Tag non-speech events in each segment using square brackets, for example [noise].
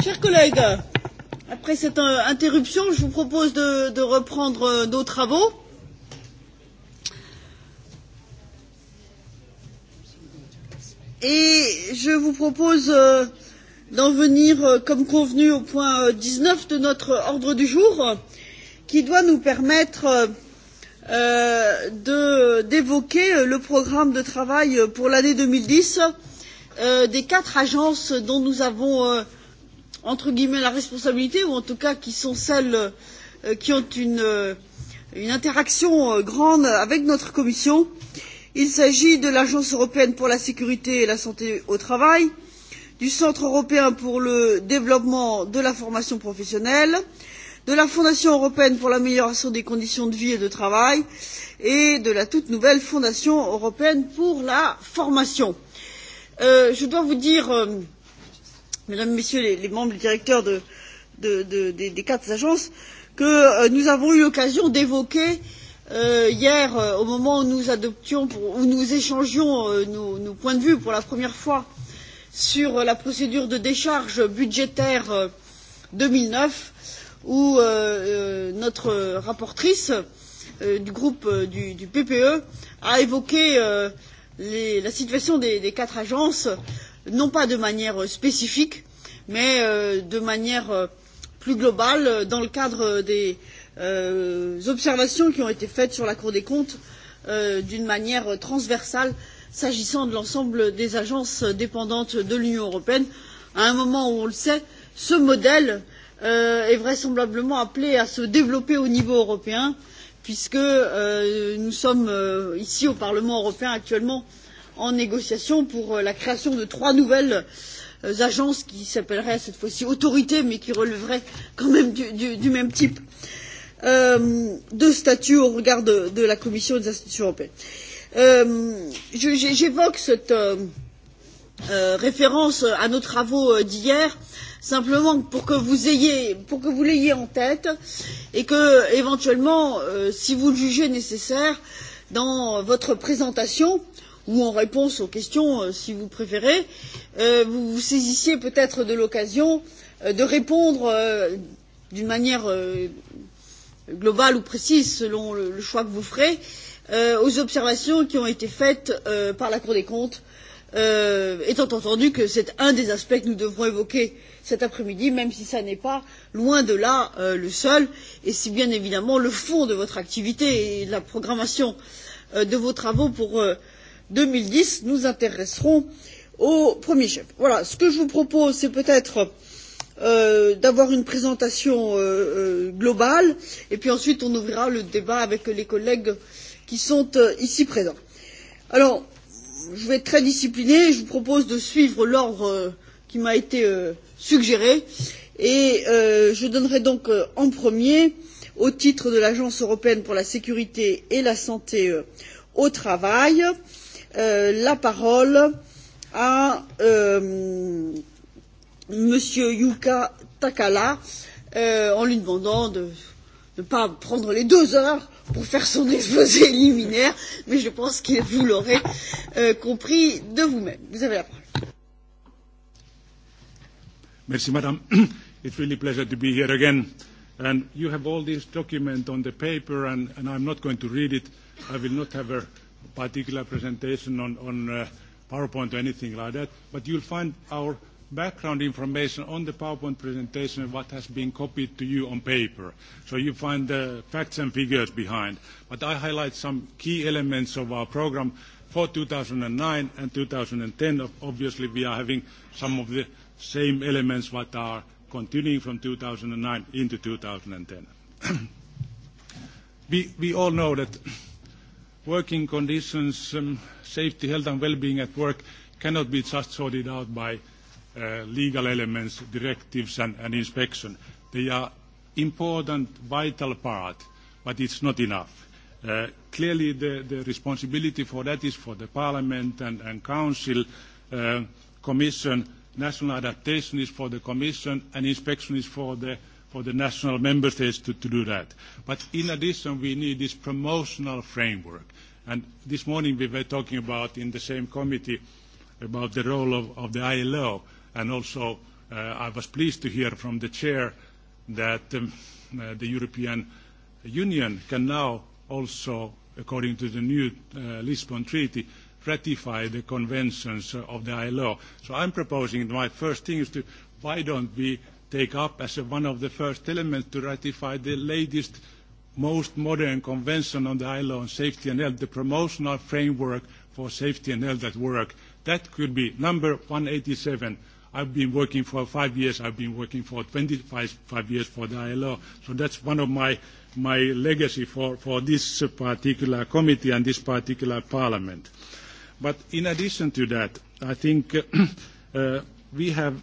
Chers collègues, après cette euh, interruption, je vous propose de, de reprendre euh, nos travaux. Et je vous propose euh, d'en venir, comme convenu, au point 19 de notre ordre du jour, qui doit nous permettre euh, d'évoquer le programme de travail pour l'année 2010 euh, des quatre agences dont nous avons euh, entre guillemets la responsabilité ou en tout cas qui sont celles euh, qui ont une, euh, une interaction euh, grande avec notre commission. Il s'agit de l'Agence européenne pour la sécurité et la santé au travail, du Centre européen pour le développement de la formation professionnelle, de la Fondation européenne pour l'amélioration des conditions de vie et de travail et de la toute nouvelle Fondation européenne pour la formation. Euh, je dois vous dire euh, mesdames messieurs les, les membres les directeurs de, de, de, des, des quatre agences que euh, nous avons eu l'occasion d'évoquer euh, hier euh, au moment où nous adoptions pour, où nous échangions euh, nos, nos points de vue pour la première fois sur euh, la procédure de décharge budgétaire euh, 2009 où euh, euh, notre rapporteure euh, du groupe euh, du, du PPE a évoqué euh, les, la situation des, des quatre agences non pas de manière euh, spécifique mais euh, de manière euh, plus globale, euh, dans le cadre des euh, observations qui ont été faites sur la Cour des comptes euh, d'une manière euh, transversale s'agissant de l'ensemble des agences dépendantes de l'Union européenne, à un moment où on le sait, ce modèle euh, est vraisemblablement appelé à se développer au niveau européen, puisque euh, nous sommes euh, ici au Parlement européen actuellement en négociation pour euh, la création de trois nouvelles euh, euh, agences qui s'appelleraient cette fois-ci autorités, mais qui relèveraient quand même du, du, du même type euh, de statut au regard de, de la Commission et des institutions européennes. Euh, J'évoque cette euh, euh, référence à nos travaux euh, d'hier simplement pour que vous ayez pour que vous l'ayez en tête et que éventuellement euh, si vous le jugez nécessaire dans votre présentation ou en réponse aux questions euh, si vous préférez euh, vous vous saisissiez peut être de l'occasion euh, de répondre d'une manière globale ou précise selon le choix que vous ferez aux observations qui ont été faites par la cour des comptes étant entendu que c'est un des aspects que nous devrons évoquer cet après midi même si ce n'est pas loin de là le seul et si bien évidemment le fond de votre activité et de la programmation de vos travaux pour deux mille dix nous intéresserons au premier chef. Voilà, ce que je vous propose c'est peut être euh, d'avoir une présentation euh, euh, globale et puis ensuite on ouvrira le débat avec les collègues qui sont euh, ici présents. Alors, je vais être très discipliné et je vous propose de suivre l'ordre euh, qui m'a été euh, suggéré et je donnerai donc en premier au titre de l'agence européenne pour la sécurité et la santé au travail euh, Euh, la parole à euh, Monsieur Yuka Takala euh, en lui demandant de ne pas prendre les deux heures pour faire son exposé [laughs] liminaire, mais je pense que vous l'aurez euh, compris de vous-même. Vous avez la parole. Merci, Madame. [clears throat] It's really a pleasure to be here again. And you have all these documents on the paper, and, and I'm not going to read it. I will not have a particular presentation on, on uh, PowerPoint or anything like that, but you'll find our background information on the PowerPoint presentation and what has been copied to you on paper. So you find the facts and figures behind. But I highlight some key elements of our program for 2009 and 2010. Obviously, we are having some of the same elements that are continuing from 2009 into 2010. [clears throat] we, we all know that working conditions, um, safety, health and well-being at work cannot be just sorted out by uh, legal elements, directives and, and inspection. They are important, vital part, but it's not enough. Uh, clearly, the, the responsibility for that is for the Parliament and, and Council, uh, Commission. National adaptation is for the Commission, and inspection is for the, for the national member states to, to do that. But in addition, we need this promotional framework. And this morning we were talking about in the same committee about the role of, of the ILO. And also uh, I was pleased to hear from the chair that um, uh, the European Union can now also, according to the new uh, Lisbon Treaty, ratify the conventions uh, of the ILO. So I'm proposing my first thing is to why don't we take up as a, one of the first elements to ratify the latest most modern convention on the ILO on safety and health, the promotional framework for safety and health at work. That could be number 187. I've been working for five years. I've been working for 25 five years for the ILO. So that's one of my, my legacy for, for this particular committee and this particular parliament. But in addition to that, I think [coughs] uh, we have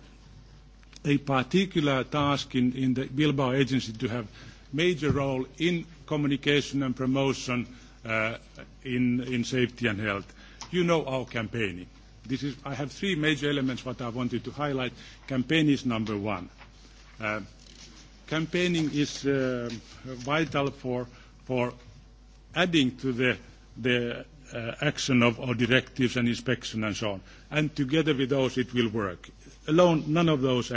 a particular task in, in the Bilbao agency to have major role in communication and promotion uh, in, in safety and health. You know our campaigning. This is, I have three major elements what I wanted to highlight. Campaign is number one. Uh, campaigning is uh, vital for, for adding to the, the uh, action of our directives and inspection and so on. And together with those, it will work. Alone, none of those,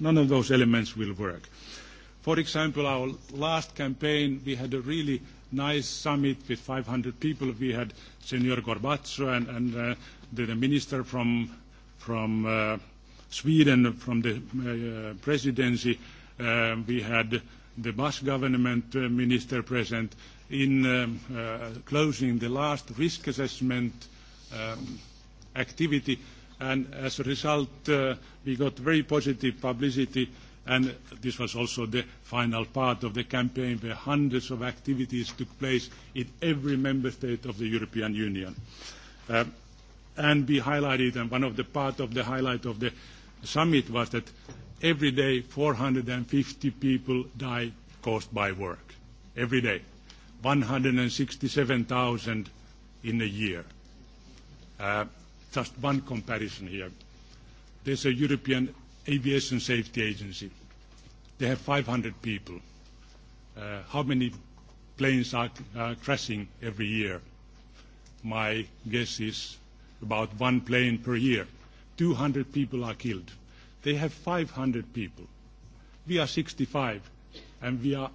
none of those elements will work. Uh, For example, our last campaign, we had a really nice summit with 500 people. We had Senor Gorbachev and, uh, the, minister from, uh, Sweden, from the uh, presidency. Um, we had the Basque government minister present in um, closing the last risk assessment um, activity. And as a result, we got very positive publicity And this was also the final part of the campaign where hundreds of activities took place in every member state of the European Union. Uh, and we highlighted, and one of the part of the highlight of the summit was that every day 450 people die caused by work. Every day. 167,000 in a year. Uh, just one comparison here. There's a European Aviation Safety Agency. They have 500 people. Uh, how many planes are, are crashing every year? My guess is about one plane per year. 200 people are killed. They have 500 people. We are 65, and we are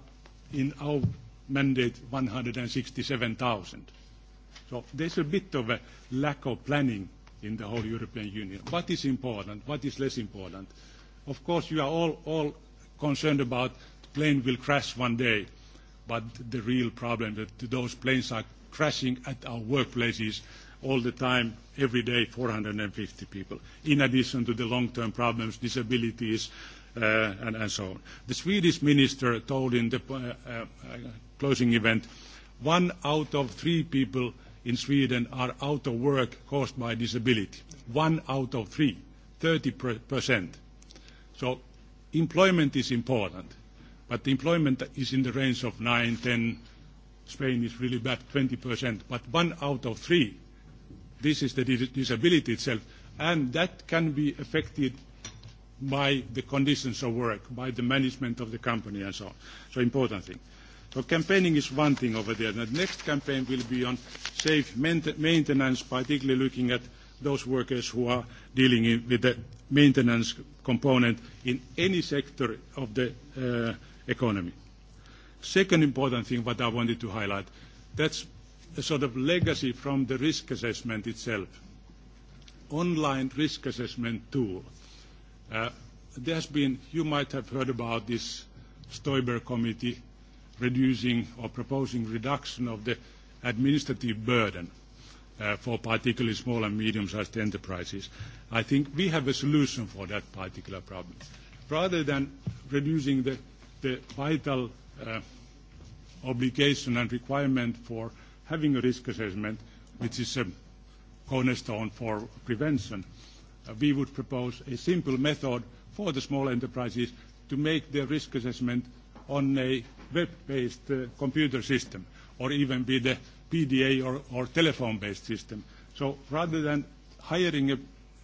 in our mandate 167,000. So there's a bit of a lack of planning in the whole European Union. What is important? What is less important? Of course, you are all, all concerned about the plane will crash one day, but the real problem that those planes are crashing at our workplaces all the time, every day, 450 people, in addition to the long-term problems, disabilities, uh, and, and so on. The Swedish minister told in the uh, uh, closing event, one out of three people in Sweden are out of work caused by disability. One out of three, 30%. So employment is important, but employment is in the range of 9, 10, Spain is really bad, 20%, but one out of three, this is the disability itself, and that can be affected by the conditions of work, by the management of the company and so on. So important thing. So campaigning is one thing over there. The next campaign will be on safe maintenance, particularly looking at those workers who are dealing in, with the maintenance component in any sector of the uh, economy. Second important thing what I wanted to highlight, that's a sort of legacy from the risk assessment itself. Online risk assessment tool. Uh, there has been, you might have heard about this Stoiber committee reducing or proposing reduction of the administrative burden uh, for particularly small and medium-sized enterprises. I think we have a solution for that particular problem. Rather than reducing the, the vital uh, obligation and requirement for having a risk assessment, which is a cornerstone for prevention, uh, we would propose a simple method for the small enterprises to make their risk assessment on a web-based uh, computer system, or even be the PDA or, or telephone-based system. So rather than hiring a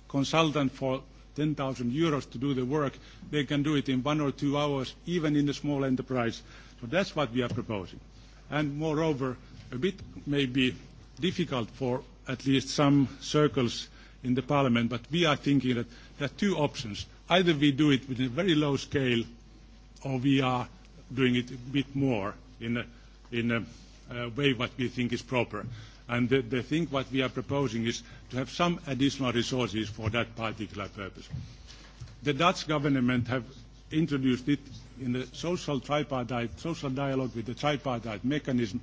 consultant for 10,000 euros to do the work, they can do it in one or two hours, even in a small enterprise. So that's what we are proposing. And moreover, a bit maybe difficult for at least some circles in the parliament, but we are thinking that there are two options. Either we do it with a very low scale, or we are doing it a bit more in a, in a, a uh, way what we think is proper. And the, the thing what we are proposing is to have some additional resources for that particular purpose. The Dutch government have introduced it in the social tripartite, social dialogue with the tripartite mechanism,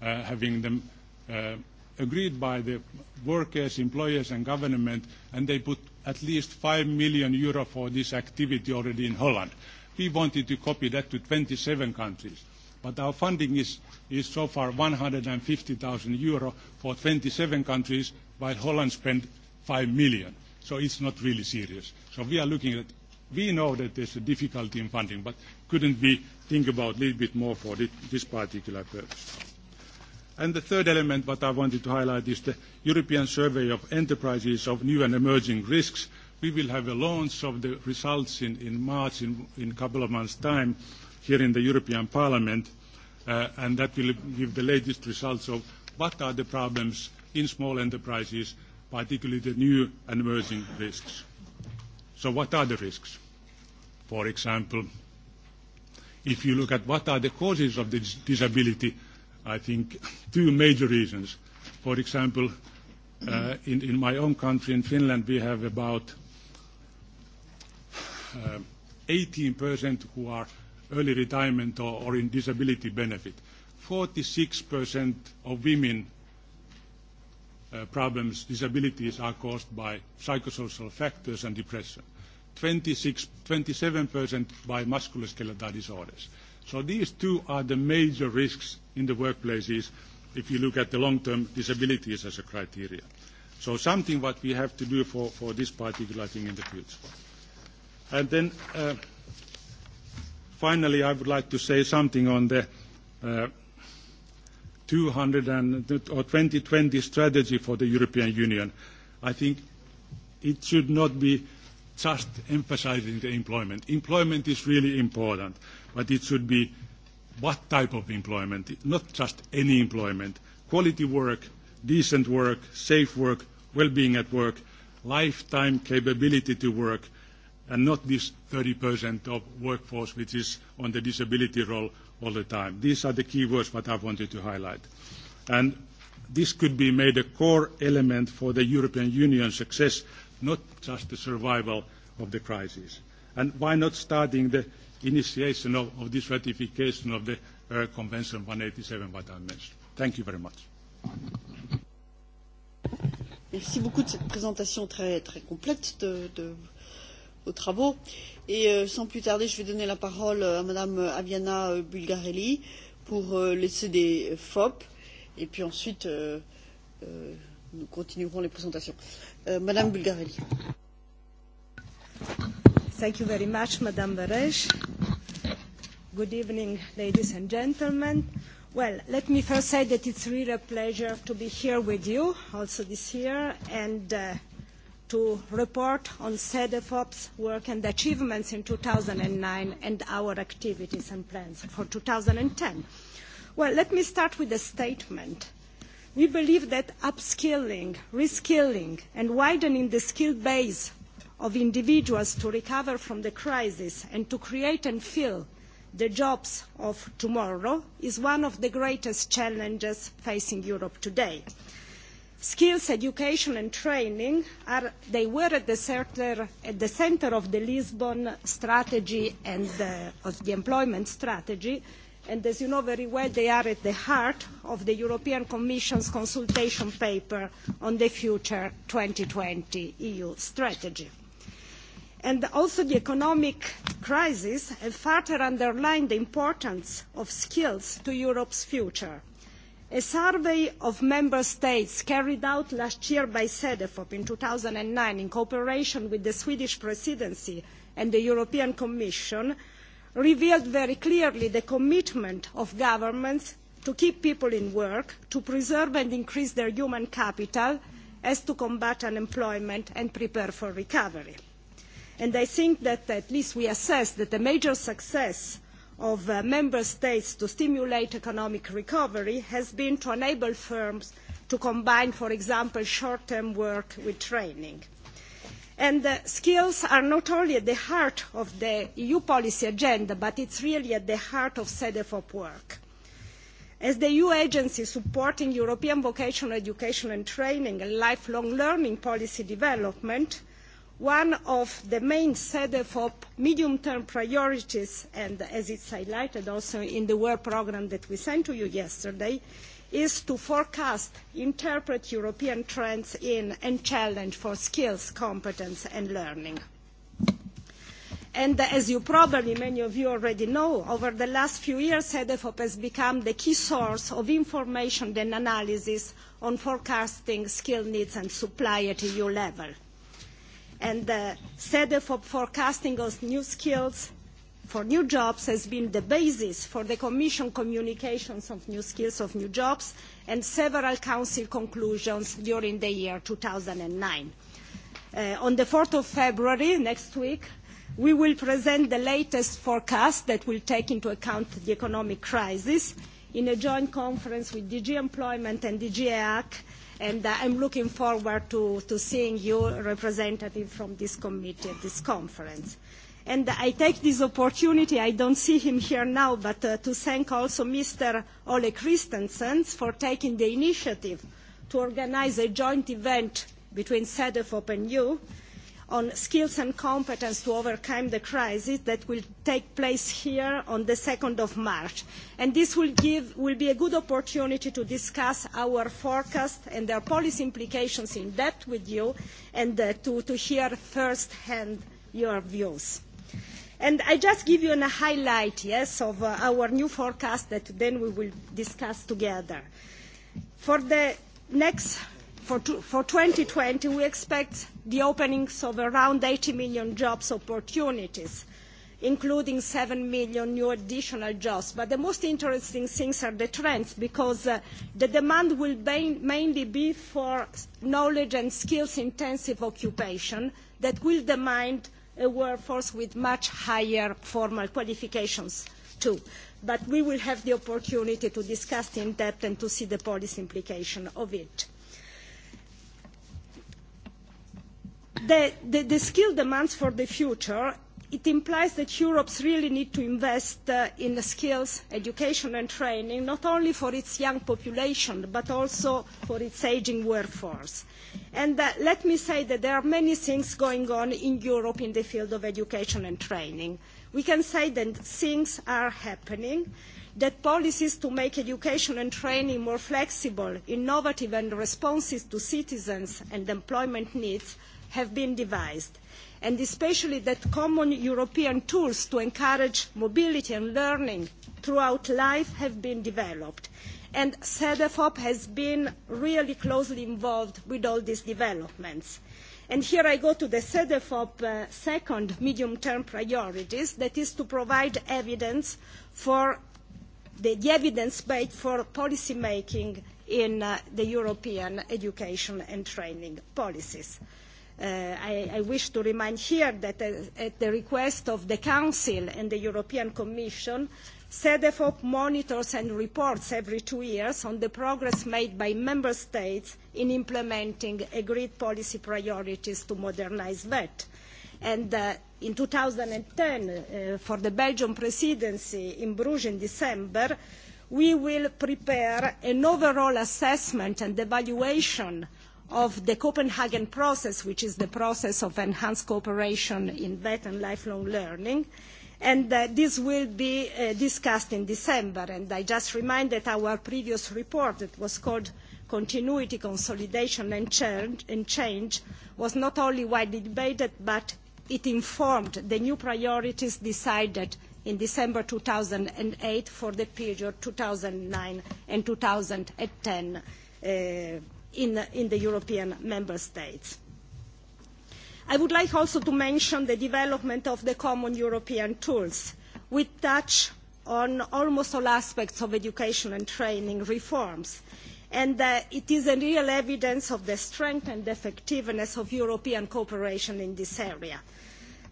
uh, having them uh, agreed by the workers, employers and government, and they put at least 5 million euro for this activity already in Holland. We wanted to copy that to 27 countries. But our funding is, is so far 150,000 euro for 27 countries, while Holland spent 5 million. So it's not really serious. So we are looking at, we know that there's a difficulty in funding, but couldn't we think about a little bit more for this, this particular purpose? And the third element what I wanted to highlight is the European Survey of Enterprises of New and Emerging Risks, we will have a launch of the results in, in March, in a couple of months' time, here in the European Parliament, uh, and that will give the latest results of what are the problems in small enterprises, particularly the new and emerging risks. So what are the risks? For example, if you look at what are the causes of the disability, I think [laughs] two major reasons. For example, uh, in, in my own country, in Finland, we have about 18% uh, who are early retirement or, or in disability benefit. 46% of women uh, problems, disabilities are caused by psychosocial factors and depression. 26, 27% by musculoskeletal disorders. So these two are the major risks in the workplaces if you look at the long-term disabilities as a criteria. So something what we have to do for, for this particular thing in the future then uh, finally, I would like to say something on the uh, and, 2020 strategy for the European Union. I think it should not be just emphasizing the employment. Employment is really important, but it should be what type of employment, not just any employment. Quality work, decent work, safe work, well-being at work, lifetime capability to work – and not this 30% of workforce which is on the disability roll all the time. These are the key words that I wanted to highlight. And this could be made a core element for the European Union's success, not just the survival of the crisis. And why not starting the initiation of, of this ratification of the uh, Convention 187 that I mentioned? Thank you very much. Merci beaucoup de cette présentation très, très complète de, de aux travaux. Et euh, sans plus tarder, je vais donner la parole euh, à Madame euh, Aviana Bulgarelli pour euh, l'essai des FOP. Et puis ensuite, euh, euh, nous continuerons les présentations. Euh, Madame Bulgarelli. Thank you very much, Madame Beresh. Good evening, ladies and gentlemen. Well, let me first say that it's really a pleasure to be here with you also this year and uh, to report on CEDEFOP's work and achievements in 2009 and our activities and plans for 2010. Well, let me start with a statement. We believe that upskilling, reskilling, and widening the skill base of individuals to recover from the crisis and to create and fill the jobs of tomorrow is one of the greatest challenges facing Europe today. Skills education and training are, they were at the, center, at the center of the Lisbon strategy and the, of the employment strategy, and as you know very well, they are at the heart of the European Commission's consultation paper on the future 2020 EU strategy. And also the economic crisis has further underlined the importance of skills to Europe's future a survey of member states carried out last year by CEDEFOP in 2009 in cooperation with the Swedish presidency and the European Commission revealed very clearly the commitment of governments to keep people in work, to preserve and increase their human capital, as to combat unemployment and prepare for recovery. And I think that at least we assess that the major success of uh, member states to stimulate economic recovery has been to enable firms to combine, for example, short-term work with training. And uh, skills are not only at the heart of the EU policy agenda, but it's really at the heart of CEDEFOP work. As the EU agency supporting European vocational education and training and lifelong learning policy development, one of the main CEDEFOP medium-term priorities, and as it's highlighted also in the work programme that we sent to you yesterday, is to forecast, interpret European trends in and challenge for skills, competence and learning. And as you probably, many of you already know, over the last few years, Cedefop has become the key source of information and analysis on forecasting skill needs and supply at EU level and the SEDE for forecasting of new skills for new jobs has been the basis for the Commission communications of new skills of new jobs and several Council conclusions during the year 2009. Uh, on the 4th of February, next week, we will present the latest forecast that will take into account the economic crisis in a joint conference with DG Employment and DG EAC and uh, I'm looking forward to, to seeing you representative from this committee at this conference. And I take this opportunity, I don't see him here now, but uh, to thank also Mr. Ole Christensen for taking the initiative to organize a joint event between CEDEFOP and you, on skills and competence to overcome the crisis that will take place here on the 2nd of March. And this will, give, will be a good opportunity to discuss our forecast and their policy implications in depth with you and uh, to, to hear firsthand your views. And I just give you a highlight, yes, of uh, our new forecast that then we will discuss together. For the next for, for 2020, we expect the openings of around 80 million jobs opportunities, including 7 million new additional jobs. But the most interesting things are the trends, because uh, the demand will mainly be for knowledge and skills-intensive occupation that will demand a workforce with much higher formal qualifications too. But we will have the opportunity to discuss in depth and to see the policy implication of it. The, the, the skill demands for the future it implies that Europe really needs to invest uh, in skills, education and training, not only for its young population, but also for its ageing workforce. And uh, let me say that there are many things going on in Europe in the field of education and training. We can say that things are happening, that policies to make education and training more flexible, innovative and responsive to citizens and employment needs have been devised, and especially that common European tools to encourage mobility and learning throughout life have been developed. And CEDEFOP has been really closely involved with all these developments. And here I go to the CEDEFOP uh, second medium-term priorities, that is to provide evidence for the, the evidence base for policy making in uh, the European education and training policies. Uh, I, I wish to remind here that uh, at the request of the Council and the European Commission, CEDEFOP monitors and reports every two years on the progress made by Member States in implementing agreed policy priorities to modernise VAT. And uh, in 2010, uh, for the Belgian presidency in Bruges in December, we will prepare an overall assessment and evaluation of the Copenhagen process, which is the process of enhanced cooperation in vet and lifelong learning. And uh, this will be uh, discussed in December. And I just remind that our previous report that was called Continuity, Consolidation and Change, and Change was not only widely debated, but it informed the new priorities decided in December 2008 for the period 2009 and 2010. Uh, in, in the European member states. I would like also to mention the development of the common European tools, We touch on almost all aspects of education and training reforms. And uh, it is a real evidence of the strength and effectiveness of European cooperation in this area.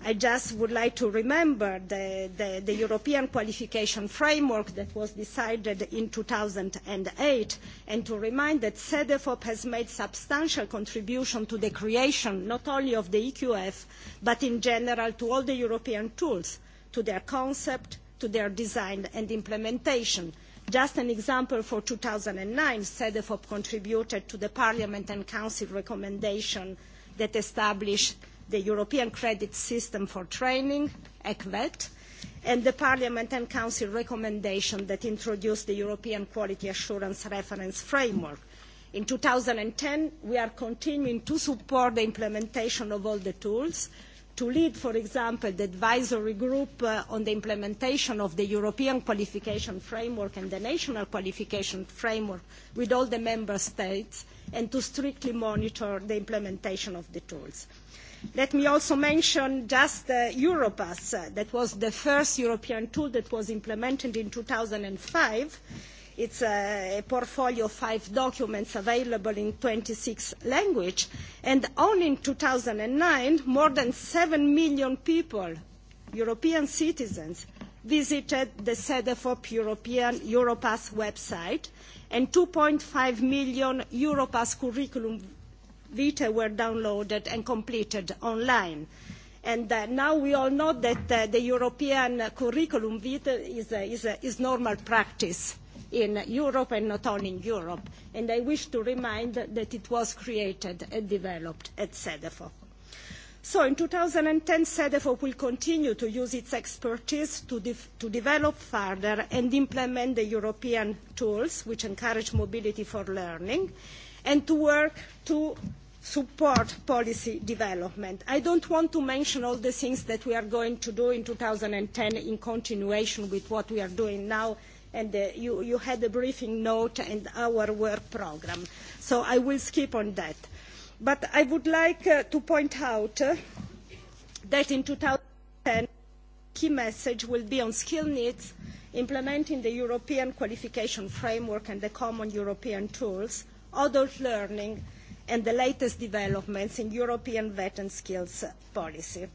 I just would like to remember the, the, the, European qualification framework that was decided in 2008 and to remind that CEDEFOP has made substantial contribution to the creation not only of the EQF but in general to all the European tools, to their concept, to their design and implementation. Just an example for 2009, CEDEFOP contributed to the Parliament and Council recommendation that established the European Credit System for Training, ECVET, and the Parliament and Council recommendation that introduced the European Quality Assurance Reference Framework. In 2010, we are continuing to support the implementation of all the tools to lead, for example, the advisory group uh, on the implementation of the European qualification framework and the national qualification framework with all the member states and to strictly monitor the implementation of the tools. Let me also mention just uh, Europass, uh, that was the first European tool that was implemented in 2005. It's a, a portfolio of five documents available in 26 languages. And only in 2009, more than 7 million people, European citizens, visited the CEDEFOP European Europass website, and 2.5 million Europass curriculum vita were downloaded and completed online. And uh, now we all know that uh, the European curriculum vita is, uh, is, uh, is normal practice in Europe and not only in Europe. And I wish to remind that it was created and developed at CEDEFOP. So in 2010, CEDEFOP will continue to use its expertise to, de to develop further and implement the European tools which encourage mobility for learning and to work to support policy development. I don't want to mention all the things that we are going to do in 2010 in continuation with what we are doing now, and uh, you, you, had a briefing note and our work programme. So I will skip on that. But I would like uh, to point out uh, that in 2010, key message will be on skill needs, implementing the European qualification framework and the common European tools, adult learning, and the latest developments in European vet and skills policy.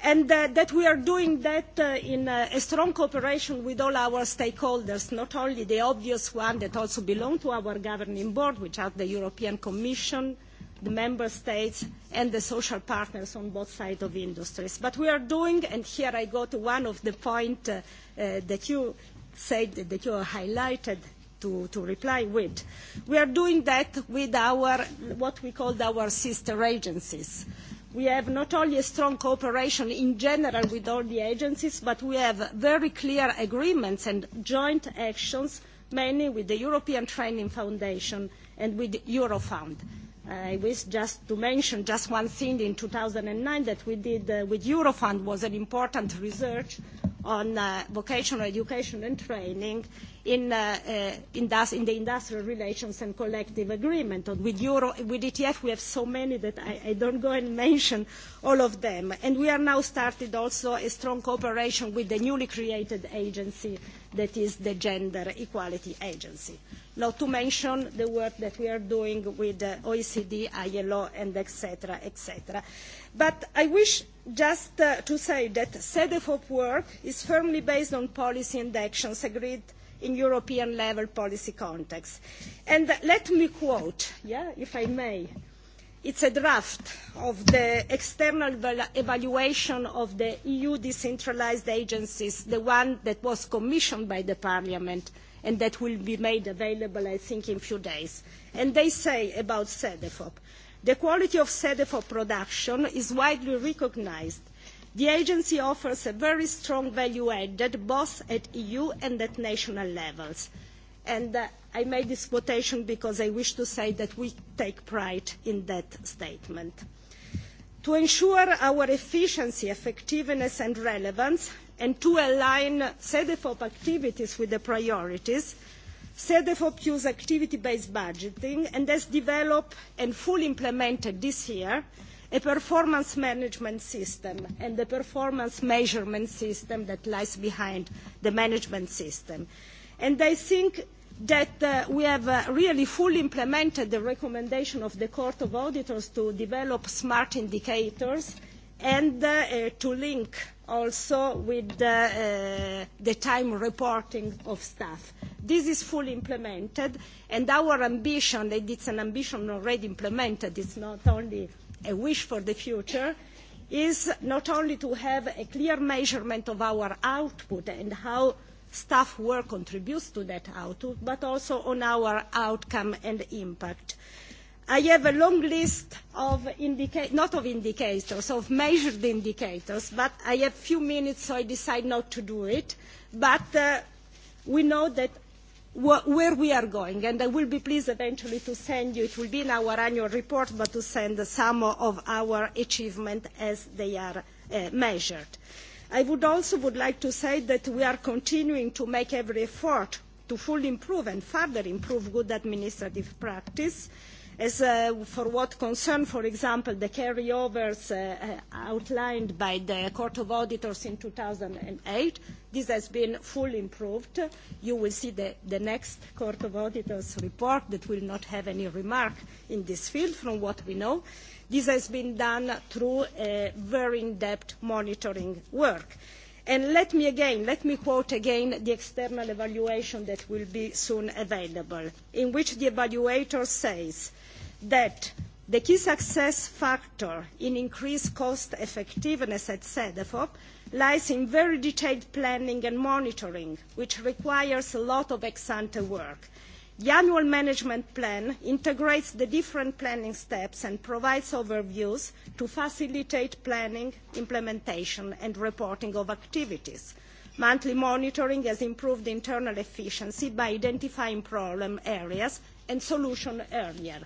And uh, that we are doing that uh, in uh, a strong cooperation with all our stakeholders, not only the obvious one that also belong to our governing board, which are the European Commission, the member states, and the social partners on both sides of industries. But we are doing, and here I go to one of the points uh, uh, that you said, that you highlighted, to, reply with. We are doing that with our, what we call our sister agencies. We have not only a strong cooperation in general with all the agencies, but we have very clear agreements and joint actions, mainly with the European Training Foundation and with Eurofound. I wish just to mention just one thing in 2009 that we did uh, with Eurofund was an important research on uh, vocational education and training in, uh, uh in, das, in the industrial relations and collective agreement. with, Euro, with ETF, we have so many that I, I don't go and mention all of them. And we are now started also a strong cooperation with the newly created agency that is the Gender Equality Agency not to mention the work that we are doing with the OECD, ILO, and etc., etc. But I wish just uh, to say that CEDEFOP work is firmly based on policy and actions agreed in European level policy context. And let me quote, yeah, if I may. It's a draft of the external evaluation of the EU decentralized agencies, the one that was commissioned by the Parliament and that will be made available, I think, in a few days. And they say about Cedefop, the quality of Cedefop production is widely recognised. The agency offers a very strong value added, both at EU and at national levels. And uh, I made this quotation because I wish to say that we take pride in that statement. To ensure our efficiency, effectiveness and relevance, and to align CEDEFOP activities with the priorities. CEDEFOP use activity-based budgeting and has developed and fully implemented this year a performance management system and the performance measurement system that lies behind the management system. And I think that uh, we have uh, really fully implemented the recommendation of the Court of Auditors to develop smart indicators and uh, uh, to link also with the, uh, the time reporting of staff. This is fully implemented, and our ambition, and it's an ambition already implemented, it's not only a wish for the future, is not only to have a clear measurement of our output and how staff work contributes to that output, but also on our outcome and impact. Uh, I have a long list of indicators, not of indicators, of measured indicators, but I have few minutes, so I decide not to do it. But uh, we know that wh where we are going, and I will be pleased eventually to send you, it will be in our annual report, but to send some of our achievement as they are uh, measured. I would also would like to say that we are continuing to make every effort to fully improve and further improve good administrative practice. Uh, As uh, for what concern, for example, the carryovers uh, uh outlined by the Court of Auditors in 2008, this has been fully improved. You will see the, the next Court of Auditors report that will not have any remark in this field from what we know. This has been done through a very in-depth monitoring work. And let me again, let me quote again the external evaluation that will be soon available, in which the evaluator says, that the key success factor in increased cost effectiveness at CEDEFOP lies in very detailed planning and monitoring, which requires a lot of ex-ante work. The annual management plan integrates the different planning steps and provides overviews to facilitate planning, implementation and reporting of activities. Monthly monitoring has improved internal efficiency by identifying problem areas and solution earlier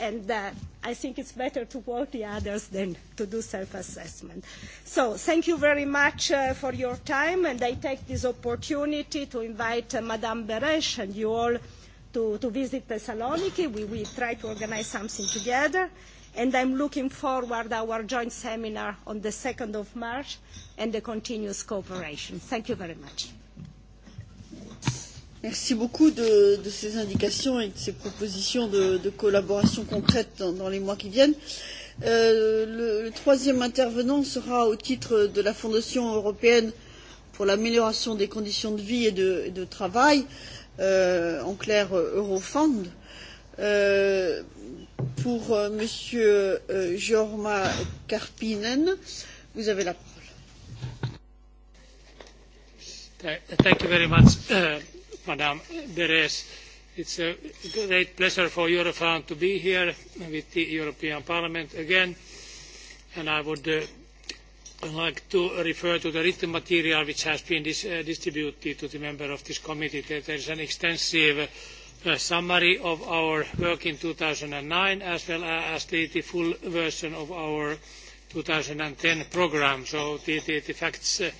and uh, I think it's better to quote the others than to do self-assessment. So thank you very much uh, for your time, and I take this opportunity to invite uh, Madame Beresh and you all to, to visit Thessaloniki. We will try to organize something together, and I'm looking forward our joint seminar on the 2nd of March and the continuous cooperation. Thank you very much. Merci beaucoup de, de ces indications et de ces propositions de, de collaboration concrète dans, dans les mois qui viennent. Euh, le, le troisième intervenant sera au titre de la Fondation européenne pour l'amélioration des conditions de vie et de, et de travail, euh, en clair euh, Eurofund. Euh, pour euh, Monsieur euh, Jorma Karpinen, vous avez la parole. Thank you very much. Uh, Madame Beres. It's a great pleasure for Eurofound to be here with the European Parliament again, and I would uh, like to refer to the written material which has been dis uh, distributed to the member of this committee. There is an extensive uh, summary of our work in 2009 as well as the, the full version of our 2010 program. So the, the, the facts uh,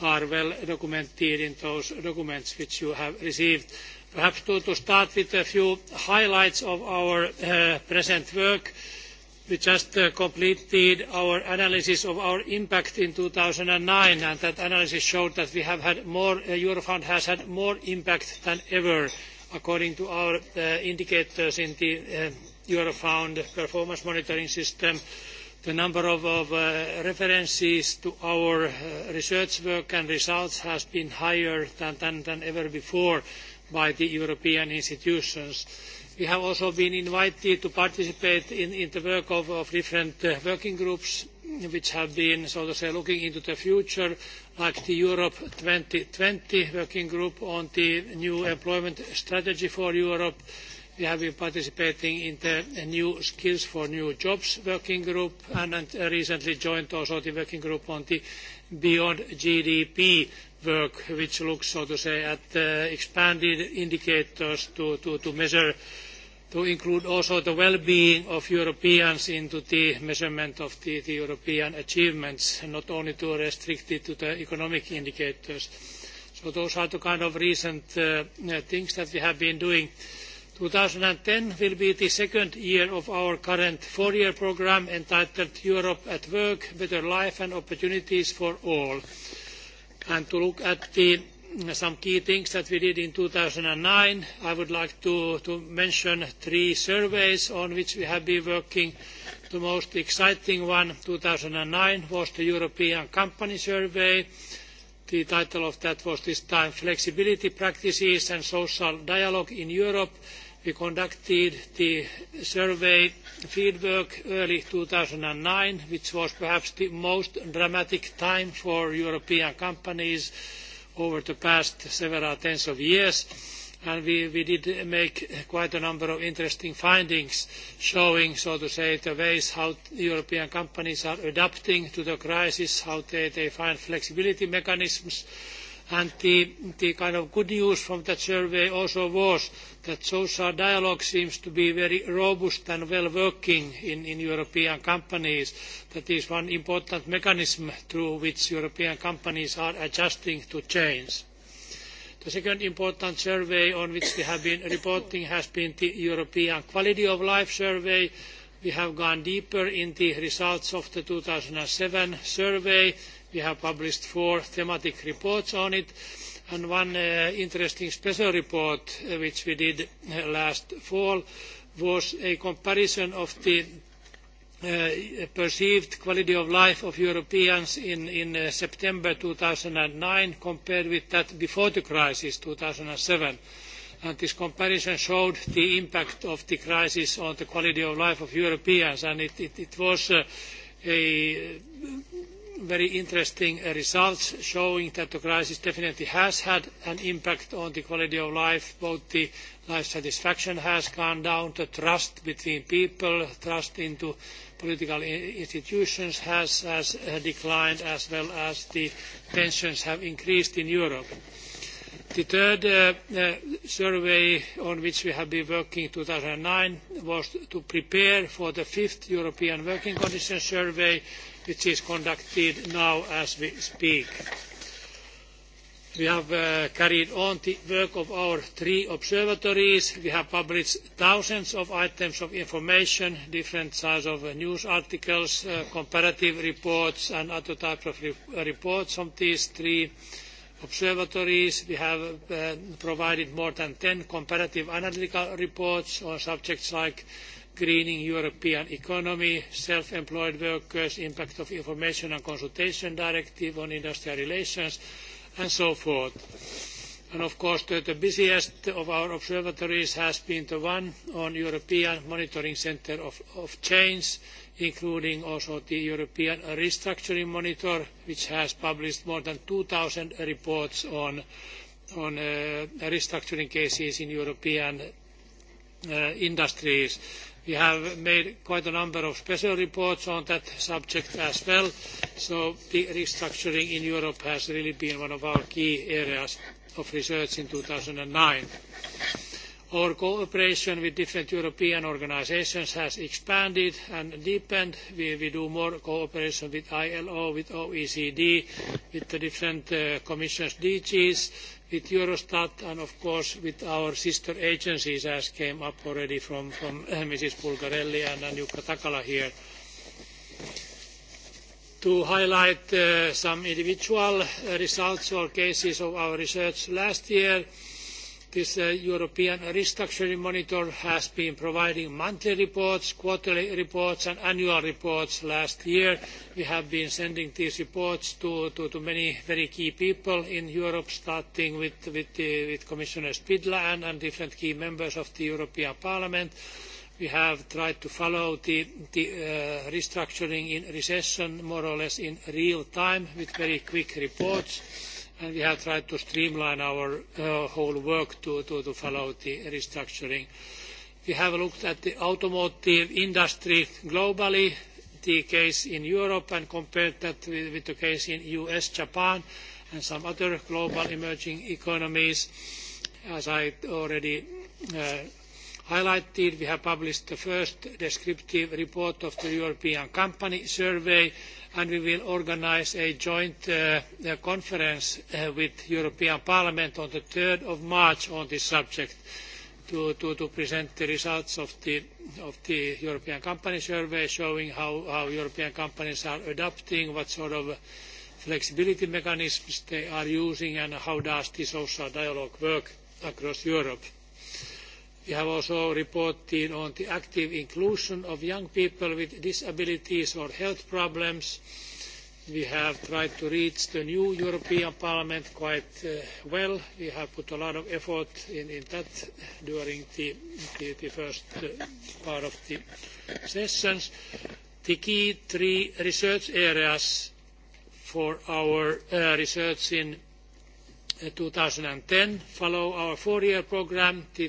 are well documented in those documents which you have received. Perhaps to, to start with a few highlights of our uh, present work. We just uh, completed our analysis of our impact in 2009, and that analysis showed that we have had more, uh, Eurofund has had more impact than ever, according to our uh, indicators in the uh, Eurofund performance monitoring system. Uh, The number of, of uh, references to our uh, research work and results has been higher than, than, than, ever before by the European institutions. We have also been invited to participate in, in the work of, of different uh, working groups which have been, so to say, looking into the future, like the Europe 2020 working group on the new employment strategy for Europe, We have been participating in the new Skills for New Jobs working group and, and recently joined also the working group on the Beyond GDP work, which looks, so to say, at uh, expanded indicators to, to, to measure to include also the well-being of Europeans into the measurement of the, the European achievements, not only to restrict it to the economic indicators. So those are the kind of recent uh, things that we have been doing. 2010 will be the second year of our current four-year programme entitled Europe at Work, Better Life and Opportunities for All. And to look at the, some key things that we did in 2009, I would like to, to mention three surveys on which we have been working. The most exciting one, 2009, was the European Company Survey. The title of that was this time Flexibility Practices and Social Dialogue in Europe, We conducted the survey fieldwork early 2009, which was perhaps the most dramatic time for European companies over the past several tens of years. and We, we did make quite a number of interesting findings showing, so to say, the ways how European companies are adapting to the crisis, how they, they find flexibility mechanisms, And the, the kind of good news from that survey also was that social dialogue seems to be very robust and well working in, in European companies. That is one important mechanism through which European companies are adjusting to change. The second important survey on which we have been reporting has been the European Quality of Life Survey. We have gone deeper in the results of the 2007 survey We have published four thematic reports on it and one uh, interesting special report uh, which we did uh, last fall was a comparison of the Uh, perceived quality of life of Europeans in, in uh, September 2009 compared with that before the crisis 2007. And this comparison showed the impact of the crisis on the quality of life of Europeans, and it, it, it was uh, a very interesting uh, results showing that the crisis definitely has had an impact on the quality of life. Both the life satisfaction has gone down, the trust between people, trust into political institutions has, has uh, declined, as well as the tensions have increased in Europe. The third uh, uh, survey on which we have been working in 2009 was to prepare for the fifth European Working Conditions Survey, which is conducted now as we speak. We have uh, carried on the work of our three observatories. We have published thousands of items of information, different size of uh, news articles, uh, comparative reports, and other types of re uh, reports from these three observatories. We have uh, provided more than 10 comparative analytical reports on subjects like greening European economy, self-employed workers, impact of information and consultation directive on industrial relations, and so forth. And of course, the, the busiest of our observatories has been the one on European Monitoring Centre of, of Change, including also the European Restructuring Monitor, which has published more than 2,000 reports on, on uh, restructuring cases in European uh, industries We have made quite a number of special reports on that subject as well, so the restructuring in Europe has really been one of our key areas of research in 2009. Our cooperation with different European organisations has expanded and deepened. We, we, do more cooperation with ILO, with OECD, with the different uh, commission's DGs with Eurostat and of course with our sister agencies as came up already from, from Mrs. [laughs] Bulgarelli and Anjuka Takala here. To highlight uh, some individual uh, results or cases of our research last year, uh, This uh, European Restructuring Monitor has been providing monthly reports, quarterly reports and annual reports last year. We have been sending these reports to, to, to many very key people in Europe, starting with, with, the, with Commissioner Spidla and, and different key members of the European Parliament. We have tried to follow the, the uh, restructuring in recession more or less in real time with very quick reports and we have tried to streamline our uh, whole work to, to, to follow the restructuring. We have looked at the automotive industry globally, the case in Europe, and compared that with, with the case in U.S., Japan, and some other global emerging economies. As I already uh, highlighted, we have published the first descriptive report of the European Company Survey, and we will organise a joint uh, uh, conference uh, with European Parliament on the 3rd of March on this subject to, present the results of the, European Company Survey, showing how, European companies are adapting, what sort of flexibility mechanisms they are using, and how does this social dialogue work across Europe. We have also reported on the active inclusion of young people with disabilities or health problems. We have tried to reach the new European Parliament quite uh, well. We have put a lot of effort in, in that during the, the, the first uh, part of the sessions. The key three research areas for our uh, research in 2010 follow our four-year program. The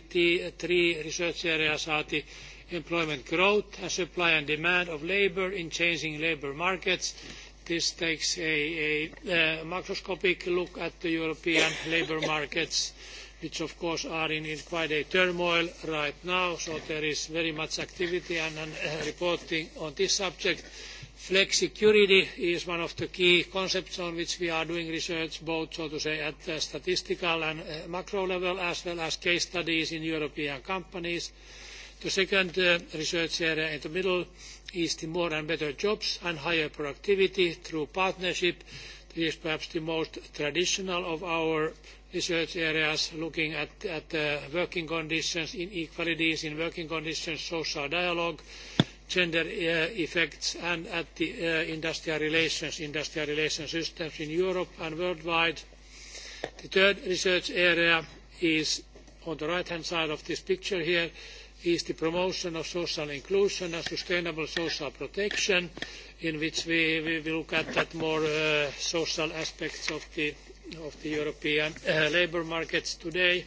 three research areas are the employment growth and supply and demand of labour in changing labour markets. This takes a, a, a macroscopic look at the European labour markets, which of course are in, in quite a turmoil right now, so there is very much activity and, and uh, reporting on this subject. Flexicurity is one of the key concepts on which we are doing research, both, so to say, at the statistical and uh, macro level, as well as case studies in European companies. The second uh, research area in the middle is the more and better jobs and higher productivity through partnership. This is perhaps the most traditional of our research areas, looking at, at uh, working conditions, inequalities in working conditions, social dialogue, gender uh, effects and at the uh, industrial relations, industrial relations systems in Europe and worldwide. The third research area is on the right-hand side of this picture here, is the promotion of social inclusion and sustainable social protection, in which we, we will look at that more uh, social aspects of the, of the European uh, labour markets today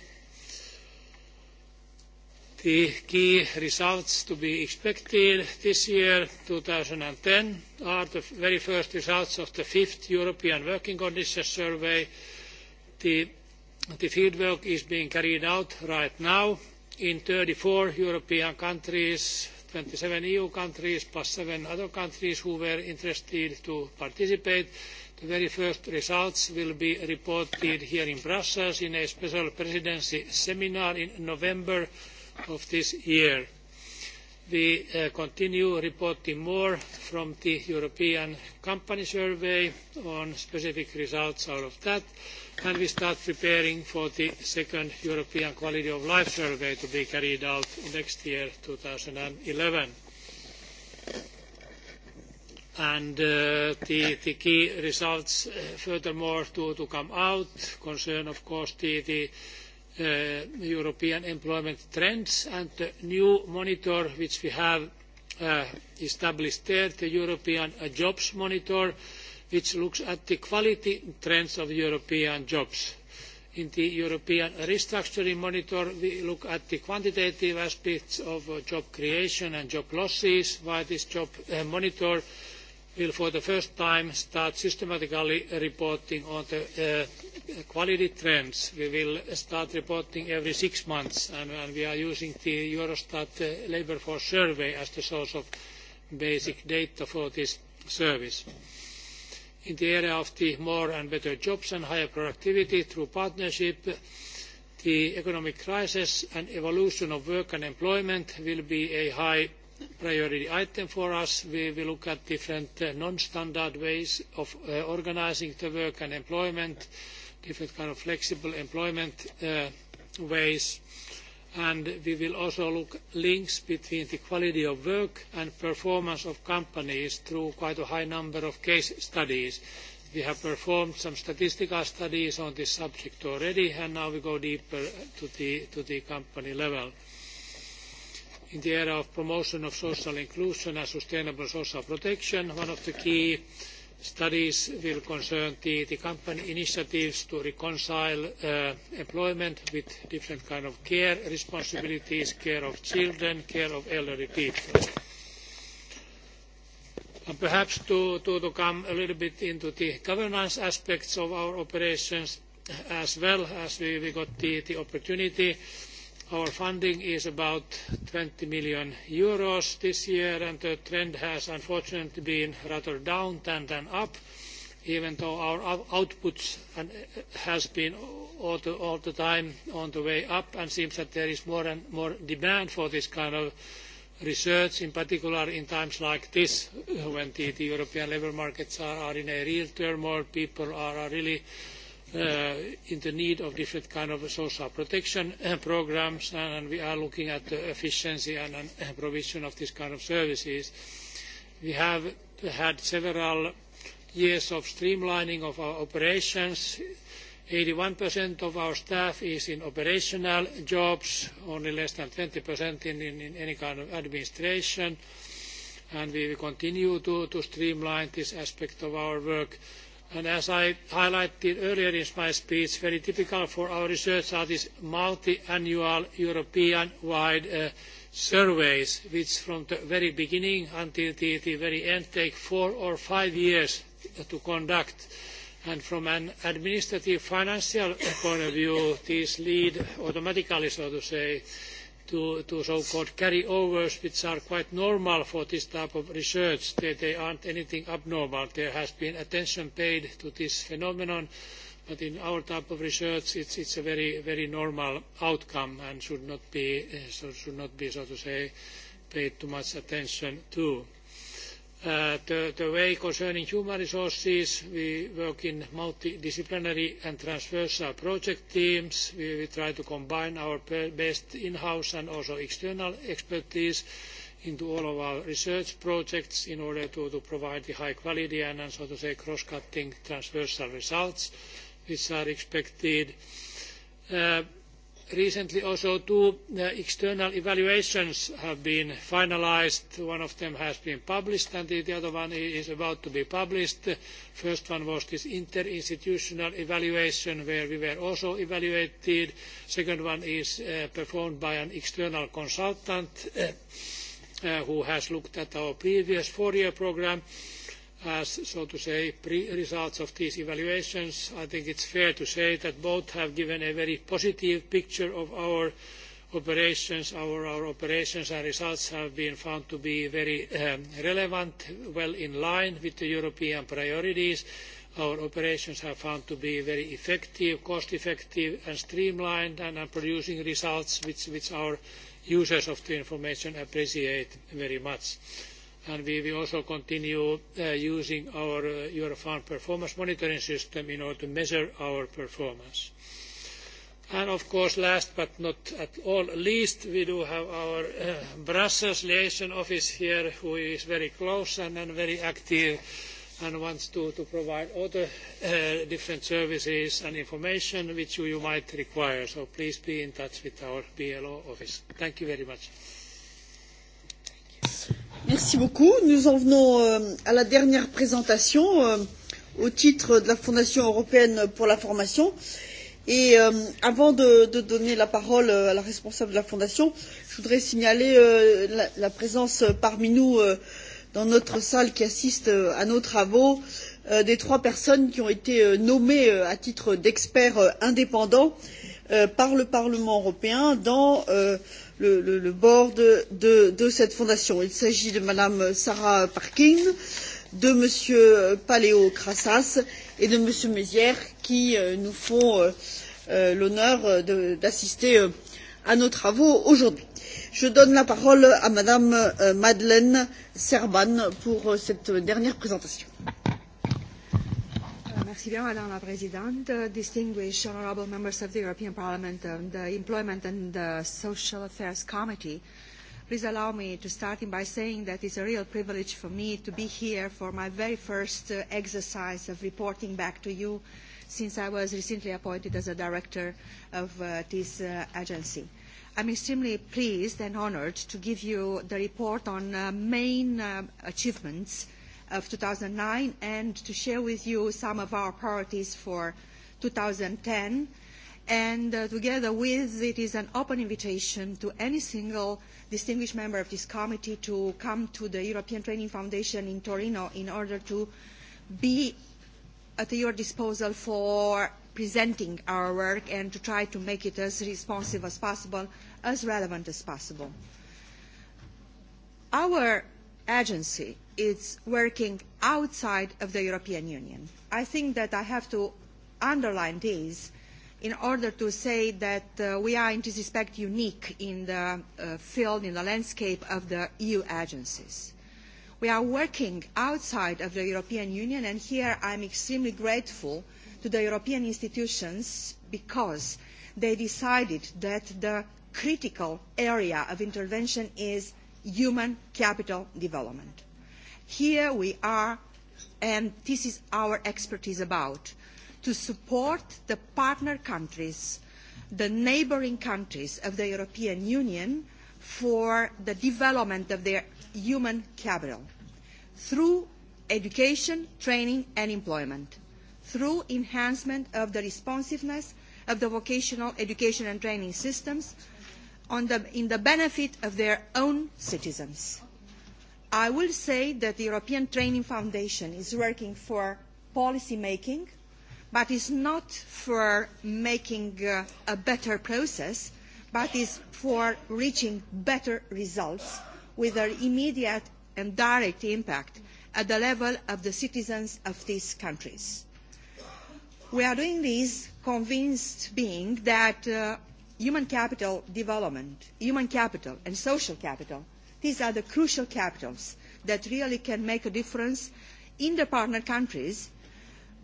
the key results to be expected this year, 2010, are the very first results of the fifth European Working Conditions Survey. The, the fieldwork is being carried out right now in 34 European countries, 27 EU countries, plus seven other countries who were interested to participate. The very first results will be reported here in Brussels in a special presidency seminar in November of this year. We uh, continue reporting more from the European Company Survey on specific results out of that, and we start preparing for the second European Quality of Life Survey to be carried out next year, 2011 and uh, the, the key results uh, furthermore to, to come out concern, of course, the, the Uh, European employment trends and the new monitor which we have uh, established there, the European Jobs Monitor, which looks at the quality trends of European jobs. In the European Restructuring Monitor, we look at the quantitative aspects of uh, job creation and job losses, while this job monitor will for the first time start systematically reporting on the quality trends. We will start reporting every six months, and, we are using the Eurostat uh, Labour labor force survey as the source of basic data for this service. In the area of the more and better jobs and higher productivity through partnership, the economic crisis and evolution of work and employment will be a high priority item for us. We will look at different uh, non-standard ways of uh, organising the work and employment different kind of flexible employment uh, ways. And we will also look at links between the quality of work and performance of companies through quite a high number of case studies. We have performed some statistical studies on this subject already, and now we go deeper to the, to the company level in the area of promotion of social inclusion and sustainable social protection. One of the key studies will concern the, the company initiatives to reconcile uh, employment with different kind of care responsibilities, care of children, care of elderly people. And perhaps to, to, to come a little bit into the governance aspects of our operations as well as we, we got the, the opportunity our funding is about 20 million euros this year, and the trend has unfortunately been rather down than, than up, even though our outputs uh, has been all the, time on the way up, and seems that there is more and more demand for this kind of research, in particular in times like this, uh, when the, European labour markets are, in a real turmoil, people are really uh, in the need of different kind of social protection uh, programs and we are looking at the efficiency and, and uh, provision of this kind of services. We have had several years of streamlining of our operations. 81% of our staff is in operational jobs, only less than 20% in, in, in any kind of administration. And we will continue to, to streamline this aspect of our work and as I highlighted earlier in my speech, very typical for our research are these multi-annual European-wide uh, surveys, which from the very beginning until the, the very end take four or five years to conduct. And from an administrative financial point of view, these lead automatically, so to say, to, to so-called carryovers, which are quite normal for this type of research. They, they aren't anything abnormal. There has been attention paid to this phenomenon, but in our type of research, it's, it's a very, very normal outcome and should not be, eh, so should not be, so to say, paid too much attention to. Uh, the, way concerning human resources, we work in multidisciplinary and transversal project teams. We, try to combine our best in-house and also external expertise into all of our research projects in order to, provide the high quality and, so to say, cross-cutting transversal results which are expected. Uh, recently also two uh, external evaluations have been finalised. One of them has been published and the, other one is about to be published. The first one was this interinstitutional evaluation where we were also evaluated. Second one is uh, performed by an external consultant uh, who has looked at our previous four-year programme as, so to say, pre-results of these evaluations, I think it's fair to say that both have given a very positive picture of our operations. Our, our operations and results have been found to be very um, relevant, well in line with the European priorities. Our operations have found to be very effective, cost-effective, and streamlined, and are producing results which, which our users of the information appreciate very much and we will also continue uh, using our uh, Eurofarm performance monitoring system in order to measure our performance. And of course, last but not at all least, we do have our uh, Brussels liaison office here, who is very close and, and very active and wants to, to provide all the uh, different services and information which you, you might require. So please be in touch with our BLO office. Thank you very much. Merci beaucoup. Nous en venons euh, à la dernière présentation euh, au titre de la Fondation européenne pour la formation. Et euh, avant de, de donner la parole euh, à la responsable de la Fondation, je voudrais signaler euh, la, la présence euh, parmi nous euh, dans notre salle qui assiste euh, à nos travaux euh, des trois personnes qui ont été euh, nommées euh, à titre d'experts euh, indépendants euh, par le Parlement européen dans euh, le, le, board de, de cette fondation. Il s'agit de Madame Sarah Parkin, de Monsieur Paléo Crassas et de Monsieur Mézières qui euh, nous font euh, euh, l'honneur d'assister à nos travaux aujourd'hui. Je donne la parole à Madame Madeleine Serban pour cette dernière présentation. Merci bien, Madame la Présidente. Uh, distinguished honorable members of the European Parliament and the Employment and the Social Affairs Committee, please allow me to start by saying that it's a real privilege for me to be here for my very first uh, exercise of reporting back to you since I was recently appointed as a director of uh, this uh, agency. I'm extremely pleased and honored to give you the report on uh, main uh, achievements of 2009 and to share with you some of our priorities for 2010. And uh, together with it is an open invitation to any single distinguished member of this committee to come to the European Training Foundation in Torino in order to be at your disposal for presenting our work and to try to make it as responsive as possible, as relevant as possible. Our agency is working outside of the European Union. I think that I have to underline this in order to say that uh, we are in this respect unique in the uh, field, in the landscape of the EU agencies. We are working outside of the European Union and here I am extremely grateful to the European institutions because they decided that the critical area of intervention is human capital development. Here we are, and this is our expertise about, to support the partner countries, the neighbouring countries of the European Union for the development of their human capital through education, training and employment, through enhancement of the responsiveness of the vocational education and training systems the, in the benefit of their own citizens. I will say that the European Training Foundation is working for policy making, but is not for making uh, a better process, but is for reaching better results with an immediate and direct impact at the level of the citizens of these countries. We are doing this convinced being that uh, human capital development, human capital and social capital – These are the crucial capitals that really can make a difference in the partner countries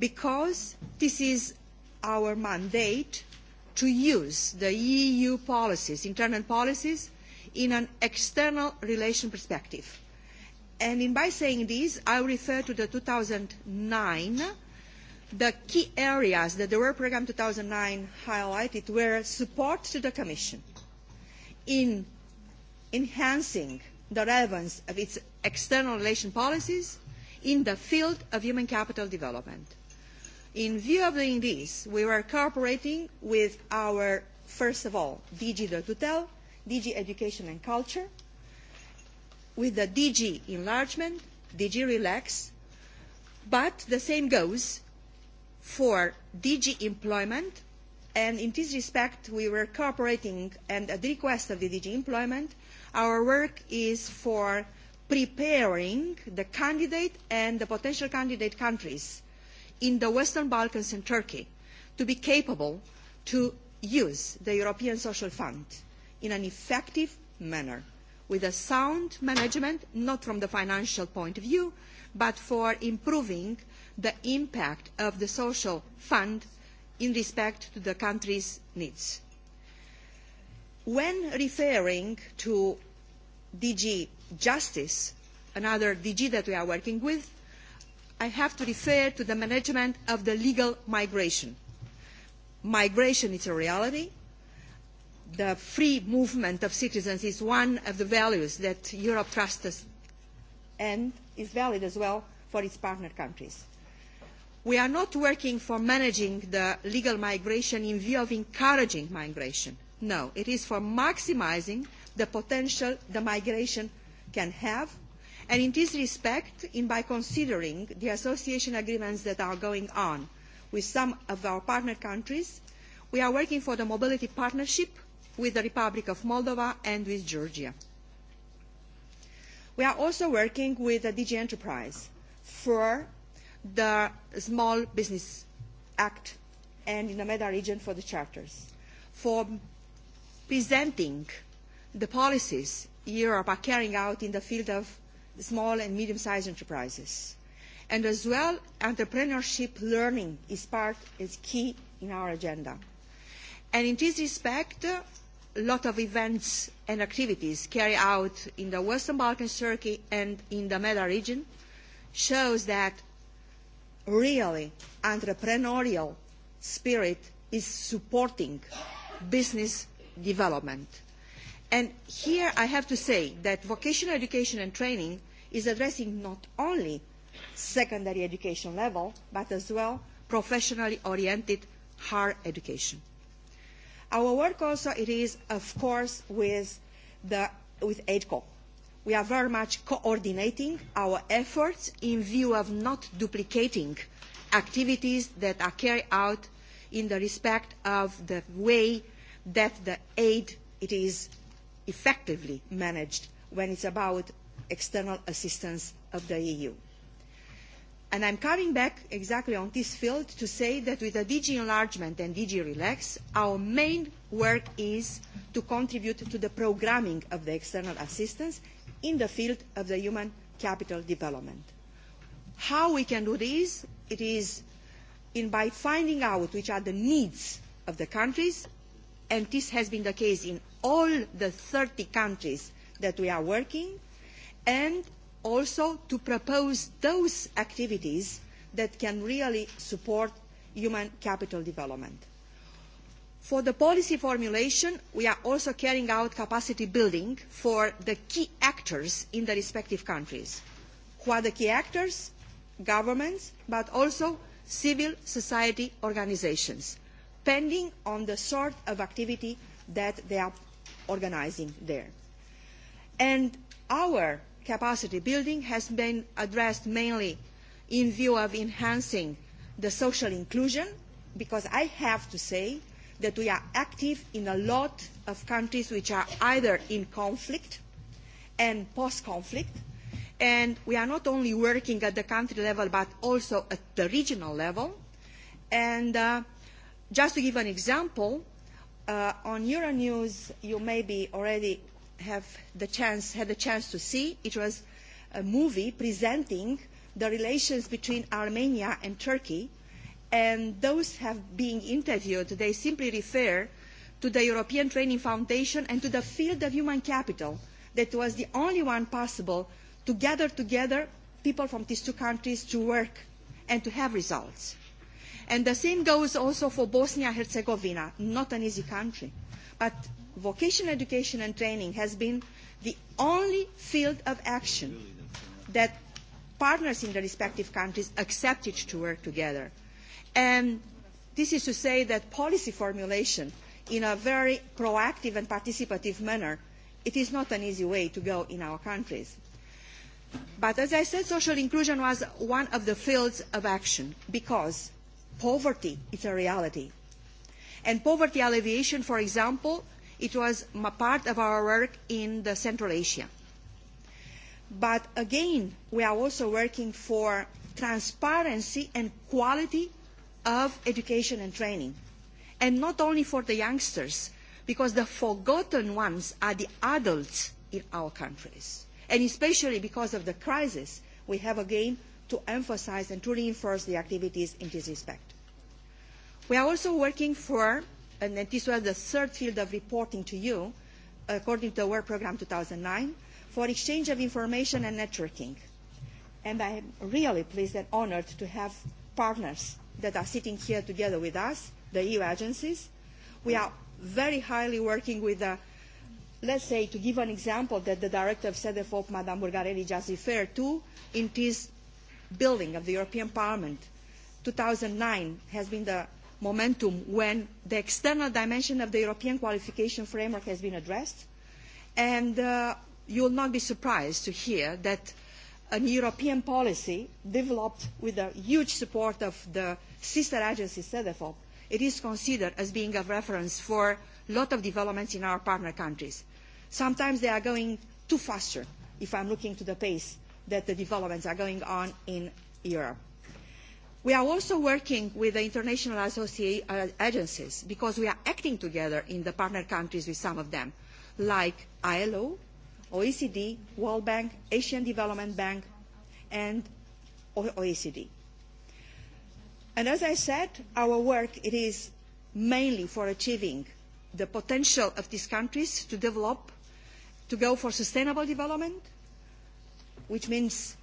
because this is our mandate to use the EU policies, internal policies, in an external relation perspective. And in by saying this, I refer to the 2009, the key areas that the Work Programme 2009 highlighted were support to the Commission in enhancing the relevance of its external relation policies in the field of human capital development. In view of doing this, we were cooperating with our, first of all, DG de DG Education and Culture, with the DG Enlargement, DG Relax, but the same goes for DG Employment, and in this respect, we were cooperating, and at the request of the DG Employment, Our work is for preparing the candidate and the potential candidate countries in the Western Balkans and Turkey to be capable to use the European Social Fund in an effective manner with a sound management, not from the financial point of view, but for improving the impact of the social fund in respect to the country's needs. When referring to DG Justice, another DG that we are working with, I have to refer to the management of the legal migration. Migration is a reality. The free movement of citizens is one of the values that Europe trusts us and is valid as well for its partner countries. We are not working for managing the legal migration in view of encouraging migration. No, it is for maximizing the potential the migration can have. And in this respect, in by considering the association agreements that are going on with some of our partner countries, we are working for the mobility partnership with the Republic of Moldova and with Georgia. We are also working with the DG Enterprise for the Small Business Act and in the MEDA region for the charters. For presenting the policies Europe are carrying out in the field of small and medium-sized enterprises. And as well, entrepreneurship learning is part, is key in our agenda. And in this respect, a lot of events and activities carried out in the Western Balkans, Turkey, and in the Meda region shows that really entrepreneurial spirit is supporting business development. And here I have to say that vocational education and training is addressing not only secondary education level, but as well professionally oriented higher education. Our work also it is, of course, with, the, with AIDCO. We are very much coordinating our efforts in view of not duplicating activities that are carried out in the respect of the way that the aid it is effectively managed when it's about external assistance of the EU. And I'm coming back exactly on this field to say that with the DG enlargement and DG relax, our main work is to contribute to the programming of the external assistance in the field of the human capital development. How we can do this? It is in by finding out which are the needs of the countries and this has been the case in all the 30 countries that we are working, and also to propose those activities that can really support human capital development. For the policy formulation, we are also carrying out capacity building for the key actors in the respective countries. Who are the key actors? Governments, but also civil society organizations depending on the sort of activity that they are organizing there. And our capacity building has been addressed mainly in view of enhancing the social inclusion, because I have to say that we are active in a lot of countries which are either in conflict and post-conflict, and we are not only working at the country level but also at the regional level, and uh, Just to give an example, uh, on Euronews, you maybe already have the chance, had the chance to see, it was a movie presenting the relations between Armenia and Turkey, and those have been interviewed, they simply refer to the European Training Foundation and to the field of human capital that was the only one possible to gather together people from these two countries to work and to have results. And the same goes also for Bosnia-Herzegovina, not an easy country. But vocational education and training has been the only field of action that partners in the respective countries accepted to work together. And this is to say that policy formulation in a very proactive and participative manner, it is not an easy way to go in our countries. But as I said, social inclusion was one of the fields of action because poverty is a reality. And poverty alleviation, for example, it was part of our work in the Central Asia. But again, we are also working for transparency and quality of education and training. And not only for the youngsters, because the forgotten ones are the adults in our countries. And especially because of the crisis, we have again to emphasize and to reinforce the activities in this respect. We are also working for, and this was the third field of reporting to you, according to the Work Programme 2009, for exchange of information and networking. And I am really pleased and honored to have partners that are sitting here together with us, the EU agencies. We are very highly working with the, uh, let's say, to give an example that the director of CEDEFOP, Madame Burgarelli, just referred to, in this building of the European Parliament 2009 has been the momentum when the external dimension of the European qualification framework has been addressed. And uh, you will not be surprised to hear that a European policy developed with the huge support of the sister agency CEDEFOP, it is considered as being a reference for a lot of developments in our partner countries. Sometimes they are going too faster if I'm looking to the pace that the developments are going on in Europe. We are also working with the international associate, uh, agencies because we are acting together in the partner countries with some of them, like ILO, OECD, World Bank, Asian Development Bank, and OECD. And as I said, our work it is mainly for achieving the potential of these countries to develop, to go for sustainable development, which means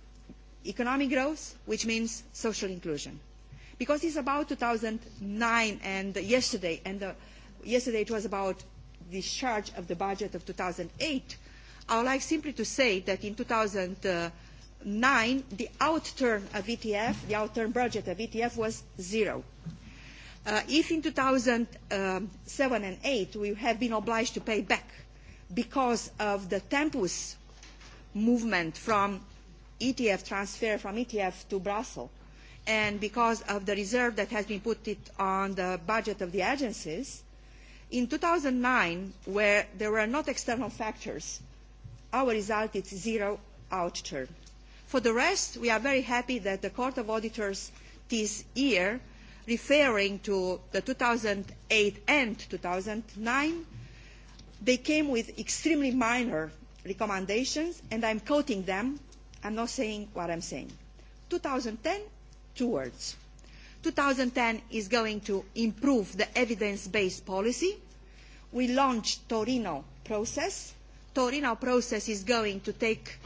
economic growth, which means social inclusion. Because it's about 2009 and yesterday, and yesterday it was about discharge of the budget of 2008, I would like simply to say that in 2009, the outturn of ETF, the outturn budget of ETF was zero. Uh, if in 2007 and 8 we have been obliged to pay back because of the tempus movement from ETF transfer from ETF to Brussels. And because of the reserve that has been put it on the budget of the agencies, in 2009, where there were not external factors, our result is zero outturn. For the rest, we are very happy that the Court of Auditors this year, referring to the 2008 and 2009, they came with extremely minor recommendations, and I'm quoting them. I'm not saying what I'm saying. 2010, two words. 2010 is going to improve the evidence-based policy. We launched Torino process. Torino process is going to take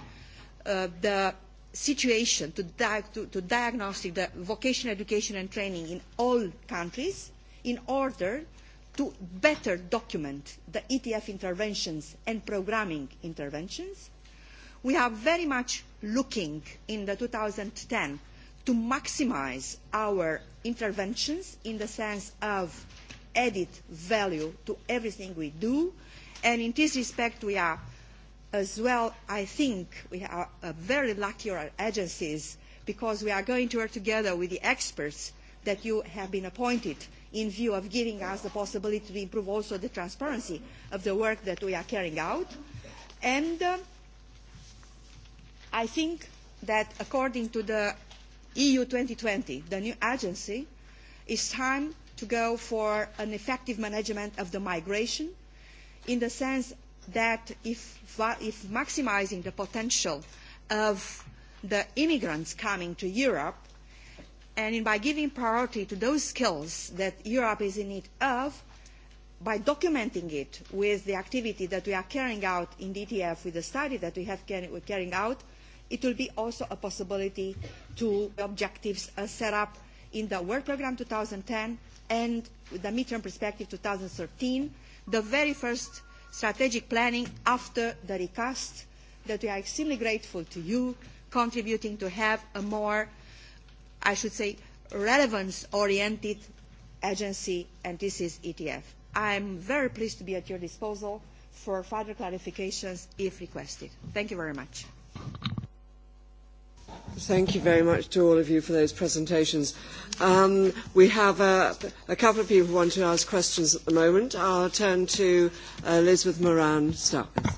uh, the situation to, di to, to diagnostic the vocational education and training in all countries in order to better document the ETF interventions and programming interventions. We are very much looking in the 2010 to maximize our interventions in the sense of added value to everything we do. And in this respect, we are as well, I think we are uh, very lucky our agencies because we are going to work together with the experts that you have been appointed in view of giving us the possibility to improve also the transparency of the work that we are carrying out. And uh, I think that according to the EU 2020, the new agency, it's time to go for an effective management of the migration in the sense that if, if maximizing the potential of the immigrants coming to Europe and by giving priority to those skills that Europe is in need of, by documenting it with the activity that we are carrying out in DTF, with the study that we have carrying out, it will be also a possibility to the objectives uh, set up in the Work Programme 2010 and the Midterm Perspective 2013, the very first strategic planning after the recast that we are extremely grateful to you contributing to have a more I should say, relevance-oriented agency, and this is ETF. I'm very pleased to be at your disposal for further clarifications if requested. Thank you very much. Thank you very much to all of you for those presentations. Um, we have a, a couple of people who want to ask questions at the moment. I'll turn to uh, Elizabeth Moran to start with.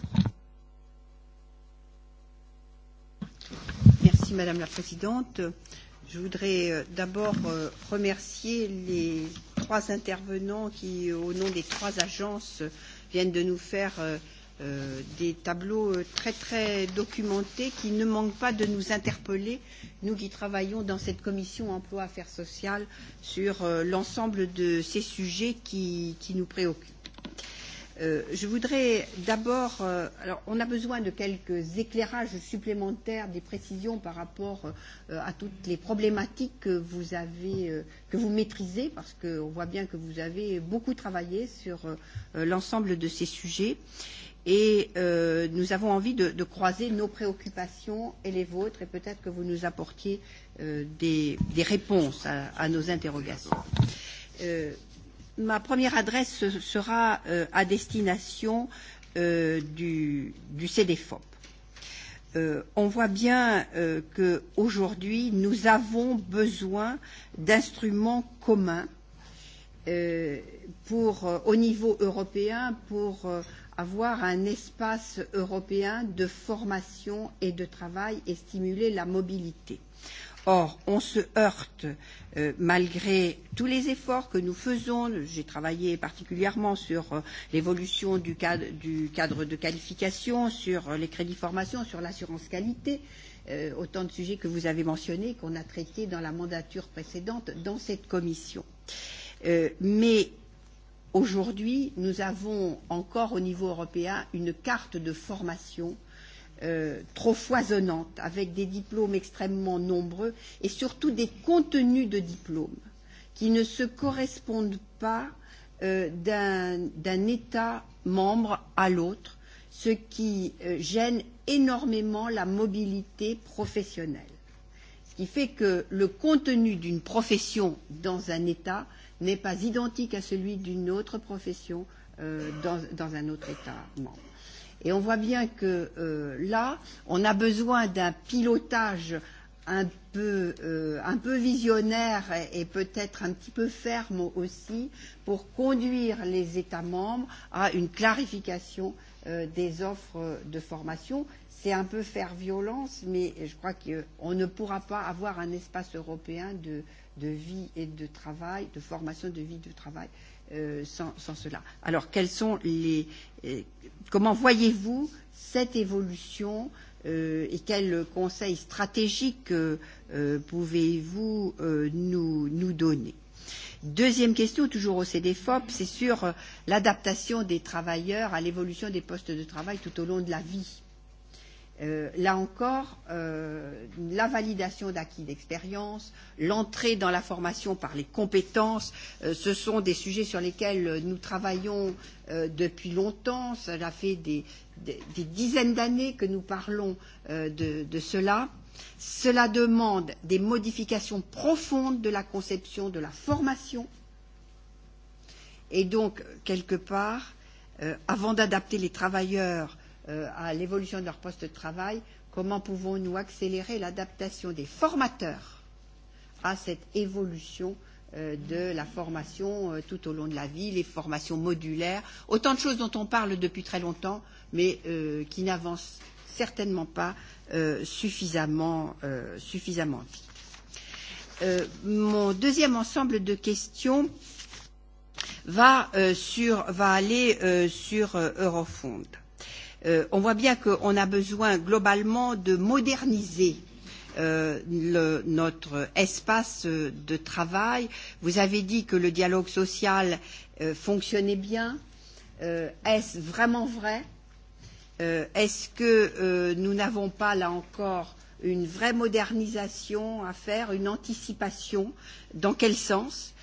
Merci Madame la Présidente. Je voudrais euh, d'abord euh, remercier les trois intervenants qui, au nom des trois agences, viennent de nous faire euh, des tableaux très très documentés qui ne manquent pas de nous interpeller, nous qui travaillons dans cette commission emploi affaires sociales, sur l'ensemble de ces sujets qui, qui nous préoccupent. Euh, je voudrais d'abord, euh, alors on a besoin de quelques éclairages supplémentaires, des précisions par rapport euh, à toutes les problématiques que vous avez, euh, que vous maîtrisez, parce qu'on voit bien que vous avez beaucoup travaillé sur euh, l'ensemble de ces sujets. Et euh, nous avons envie de, de croiser nos préoccupations et les vôtres, et peut-être que vous nous apportiez euh, des, des réponses à, à nos interrogations. Euh, ma première adresse sera euh, à destination euh, du, du CDFOP. Euh, on voit bien euh, qu'aujourd'hui, nous avons besoin d'instruments communs euh, pour, euh, au niveau européen pour euh, avoir un espace européen de formation et de travail et stimuler la mobilité. Or, on se heurte, euh, malgré tous les efforts que nous faisons, j'ai travaillé particulièrement sur euh, l'évolution du cadre, du cadre de qualification, sur euh, les crédits formation, sur l'assurance qualité, euh, autant de sujets que vous avez mentionnés, qu'on a traités dans la mandature précédente dans cette commission. Euh, mais aujourd'hui, nous avons encore au niveau européen une carte de formation euh, trop foisonnante, avec des diplômes extrêmement nombreux et surtout des contenus de diplômes qui ne se correspondent pas euh, d'un État membre à l'autre, ce qui euh, gêne énormément la mobilité professionnelle. Ce qui fait que le contenu d'une profession dans un État n'est pas identique à celui d'une autre profession euh, dans, dans un autre État membre. Et on voit bien que euh, là, on a besoin d'un pilotage un peu, euh, un peu visionnaire et, et peut-être un petit peu ferme aussi pour conduire les États membres à une clarification euh, des offres de formation. C'est un peu faire violence, mais je crois qu'on ne pourra pas avoir un espace européen de, de vie et de travail, de formation de vie et de travail Euh, sans, sans cela. Alors, quels sont les, euh, comment voyez-vous cette évolution euh, et quels conseils stratégiques euh, euh, pouvez-vous euh, nous, nous donner Deuxième question, toujours au CDFOP, c'est sur l'adaptation des travailleurs à l'évolution des postes de travail tout au long de la vie Euh, là encore, euh, la validation d'acquis d'expérience, l'entrée dans la formation par les compétences, euh, ce sont des sujets sur lesquels nous travaillons euh, depuis longtemps. Cela fait des, des, des dizaines d'années que nous parlons euh, de, de cela. Cela demande des modifications profondes de la conception de la formation. Et donc, quelque part, euh, avant d'adapter les travailleurs euh, à l'évolution de leur poste de travail, comment pouvons-nous accélérer l'adaptation des formateurs à cette évolution euh, de la formation euh, tout au long de la vie, les formations modulaires, autant de choses dont on parle depuis très longtemps, mais euh, qui n'avancent certainement pas euh, suffisamment, euh, suffisamment vite. Euh, mon deuxième ensemble de questions va, euh, sur, va aller euh, sur euh, Eurofond. Euh, euh, on voit bien qu'on a besoin globalement de moderniser euh, le, notre espace de travail. Vous avez dit que le dialogue social euh, fonctionnait bien. Euh, Est-ce vraiment vrai euh, Est-ce que euh, nous n'avons pas là encore une vraie modernisation à faire, une anticipation Dans quel sens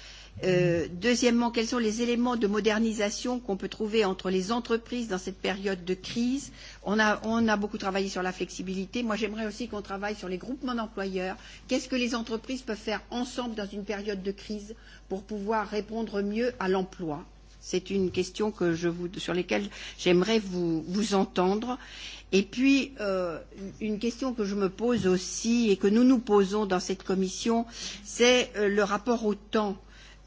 Euh, deuxièmement, quels sont les éléments de modernisation qu'on peut trouver entre les entreprises dans cette période de crise on a, on a beaucoup travaillé sur la flexibilité. Moi, j'aimerais aussi qu'on travaille sur les groupements d'employeurs. Qu'est-ce que les entreprises peuvent faire ensemble dans une période de crise pour pouvoir répondre mieux à l'emploi C'est une question que je vous, sur laquelle j'aimerais vous, vous entendre. Et puis, euh, une question que je me pose aussi et que nous nous posons dans cette commission, c'est euh, le rapport au temps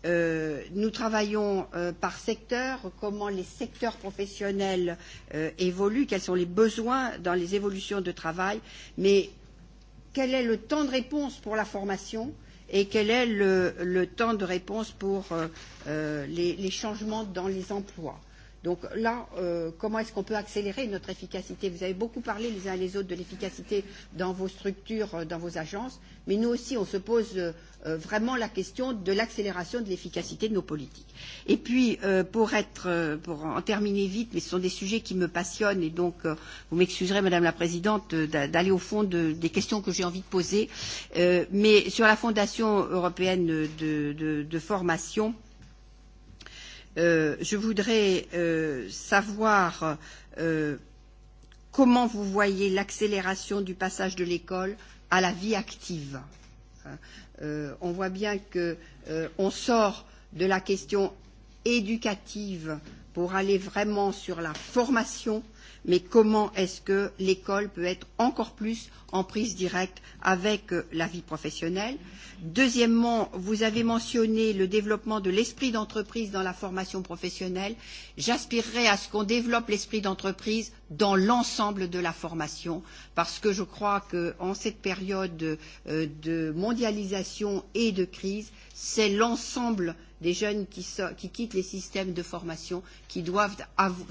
Euh, nous travaillons euh, par secteur, comment les secteurs professionnels euh, évoluent, quels sont les besoins dans les évolutions de travail, mais quel est le temps de réponse pour la formation et quel est le, le temps de réponse pour euh, euh les, les changements dans les emplois. Donc là, euh, comment est-ce qu'on peut accélérer notre efficacité Vous avez beaucoup parlé les uns et les autres de l'efficacité dans vos structures, euh, dans vos agences, mais nous aussi, on se pose euh, euh, vraiment la question de l'accélération de l'efficacité de nos politiques. Et puis, euh, pour, être, euh, pour en terminer vite, mais ce sont des sujets qui me passionnent, et donc euh, vous m'excuserez, Madame la Présidente, d'a-, d'aller au fond de, des questions que j'ai envie de poser, euh, mais sur la Fondation européenne de, de, de formation, euh, Euh, je voudrais euh, savoir euh, comment vous voyez l'accélération du passage de l'école à la vie active. Euh, on voit bien qu'on euh, sort de la question éducative pour aller vraiment sur la formation euh, mais comment est-ce que l'école peut être encore plus en prise directe avec euh, la vie professionnelle Deuxièmement, vous avez mentionné le développement de l'esprit d'entreprise dans la formation professionnelle. J'aspirerais à ce qu'on développe l'esprit d'entreprise dans l'ensemble de la formation, parce que je crois qu'en cette période euh, de mondialisation et de crise, c'est l'ensemble des jeunes qui, so qui quittent les systèmes de formation, qui doivent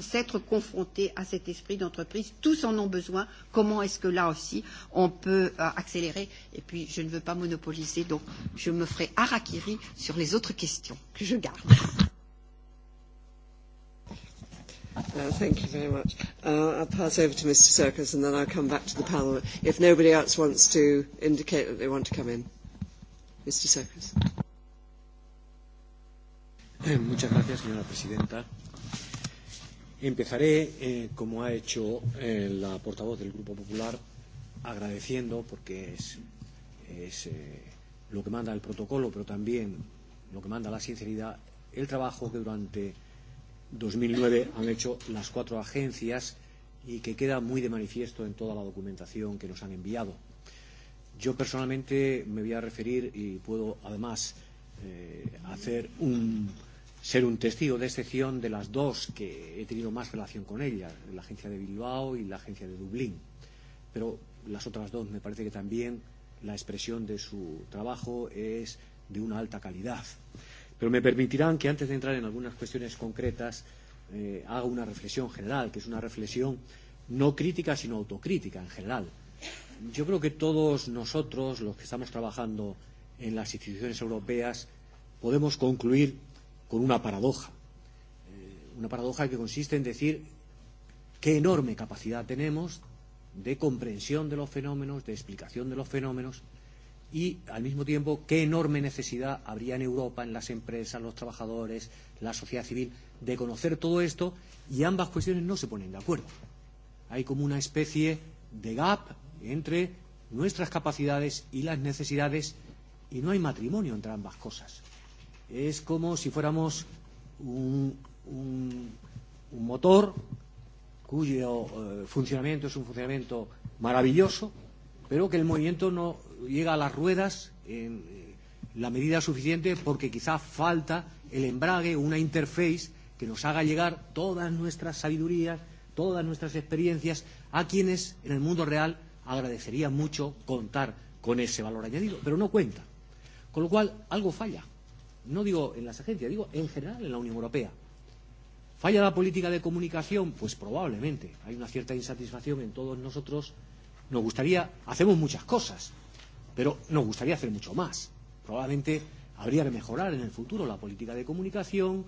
s'être confrontés à cet esprit d'entreprise. Tous en ont besoin. Comment est-ce que là aussi, on peut euh, accélérer Et puis, je ne veux pas monopoliser, donc je me ferai harakiri sur les autres questions que je garde. [laughs] Uh, thank you very much. Uh, I'll pass over to Mr. Circus and then I'll come back to the panel if nobody else wants to indicate that they want to come in. Mr. Circus. Eh, muchas gracias, señora presidenta. Empezaré, eh, como ha hecho eh, la portavoz del Grupo Popular, agradeciendo, porque es, es eh, lo que manda el protocolo, pero también lo que manda la sinceridad, el trabajo que durante 2009 han hecho las cuatro agencias y que queda muy de manifiesto en toda la documentación que nos han enviado. Yo personalmente me voy a referir y puedo además eh, hacer un ser un testigo de excepción de las dos que he tenido más relación con ella, la agencia de Bilbao y la agencia de Dublín. Pero las otras dos me parece que también la expresión de su trabajo es de una alta calidad. Pero me permitirán que antes de entrar en algunas cuestiones concretas eh, haga una reflexión general, que es una reflexión no crítica sino autocrítica en general. Yo creo que todos nosotros, los que estamos trabajando en las instituciones europeas, podemos concluir con una paradoja. Eh, una paradoja que consiste en decir qué enorme capacidad tenemos de comprensión de los fenómenos, de explicación de los fenómenos y, al mismo tiempo, qué enorme necesidad habría en Europa, en las empresas, los trabajadores, la sociedad civil, de conocer todo esto y ambas cuestiones no se ponen de acuerdo. Hay como una especie de gap entre nuestras capacidades y las necesidades y no hay matrimonio entre ambas cosas. Es como si fuéramos un, un, un motor cuyo eh, funcionamiento es un funcionamiento maravilloso, pero que el movimiento no llega a las ruedas en eh, la medida suficiente porque quizá falta el embrague, una interface que nos haga llegar todas nuestras sabidurías, todas nuestras experiencias a quienes en el mundo real agradecería mucho contar con ese valor añadido, pero no cuenta. Con lo cual, algo falla no digo en las agencias, digo en general en la Unión Europea. ¿Falla la política de comunicación? Pues probablemente. Hay una cierta insatisfacción en todos nosotros. Nos gustaría, hacemos muchas cosas, pero nos gustaría hacer mucho más. Probablemente habría que mejorar en el futuro la política de comunicación,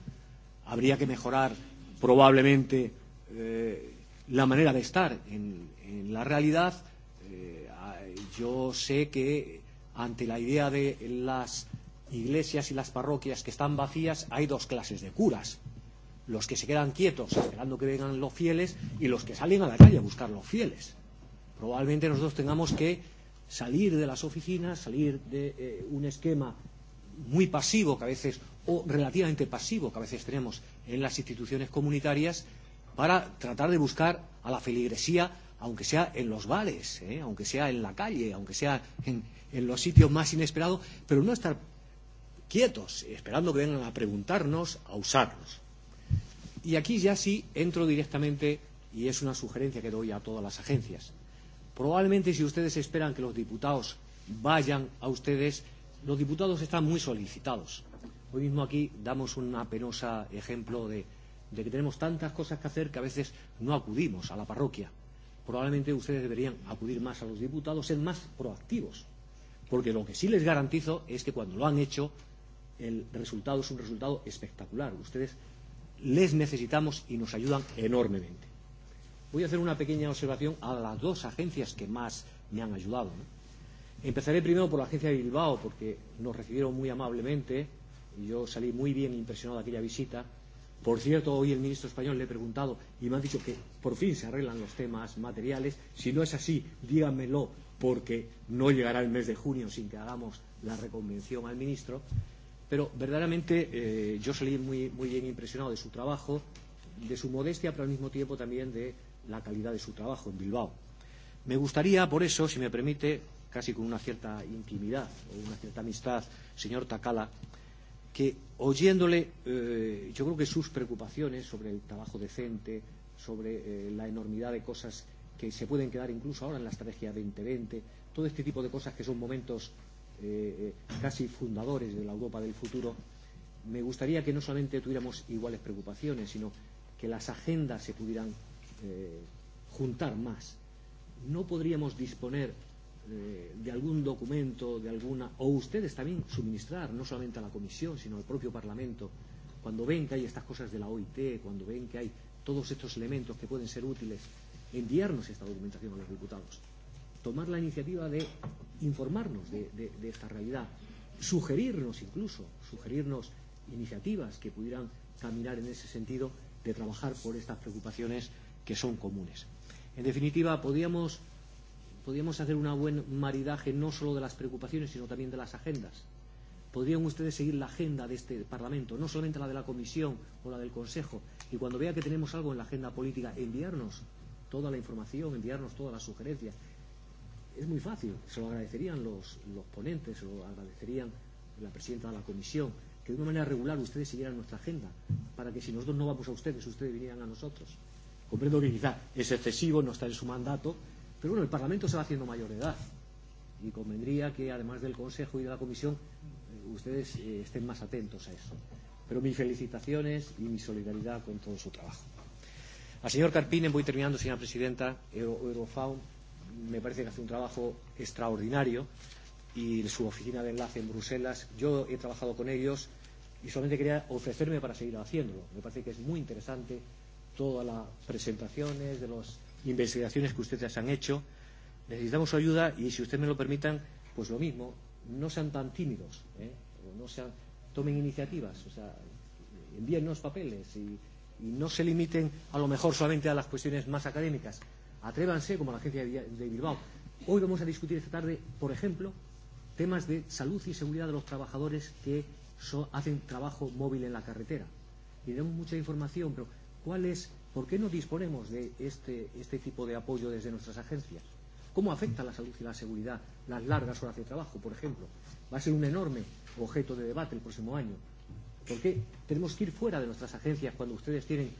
habría que mejorar probablemente eh, la manera de estar en, en la realidad. Eh, ah, yo sé que ante la idea de las iglesias y las parroquias que están vacías, hay dos clases de curas. Los que se quedan quietos esperando que vengan los fieles y los que salen a la calle a buscar los fieles. Probablemente nosotros tengamos que salir de las oficinas, salir de eh, un esquema muy pasivo que a veces, o relativamente pasivo que a veces tenemos en las instituciones comunitarias, para tratar de buscar a la feligresía, aunque sea en los bares, ¿eh? aunque sea en la calle, aunque sea en, en los sitios más inesperados, pero no estar quietos, esperando que vengan a preguntarnos, a usarnos. Y aquí ya sí entro directamente, y es una sugerencia que doy a todas las agencias. Probablemente si ustedes esperan que los diputados vayan a ustedes, los diputados están muy solicitados. Hoy mismo aquí damos un penosa ejemplo de, de que tenemos tantas cosas que hacer que a veces no acudimos a la parroquia. Probablemente ustedes deberían acudir más a los diputados, ser más proactivos, porque lo que sí les garantizo es que cuando lo han hecho el resultado es un resultado espectacular. Ustedes les necesitamos y nos ayudan enormemente. Voy a hacer una pequeña observación a las dos agencias que más me han ayudado. ¿no? Empezaré primero por la agencia de Bilbao, porque nos recibieron muy amablemente y yo salí muy bien impresionado de aquella visita. Por cierto, hoy el ministro español le he preguntado y me han dicho que por fin se arreglan los temas materiales. Si no es así, díganmelo, porque no llegará el mes de junio sin que hagamos la reconvención al ministro. Pero verdaderamente eh, yo salí muy, muy bien impresionado de su trabajo, de su modestia, pero al mismo tiempo también de la calidad de su trabajo en Bilbao. Me gustaría, por eso, si me permite, casi con una cierta intimidad o una cierta amistad, señor Takala, que oyéndole, eh, yo creo que sus preocupaciones sobre el trabajo decente, sobre eh, la enormidad de cosas que se pueden quedar incluso ahora en la estrategia 2020, todo este tipo de cosas que son momentos Eh, eh, casi fundadores de la Europa del futuro, me gustaría que no solamente tuviéramos iguales preocupaciones, sino que las agendas se pudieran eh, juntar más. No podríamos disponer eh, de algún documento, de alguna, o ustedes también suministrar, no solamente a la Comisión, sino al propio Parlamento, cuando ven que hay estas cosas de la OIT, cuando ven que hay todos estos elementos que pueden ser útiles, enviarnos esta documentación a los diputados tomar la iniciativa de informarnos de, de, de esta realidad, sugerirnos incluso, sugerirnos iniciativas que pudieran caminar en ese sentido de trabajar por estas preocupaciones que son comunes. En definitiva, podríamos, podríamos hacer un buen maridaje no solo de las preocupaciones, sino también de las agendas. Podrían ustedes seguir la agenda de este Parlamento, no solamente la de la Comisión o la del Consejo, y cuando vea que tenemos algo en la agenda política, enviarnos toda la información, enviarnos todas las sugerencias, Es muy fácil, se lo agradecerían los, los ponentes, se lo agradecerían la presidenta de la comisión, que de una manera regular ustedes siguieran nuestra agenda, para que si nosotros no vamos a ustedes, ustedes vinieran a nosotros. Comprendo que quizá es excesivo, no está en su mandato, pero bueno, el Parlamento se va haciendo mayor de edad y convendría que además del Consejo y de la Comisión eh, ustedes eh, estén más atentos a eso. Pero mis felicitaciones y mi solidaridad con todo su trabajo. Al señor Carpine, voy terminando, señora presidenta, Eurofound. Euro me parece que hace un trabajo extraordinario y su oficina de enlace en Bruselas. Yo he trabajado con ellos y solamente quería ofrecerme para seguir haciéndolo. Me parece que es muy interesante todas las presentaciones de las investigaciones que ustedes han hecho. Necesitamos su ayuda y, si ustedes me lo permitan, pues lo mismo, no sean tan tímidos, ¿eh? no sean, tomen iniciativas, o sea, envíennos papeles y, y no se limiten a lo mejor solamente a las cuestiones más académicas, Atrévanse, como la agencia de Bilbao. Hoy vamos a discutir esta tarde, por ejemplo, temas de salud y seguridad de los trabajadores que so, hacen trabajo móvil en la carretera. Y tenemos mucha información, pero ¿cuál es, ¿por qué no disponemos de este, este tipo de apoyo desde nuestras agencias? ¿Cómo afecta la salud y la seguridad las largas horas de trabajo, por ejemplo? Va a ser un enorme objeto de debate el próximo año. ¿Por qué tenemos que ir fuera de nuestras agencias cuando ustedes tienen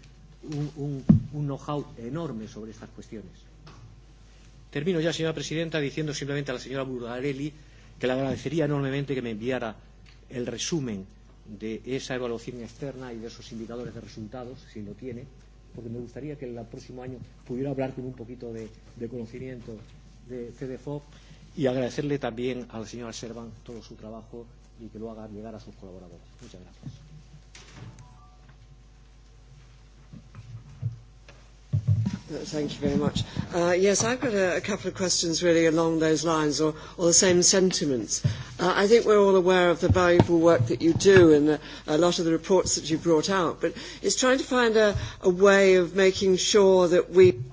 un, un, un know-how enorme sobre estas cuestiones. Termino ya, señora presidenta, diciendo simplemente a la señora Burgarelli que le agradecería enormemente que me enviara el resumen de esa evaluación externa y de esos indicadores de resultados, si lo tiene, porque me gustaría que el próximo año pudiera hablar con un poquito de, de conocimiento de CDFOP y agradecerle también al señor Servan todo su trabajo y que lo haga llegar a sus colaboradores. Muchas gracias. Thank you very much. Uh, yes, I've got a, a couple of questions really along those lines or, or the same sentiments. Uh, I think we're all aware of the valuable work that you do and the, a lot of the reports that you brought out, but it's trying to find a, a way of making sure that we find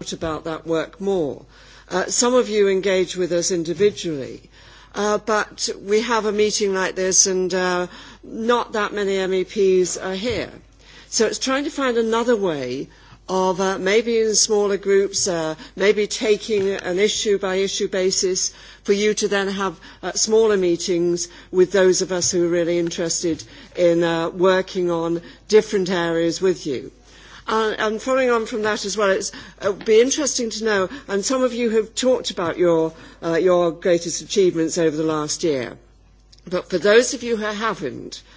out about that work more. Uh, some of you engage with us individually. Uh, but we have a meeting like this and uh, not that many MEPs are here. So it's trying to find another way of uh, maybe in smaller groups, uh, maybe taking an issue by issue basis for you to then have uh, smaller meetings with those of us who are really interested in uh, working on different areas with you. and following on from that as well, it would uh, be interesting to know, and some of you have talked about your, uh, your greatest achievements over the last year, but for those of you who haven't, uh,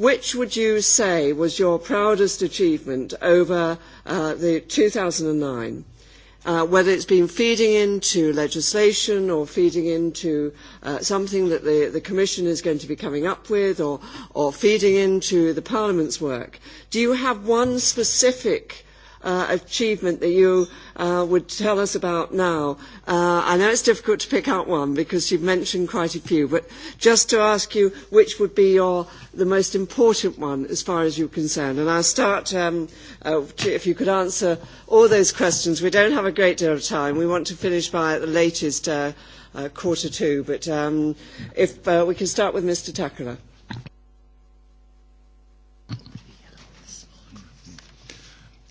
Which would you say was your proudest achievement over uh, the 2009? Uh, whether it's been feeding into legislation or feeding into uh, something that the, the Commission is going to be coming up with or, or feeding into the Parliament's work. Do you have one specific uh, achievement that you uh, would tell us about now? Uh, I know it's difficult to pick out one because you've mentioned quite a few, but just to ask you which would be your, the most important one as far as you're concerned. And I'll start, um, uh, to, if you could answer all those questions. We don't have a great deal of time. We want to finish by at the latest uh, uh, quarter two, but um, if uh, we can start with Mr. Takala.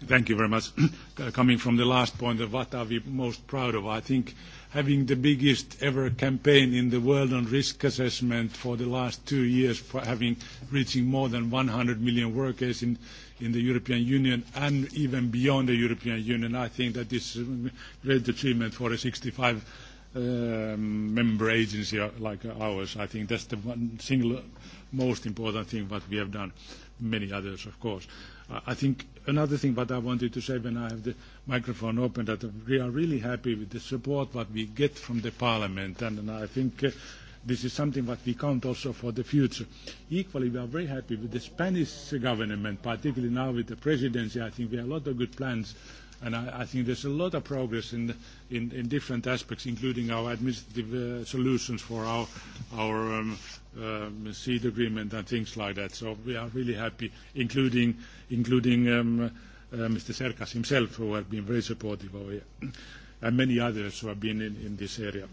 Thank you very much. [clears throat] Coming from the last point of what are we most proud of, I think having the biggest ever campaign in the world on risk assessment for the last two years, for having reaching more than 100 million workers in, in the European Union and even beyond the European Union, I think that is a great achievement for a 65 um, member agency uh, like ours. I think that's the one single most important thing what we have done, many others, of course. I think another thing that I wanted to say when I have the microphone open, that we are really happy with the support that we get from the parliament, and, and I think uh, this is something that we count also for the future. Equally, we are very happy with the Spanish government, particularly now with the presidency. I think we have a lot of good plans, and I, I think there's a lot of progress in, in, in different aspects, including our administrative uh, solutions for our, our um, um, seed agreement and things like that. So we are really happy, including, including um, uh, Mr. Serkas himself, who has been very supportive of it, and many others who have been in, in this area.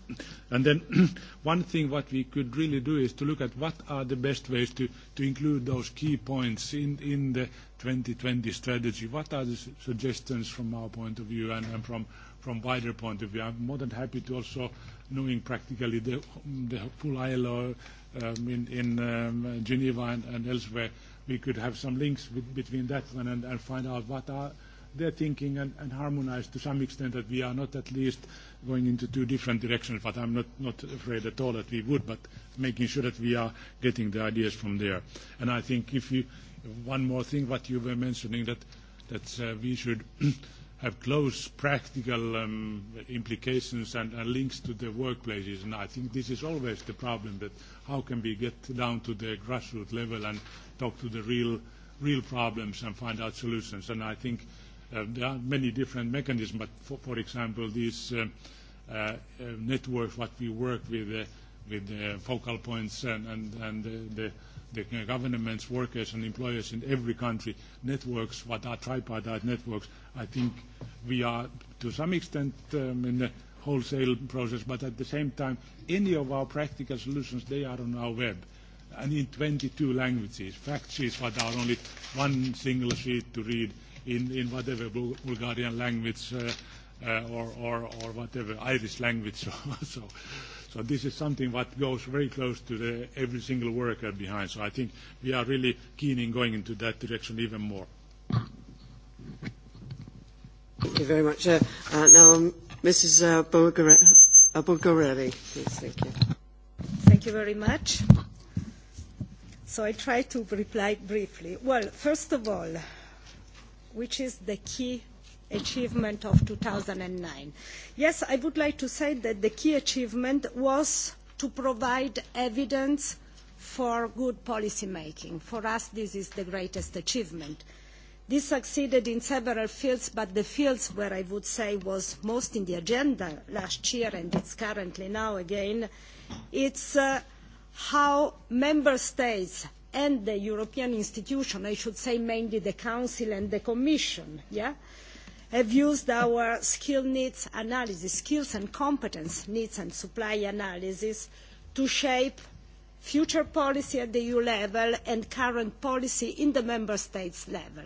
And then [clears throat] one thing what we could really do is to look at what are the best ways to, to include those key points in, in the 2020 strategy. What are the suggestions from our point of view and, and from, from wider point of view? I'm more than happy to also knowing practically the, the full ILO Um, in, um, Geneva and, elsewhere, we could have some links between that one and, find out what are their thinking and, harmonize to some extent that we are not at least going into two different directions, but I'm not, afraid at all that we would, but making sure that we are getting the ideas from there. And I think if you, one more thing, what you were mentioning, that, uh, we should have close practical um, implications and, and links to the workplaces. And I think this is always the problem, that how can we get down to the grassroots level and talk to the real, real problems and find out solutions. And I think uh, there are many different mechanisms, but for, for example, these uh, uh, uh networks, what we work with, uh, with the uh, focal points and, and, and uh, the, the the governments, workers and employers in every country, networks, what are tripartite networks, I think we are to some extent um, in the wholesale process, but at the same time, any of our practical solutions, they are on our web and in 22 languages. Fact sheets what are only one single sheet to read in, in whatever Bulgarian language uh, uh, or, or, or whatever Irish language. [laughs] so, So this is something that goes very close to the, every single worker behind. So I think we are really keen in going into that direction even more. Thank you very much. Uh, uh, now, um, Mrs. Uh, uh, Bulgarelli, please. Thank you. Thank you very much. So I try to reply briefly. Well, first of all, which is the key achievement of 2009. Yes, I would like to say that the key achievement was to provide evidence for good policy making. For us, this is the greatest achievement. This succeeded in several fields, but the fields where I would say was most in the agenda last year, and it's currently now again, it's uh, how member states and the European institution, I should say mainly the Council and the Commission, yeah, have used our skill needs analysis, skills and competence needs and supply analysis to shape future policy at the EU level and current policy in the Member States level.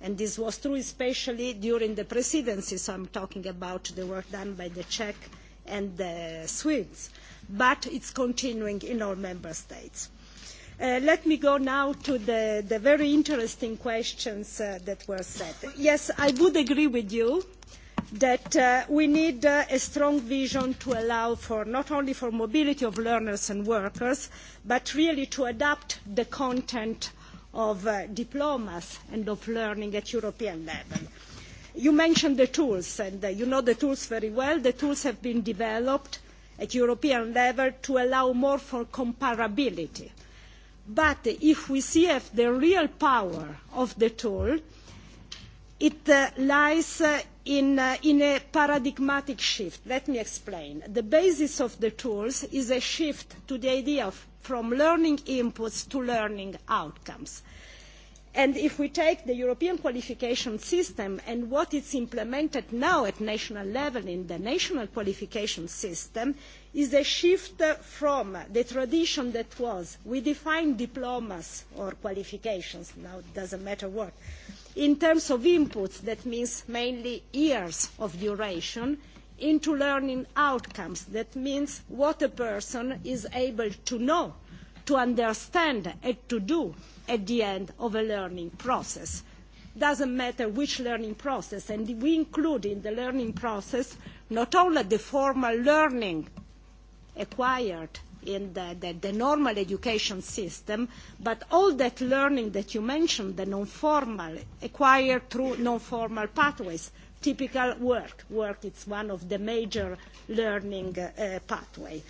And this was true especially during the presidency, so I'm talking about the work done by the Czech and the Swedes. But it's continuing in all Member States. Uh, let me go now to the, the very interesting questions uh, that were said. Yes, I would agree with you that uh, we need uh, a strong vision to allow for not only for mobility of learners and workers, but really to adapt the content of uh, diplomas and of learning at European level. You mentioned the tools, and you know the tools very well. The tools have been developed at European level to allow more for comparability But if we see the real power of the tool, it uh, lies uh, in, uh, in a paradigmatic shift. Let me explain. The basis of the tools is a shift to the idea of from learning inputs to learning outcomes. And if we take the European qualification system and what is implemented now at national level in the national qualification system, is a shift from the tradition that was we define diplomas or qualifications, now it doesn't matter what, in terms of inputs, that means mainly years of duration, into learning outcomes, that means what a person is able to know, to understand and to do at the end of a learning process. Doesn't matter which learning process, and we include in the learning process not only the formal learning acquired in the, the, the normal education system, but all that learning that you mentioned, the non-formal, acquired through non-formal pathways, typical work. Work is one of the major learning uh, pathway.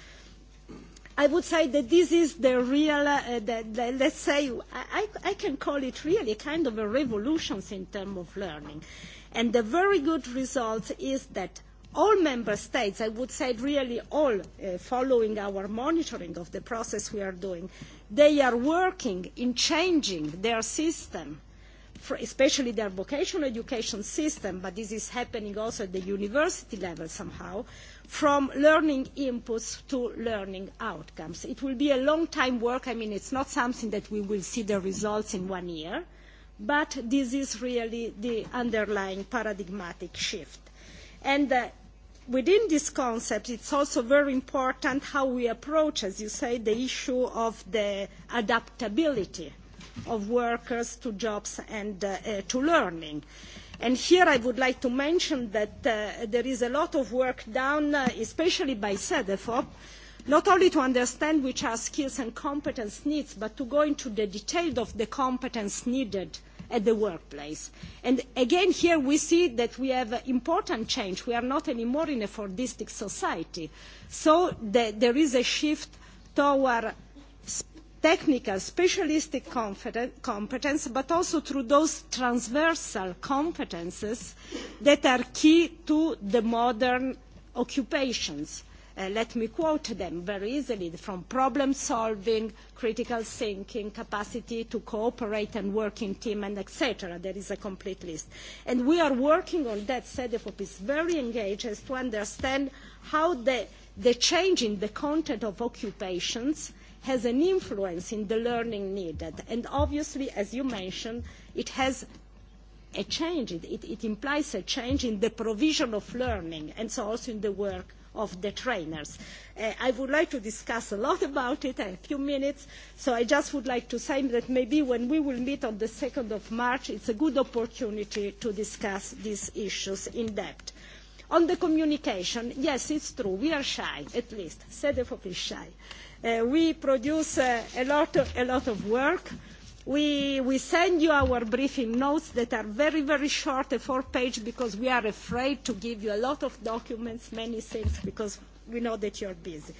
I would say that this is the real, uh, the, the, let's say, I, I can call it really kind of a revolution in terms of learning. And the very good result is that all member states, I would say really all, uh, following our monitoring of the process we are doing, they are working in changing their system, especially their vocational education system, but this is happening also at the university level somehow, from learning inputs to learning outcomes. It will be a long time work. I mean, it's not something that we will see the results in one year, but this is really the underlying paradigmatic shift. And uh, within this concept, it's also very important how we approach, as you say, the issue of the adaptability of workers to jobs and uh, uh, to learning. And here I would like to mention that uh, there is a lot of work done, uh, especially by SEDEFOP, not only to understand which are skills and competence needs, but to go into the detail of the competence needed at the workplace. And again, here we see that we have important change. We are not anymore in a Fordistic society. So the, there is a shift toward technical specialistic competence, but also through those transversal competences that are key to the modern occupations. Uh, let me quote them very easily, from problem solving, critical thinking, capacity to cooperate and work in team, and etc. There is a complete list. And we are working on that. CEDEFOP is very engaged as to understand how the, the change in the content of occupations has an influence in the learning needed. And obviously, as you mentioned, it has a change. It, it, it implies a change in the provision of learning, and so also in the work of the trainers. Uh, I would like to discuss a lot about it in a few minutes, so I just would like to say that maybe when we will meet on the 2nd of March, it's a good opportunity to discuss these issues in depth. On the communication, yes, it's true, we are shy, at least, SEDEFOP is shy. Uh, we produce uh, a, lot of, a lot of work, We, we send you our briefing notes that are very, very short, a four-page, because we are afraid to give you a lot of documents, many things, because we know that you're busy.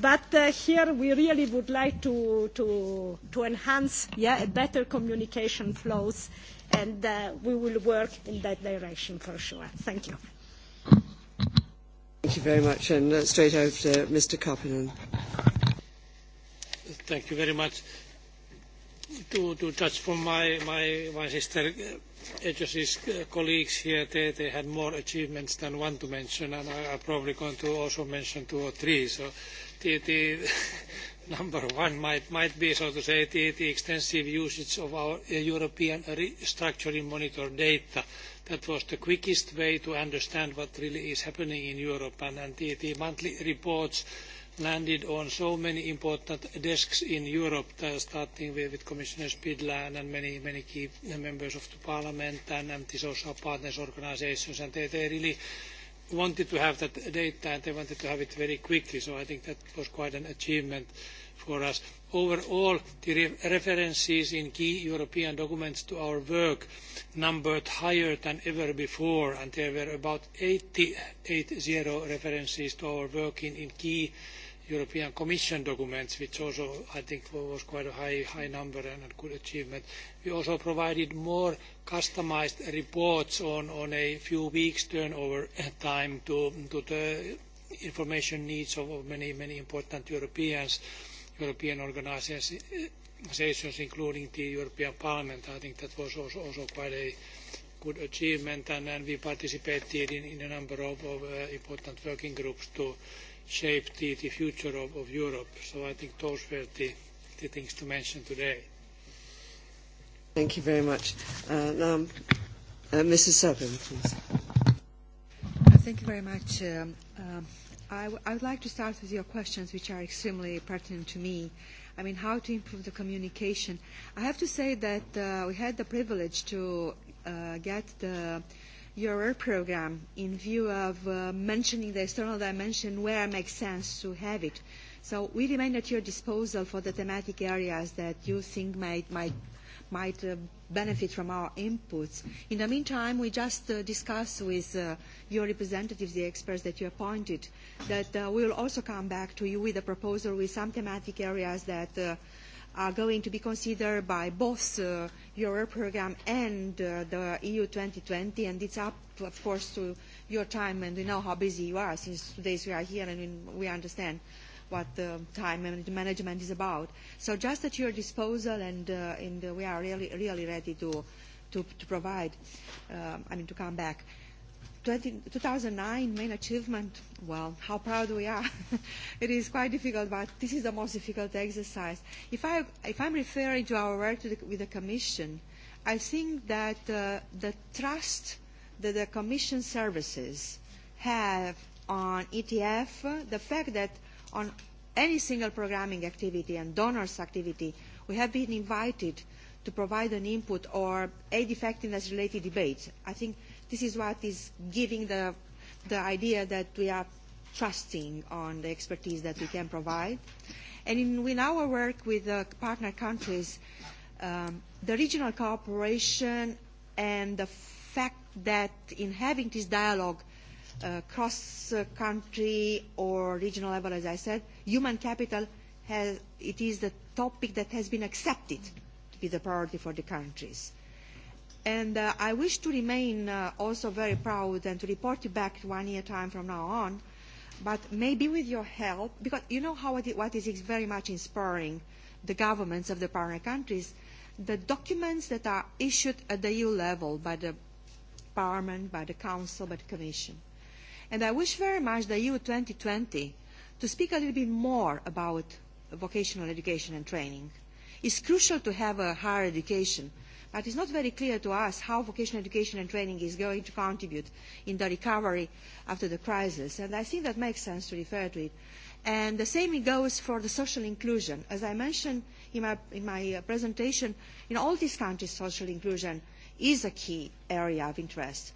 But uh, here we really would like to, to, to enhance yeah, better communication flows, and uh, we will work in that direction for sure. Thank you. Thank you very much, and uh, straight over to Mr. Koppinen. Thank you very much to, to touch from my, my, my sister uh, Edge's uh, colleagues here. They, they had more achievements than one to mention, and I, I'm probably going to also mention two or three. So the, the [laughs] number one might, might be, so to say, the, the extensive usage of our uh, European restructuring monitor data. That was the quickest way to understand what really is happening in Europe, and, and the, the monthly reports landed on so many important desks in Europe, uh, starting with, Commissioner Spidla and many, many key members of the parliament and, anti social partners organisations, and they, they really wanted to have that data and they wanted to have it very quickly. So I think that was quite an achievement for us. Overall, the re references in key European documents to our work numbered higher than ever before, and there were about 880 references to our work in, in key European Commission documents, which also I think was quite a high, high number and a good achievement. We also provided more customized reports on, on a few weeks turnover [laughs] time to, to the information needs of many, many important Europeans, European organizations, including the European Parliament. I think that was also, also quite a good achievement, and, then we participated in, in a number of, of uh, important working groups to shape the, the future of, of Europe. So I think those were the, the things to mention today. Thank you very much. Uh, now, um, uh, Mrs. Sutton, please. Uh, thank you very much. Um, um, I, w- I would like to start with your questions, which are extremely pertinent to me. I mean, how to improve the communication. I have to say that uh, we had the privilege to uh, get the work program in view of uh, mentioning the external dimension where it makes sense to have it. So we remain at your disposal for the thematic areas that you think might, might, might uh, benefit from our inputs. In the meantime, we just uh, discuss with uh, your representatives, the experts that you appointed, that uh, we will also come back to you with a proposal with some thematic areas that uh, are going to be considered by both uh, your program and uh, the EU 2020, and it's up, of course, to your time, and we know how busy you are, since today we are here and we understand what the time management is about. So just at your disposal, and, uh, and we are really, really ready to, to, to provide, uh, I mean, to come back. 2009 main achievement, well, how proud we are. [laughs] it is quite difficult, but this is the most difficult exercise. If, I, if I'm referring to our work to the, with the Commission, I think that uh, the trust that the Commission services have on ETF, the fact that on any single programming activity and donors activity, we have been invited to provide an input or aid effectiveness related debate. I think This is what is giving the, the idea that we are trusting on the expertise that we can provide. And in, in our work with the partner countries, um, the regional cooperation and the fact that in having this dialogue uh, cross-country uh, or regional level, as I said, human capital, has, it is the topic that has been accepted to be the priority for the countries. Uh, And uh, I wish to remain uh, also very proud and to report you back one year time from now on, but maybe with your help, because you know how it, what is very much inspiring the governments of the partner countries, the documents that are issued at the EU level by the Parliament, by the Council, by the Commission. And I wish very much the EU 2020 to speak a little bit more about vocational education and training. It's crucial to have a higher education – It is not very clear to us how vocational education and training is going to contribute in the recovery after the crisis, and I think that makes sense to refer to it. And the same goes for the social inclusion. As I mentioned in my, in my uh, presentation, in all these countries, social inclusion is a key area of interest.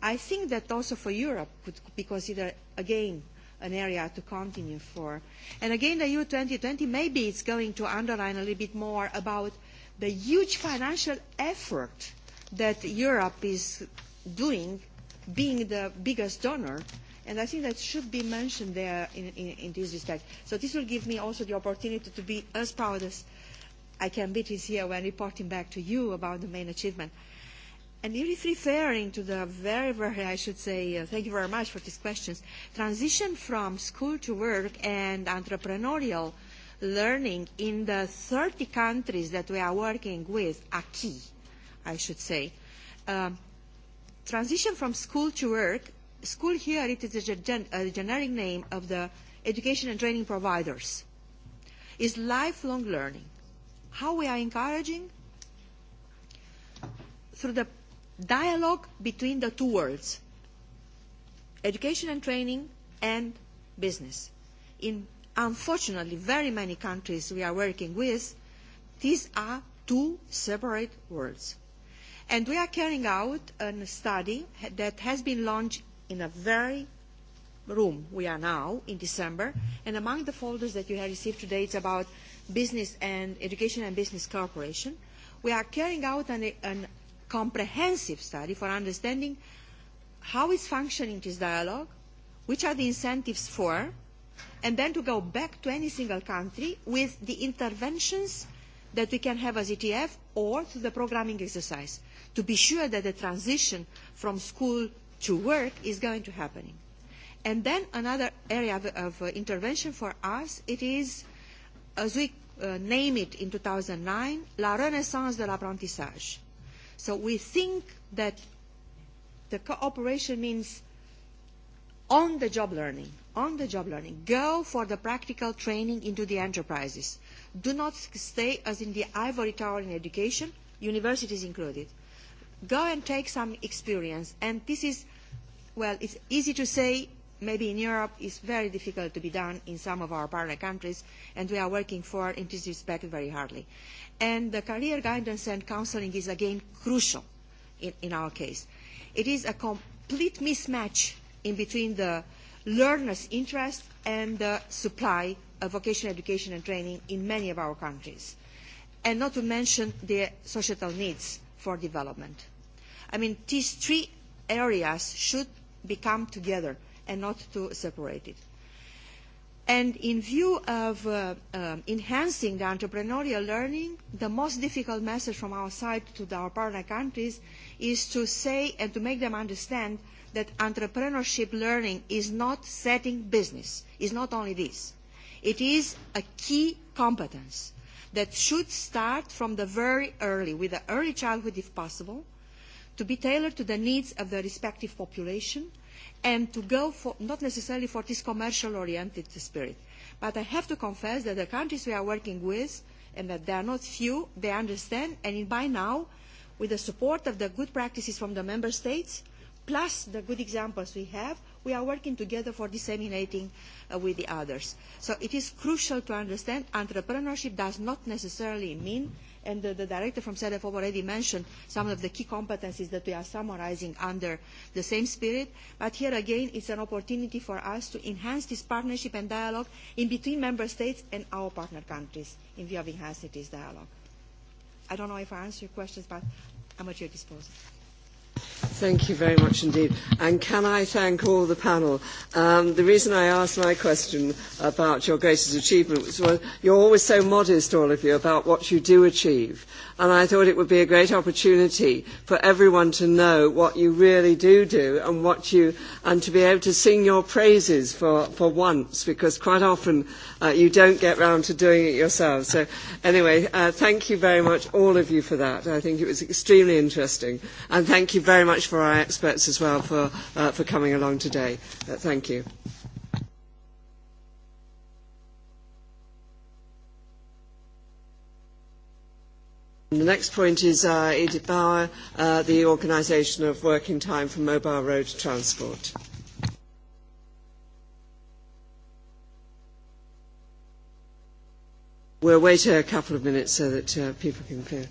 I think that also for Europe could be considered, again, an area to continue for. And again, the EU 2020, maybe it's going to underline a little bit more about the huge financial effort that Europe is doing, being the biggest donor, and I think that should be mentioned there in, in, in this respect. So this will give me also the opportunity to be as proud as I can be this year when reporting back to you about the main achievement. And if referring to the very, very, I should say, uh, thank you very much for these questions, transition from school to work and entrepreneurial learning in the 30 countries that we are working with are key, I should say. Um, transition from school to work, school here it is a, gen a generic name of the education and training providers, is lifelong learning. How we are encouraging? Through the dialogue between the two worlds, education and training and business. In unfortunately, very many countries we are working with, these are two separate worlds. And we are carrying out a study that has been launched in a very room we are now in December. And among the folders that you have received today, it's about business and education and business cooperation. We are carrying out an, an comprehensive study for understanding how is functioning this dialogue, which are the incentives for, and then to go back to any single country with the interventions that we can have as ETF or through the programming exercise to be sure that the transition from school to work is going to happen. And then another area of, of uh, intervention for us, it is, as we uh, name it in 2009, la renaissance de l'apprentissage. So we think that the cooperation means on-the-job learning on-the-job learning. Go for the practical training into the enterprises. Do not stay as in the ivory tower in education, universities included. Go and take some experience. And this is, well, it's easy to say, maybe in Europe, it's very difficult to be done in some of our partner countries, and we are working for in this respect very hardly. And the career guidance and counseling is again crucial in, in our case. It is a complete mismatch in between the learners' interest and the supply of vocational education and training in many of our countries, and not to mention the societal needs for development. I mean, these three areas should become together and not to separate it. And in view of uh, um, enhancing the entrepreneurial learning, the most difficult message from our side to the, our partner countries is to say and to make them understand that entrepreneurship learning is not setting business, is not only this. It is a key competence that should start from the very early, with the early childhood if possible, to be tailored to the needs of the respective population and to go for, not necessarily for this commercial oriented spirit. But I have to confess that the countries we are working with, and that they are not few, they understand, and by now, with the support of the good practices from the member states, plus the good examples we have, we are working together for disseminating uh, with the others. So it is crucial to understand entrepreneurship does not necessarily mean, and the, the director from CEDEF already mentioned some of the key competencies that we are summarizing under the same spirit, but here again it's an opportunity for us to enhance this partnership and dialogue in between member states and our partner countries in view of enhancing this dialogue. I don't know if I answer your questions, but I'm at your disposal. Thank you very much indeed. And can I thank all the panel? Um, the reason I asked my question about your greatest achievement was well, you're always so modest, all of you, about what you do achieve. And I thought it would be a great opportunity for everyone to know what you really do do and what you, and to be able to sing your praises for, for once, because quite often uh, you don't get round to doing it yourselves. So anyway, uh, thank you very much, all of you, for that. I think it was extremely interesting. And thank you very much much for our experts as well for, uh, for coming along today. Uh, thank you. The next point is uh, Edith Bauer, uh, the organisation of working time for mobile road transport. We'll wait a couple of minutes so that uh, people can clear.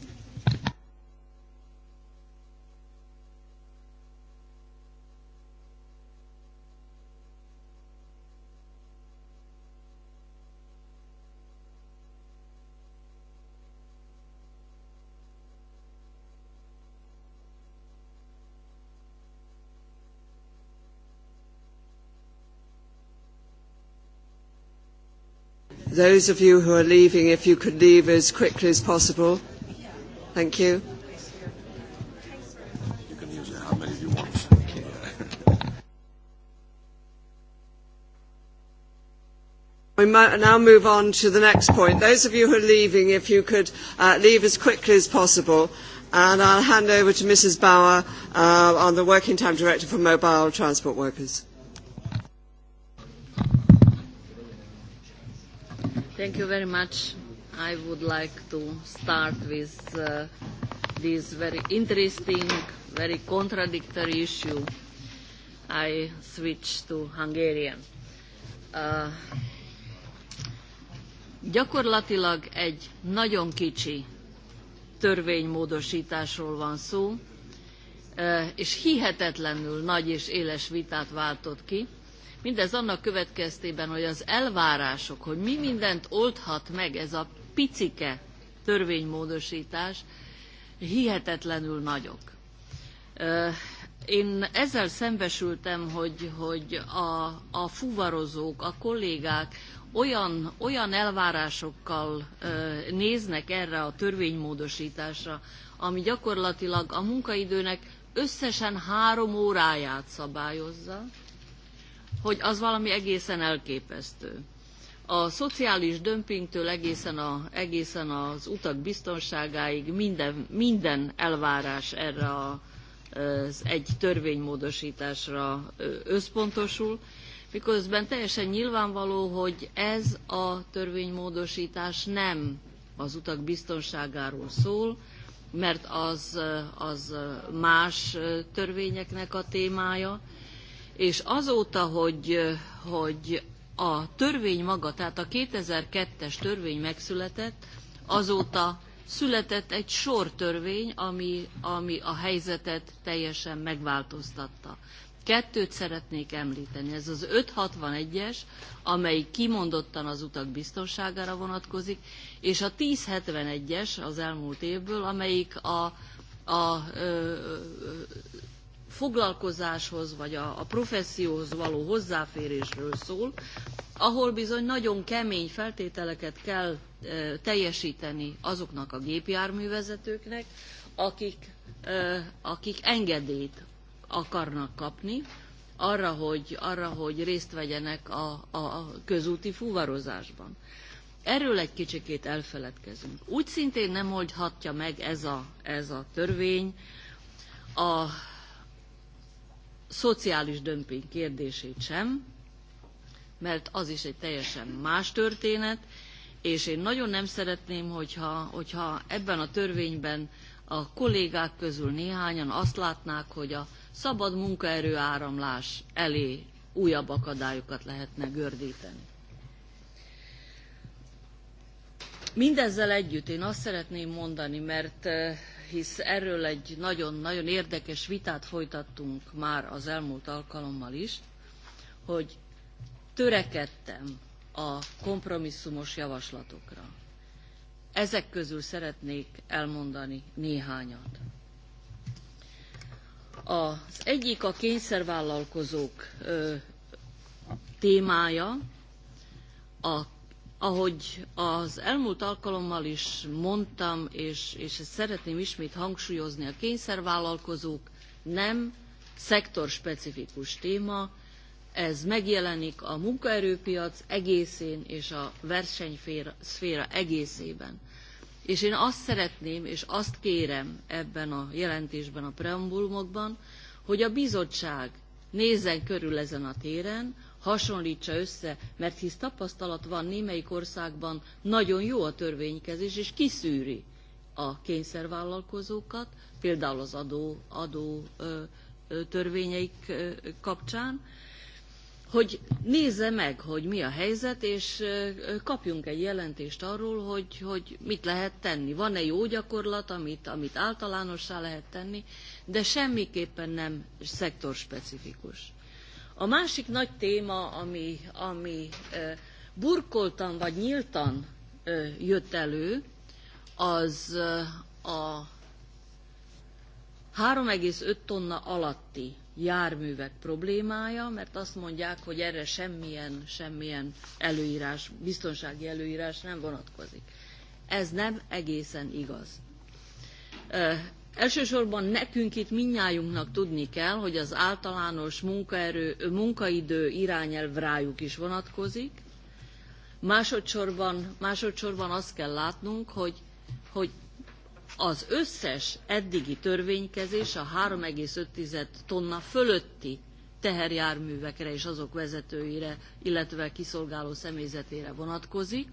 Those of you who are leaving, if you could leave as quickly as possible. Thank you. You can use how many you want. We might now move on to the next point. Those of you who are leaving, if you could uh, leave as quickly as possible. And I'll hand over to Mrs. Bauer uh, on the Working Time Directive for Mobile Transport Workers. Thank you very much. I would like to start with uh, this very interesting, very contradictory issue. I switch to Hungarian. Uh, gyakorlatilag egy nagyon kicsi törvénymódosításról van szó, uh, és hihetetlenül nagy és éles vitát váltott ki Mindez annak következtében, hogy az elvárások, hogy mi mindent oldhat meg ez a picike törvénymódostás hihetetlenül nagyok. Én ezzel szembesültem, hogy, hogy a, a fuvarozók, a kollégák olyan, olyan elvárásokkal néznek erre a törvénymódosításra, ami gyakorlatilag a munkaidőnek összesen három óráját szabályozza, hogy az valami egészen elképesztő. A szociális dömpingtől egészen, a, egészen az utak biztonságáig minden, minden elvárás erre a, az egy törvénymódosításra összpontosul, miközben teljesen nyilvánvaló, hogy ez a törvénymódosítás nem az utak biztonságáról szól, mert az, az más törvényeknek a témája, és azóta, hogy, hogy a törvény maga, tehát a 2002-es törvény megszületett, azóta született egy sor törvény, ami, ami a helyzetet teljesen megváltoztatta. Kettőt szeretnék említeni. Ez az 561-es, amely kimondottan az utak biztonságára vonatkozik, és a 1071-es az elmúlt évből, amelyik a, a ö, foglalkozáshoz vagy a, a professzióhoz való hozzáférésről szól, ahol bizony nagyon kemény feltételeket kell e, teljesíteni azoknak a gépjárművezetőknek, akik, e, akik engedélyt akarnak kapni arra, hogy, arra, hogy részt vegyenek a, a közúti fuvarozásban. Erről egy kicsikét elfeledkezünk. Úgy szintén nem oldhatja meg ez a, ez a törvény a szociális dömping kérdését sem, mert az is egy teljesen más történet, és én nagyon nem szeretném, hogyha, hogyha ebben a törvényben a kollégák közül néhányan azt látnák, hogy a szabad munkaerő áramlás elé újabb akadályokat lehetne gördíteni. Mindezzel együtt én azt szeretném mondani, mert hisz erről egy nagyon-nagyon érdekes vitát folytattunk már az elmúlt alkalommal is, hogy törekedtem a kompromisszumos javaslatokra. Ezek közül szeretnék elmondani néhányat. Az egyik a kényszervállalkozók ö, témája, a Ahogy az elmúlt alkalommal is mondtam, és, és ezt szeretném ismét hangsúlyozni, a kényszervállalkozók nem szektorspecifikus téma, ez megjelenik a munkaerőpiac egészén és a versenyszféra egészében. És én azt szeretném, és azt kérem ebben a jelentésben, a preambulumokban, hogy a bizottság nézzen körül ezen a téren, hasonlítsa össze, mert hisz tapasztalat van némelyik országban, nagyon jó a törvénykezés, és kiszűri a kényszervállalkozókat, például az adó, adó törvényeik kapcsán, hogy nézze meg, hogy mi a helyzet, és kapjunk egy jelentést arról, hogy, hogy mit lehet tenni. Van-e jó gyakorlat, amit, amit általánossá lehet tenni, de semmiképpen nem szektorspecifikus. A másik nagy téma, ami, ami burkoltan vagy nyíltan jött elő, az a 3,5 tonna alatti járművek problémája, mert azt mondják, hogy erre semmilyen, semmilyen előírás, biztonsági előírás nem vonatkozik. Ez nem egészen igaz. Elsősorban nekünk itt minnyájunknak tudni kell, hogy az általános munkaerő, munkaidő irányelv rájuk is vonatkozik. Másodszorban, másodszorban azt kell látnunk, hogy, hogy az összes eddigi törvénykezés a 3,5 tonna fölötti teherjárművekre és azok vezetőire, illetve kiszolgáló személyzetére vonatkozik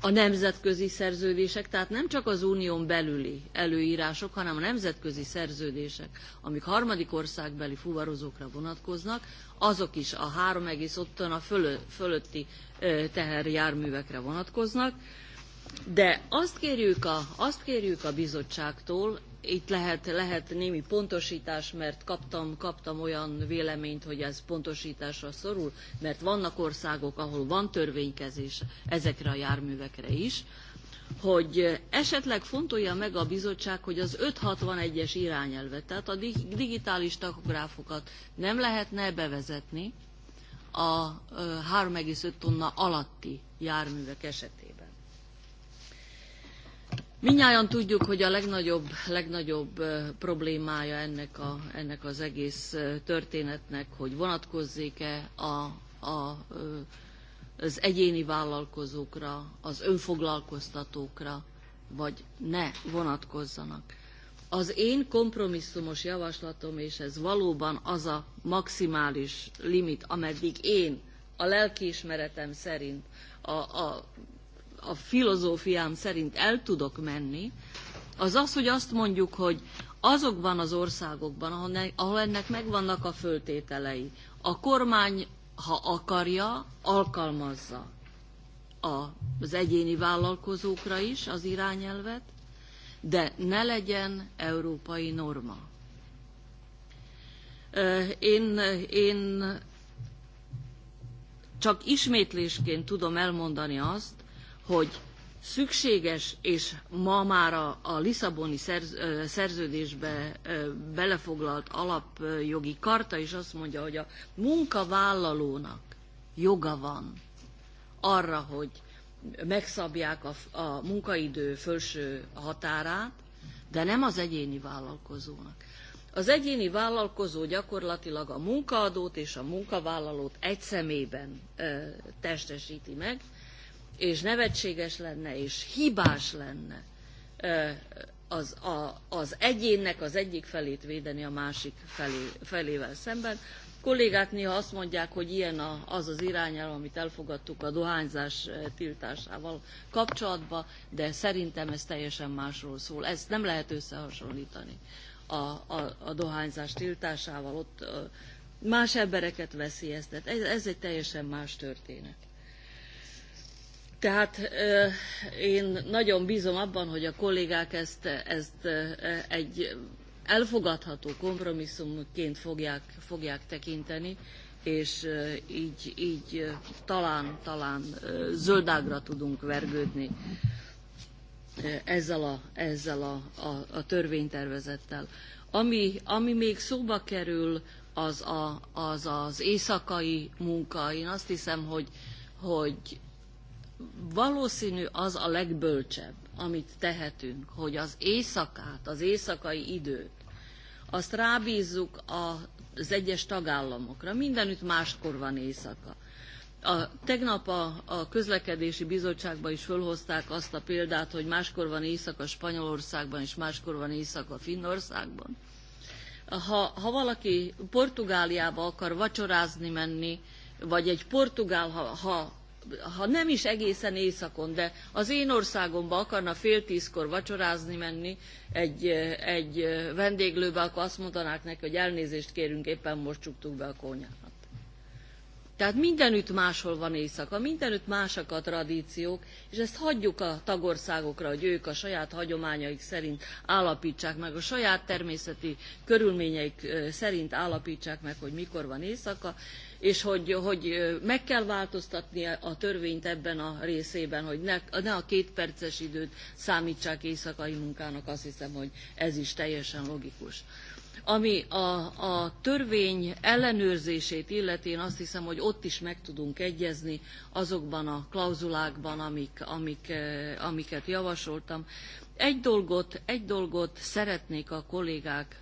a nemzetközi szerződések, tehát nem csak az unión belüli előírások, hanem a nemzetközi szerződések, amik harmadik országbeli fuvarozókra vonatkoznak, azok is a 3,5 tonna a fölötti teherjárművekre vonatkoznak. De azt kérjük, a, azt kérjük a bizottságtól, itt lehet, lehet némi pontosítás, mert kaptam, kaptam olyan véleményt, hogy ez pontosításra szorul, mert vannak országok, ahol van törvénykezés ezekre a járművekre is, hogy esetleg fontolja meg a bizottság, hogy az 561-es irányelvet, tehát a digitális takográfokat nem lehetne bevezetni a 3,5 tonna alatti járművek esetén. Minnyáján tudjuk, hogy a legnagyobb, legnagyobb problémája ennek, a, ennek az egész történetnek, hogy vonatkozzék-e a, a, az egyéni vállalkozókra, az önfoglalkoztatókra, vagy ne vonatkozzanak. Az én kompromisszumos javaslatom, és ez valóban az a maximális limit, ameddig én a lelkiismeretem szerint a, a a filozófiám szerint el tudok menni, az az, hogy azt mondjuk, hogy azokban az országokban, ahol ennek megvannak a föltételei, a kormány, ha akarja, alkalmazza az egyéni vállalkozókra is az irányelvet, de ne legyen európai norma. Én, én csak ismétlésként tudom elmondani azt, hogy szükséges és ma már a, a Lisszaboni szerz, szerződésbe belefoglalt alapjogi karta is azt mondja, hogy a munkavállalónak joga van arra, hogy megszabják a, a munkaidő fölső határát, de nem az egyéni vállalkozónak. Az egyéni vállalkozó gyakorlatilag a munkaadót és a munkavállalót egy szemében ö, testesíti meg, és nevetséges lenne, és hibás lenne az, a, az egyénnek az egyik felét védeni a másik felé, felével szemben. Kollégák néha azt mondják, hogy ilyen a, az az irányelv, amit elfogadtuk a dohányzás tiltásával kapcsolatban, de szerintem ez teljesen másról szól. Ezt nem lehet összehasonlítani a, a, a dohányzás tiltásával. Ott más embereket veszélyeztet. Ez, ez egy teljesen más történet. Tehát én nagyon bízom abban, hogy a kollégák ezt, ezt egy elfogadható kompromisszumként fogják, fogják tekinteni, és így, így talán, talán zöldágra tudunk vergődni ezzel a, ezzel a, a, a törvénytervezettel. Ami, ami még szóba kerül, az a, az, az éjszakai munka. Én azt hiszem, hogy, hogy valószínű az a legbölcsebb, amit tehetünk, hogy az éjszakát, az éjszakai időt, azt rábízzuk az egyes tagállamokra. Mindenütt máskor van éjszaka. A, tegnap a, a közlekedési bizottságban is fölhozták azt a példát, hogy máskor van éjszaka Spanyolországban, és máskor van éjszaka Finnországban. Ha, ha valaki Portugáliába akar vacsorázni menni, vagy egy portugál, ha, ha ha nem is egészen éjszakon, de az én országomba akarna fél tízkor vacsorázni menni egy, egy vendéglőbe, akkor azt mondanák neki, hogy elnézést kérünk, éppen most csuktuk be a konyhát. Tehát mindenütt máshol van éjszaka, mindenütt másak a tradíciók, és ezt hagyjuk a tagországokra, hogy ők a saját hagyományaik szerint állapítsák meg, a saját természeti körülményeik szerint állapítsák meg, hogy mikor van éjszaka, és hogy, hogy meg kell változtatni a törvényt ebben a részében, hogy ne, ne a két perces időt számítsák éjszakai munkának, azt hiszem, hogy ez is teljesen logikus. Ami a, a törvény ellenőrzését illeti, én azt hiszem, hogy ott is meg tudunk egyezni azokban a klauzulákban, amik, amik, amiket javasoltam. Egy dolgot, egy dolgot szeretnék a kollégák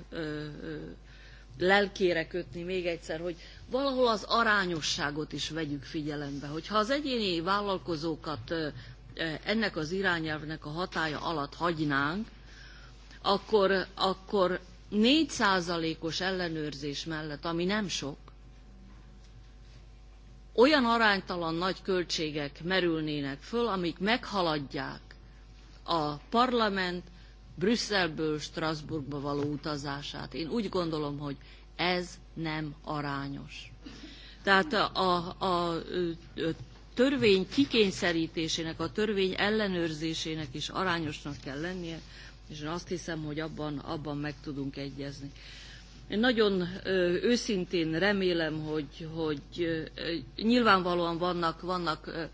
lelkére kötni még egyszer, hogy valahol az arányosságot is vegyük figyelembe, hogyha az egyéni vállalkozókat ennek az irányelvnek a hatája alatt hagynánk, akkor, akkor 4%-os ellenőrzés mellett, ami nem sok, olyan aránytalan nagy költségek merülnének föl, amik meghaladják a parlament Brüsszelből Strasbourgba való utazását. Én úgy gondolom, hogy ez nem arányos. Tehát a, a, a törvény kikényszerítésének, a törvény ellenőrzésének is arányosnak kell lennie, és én azt hiszem, hogy abban, abban meg tudunk egyezni. Én nagyon őszintén remélem, hogy, hogy nyilvánvalóan vannak, vannak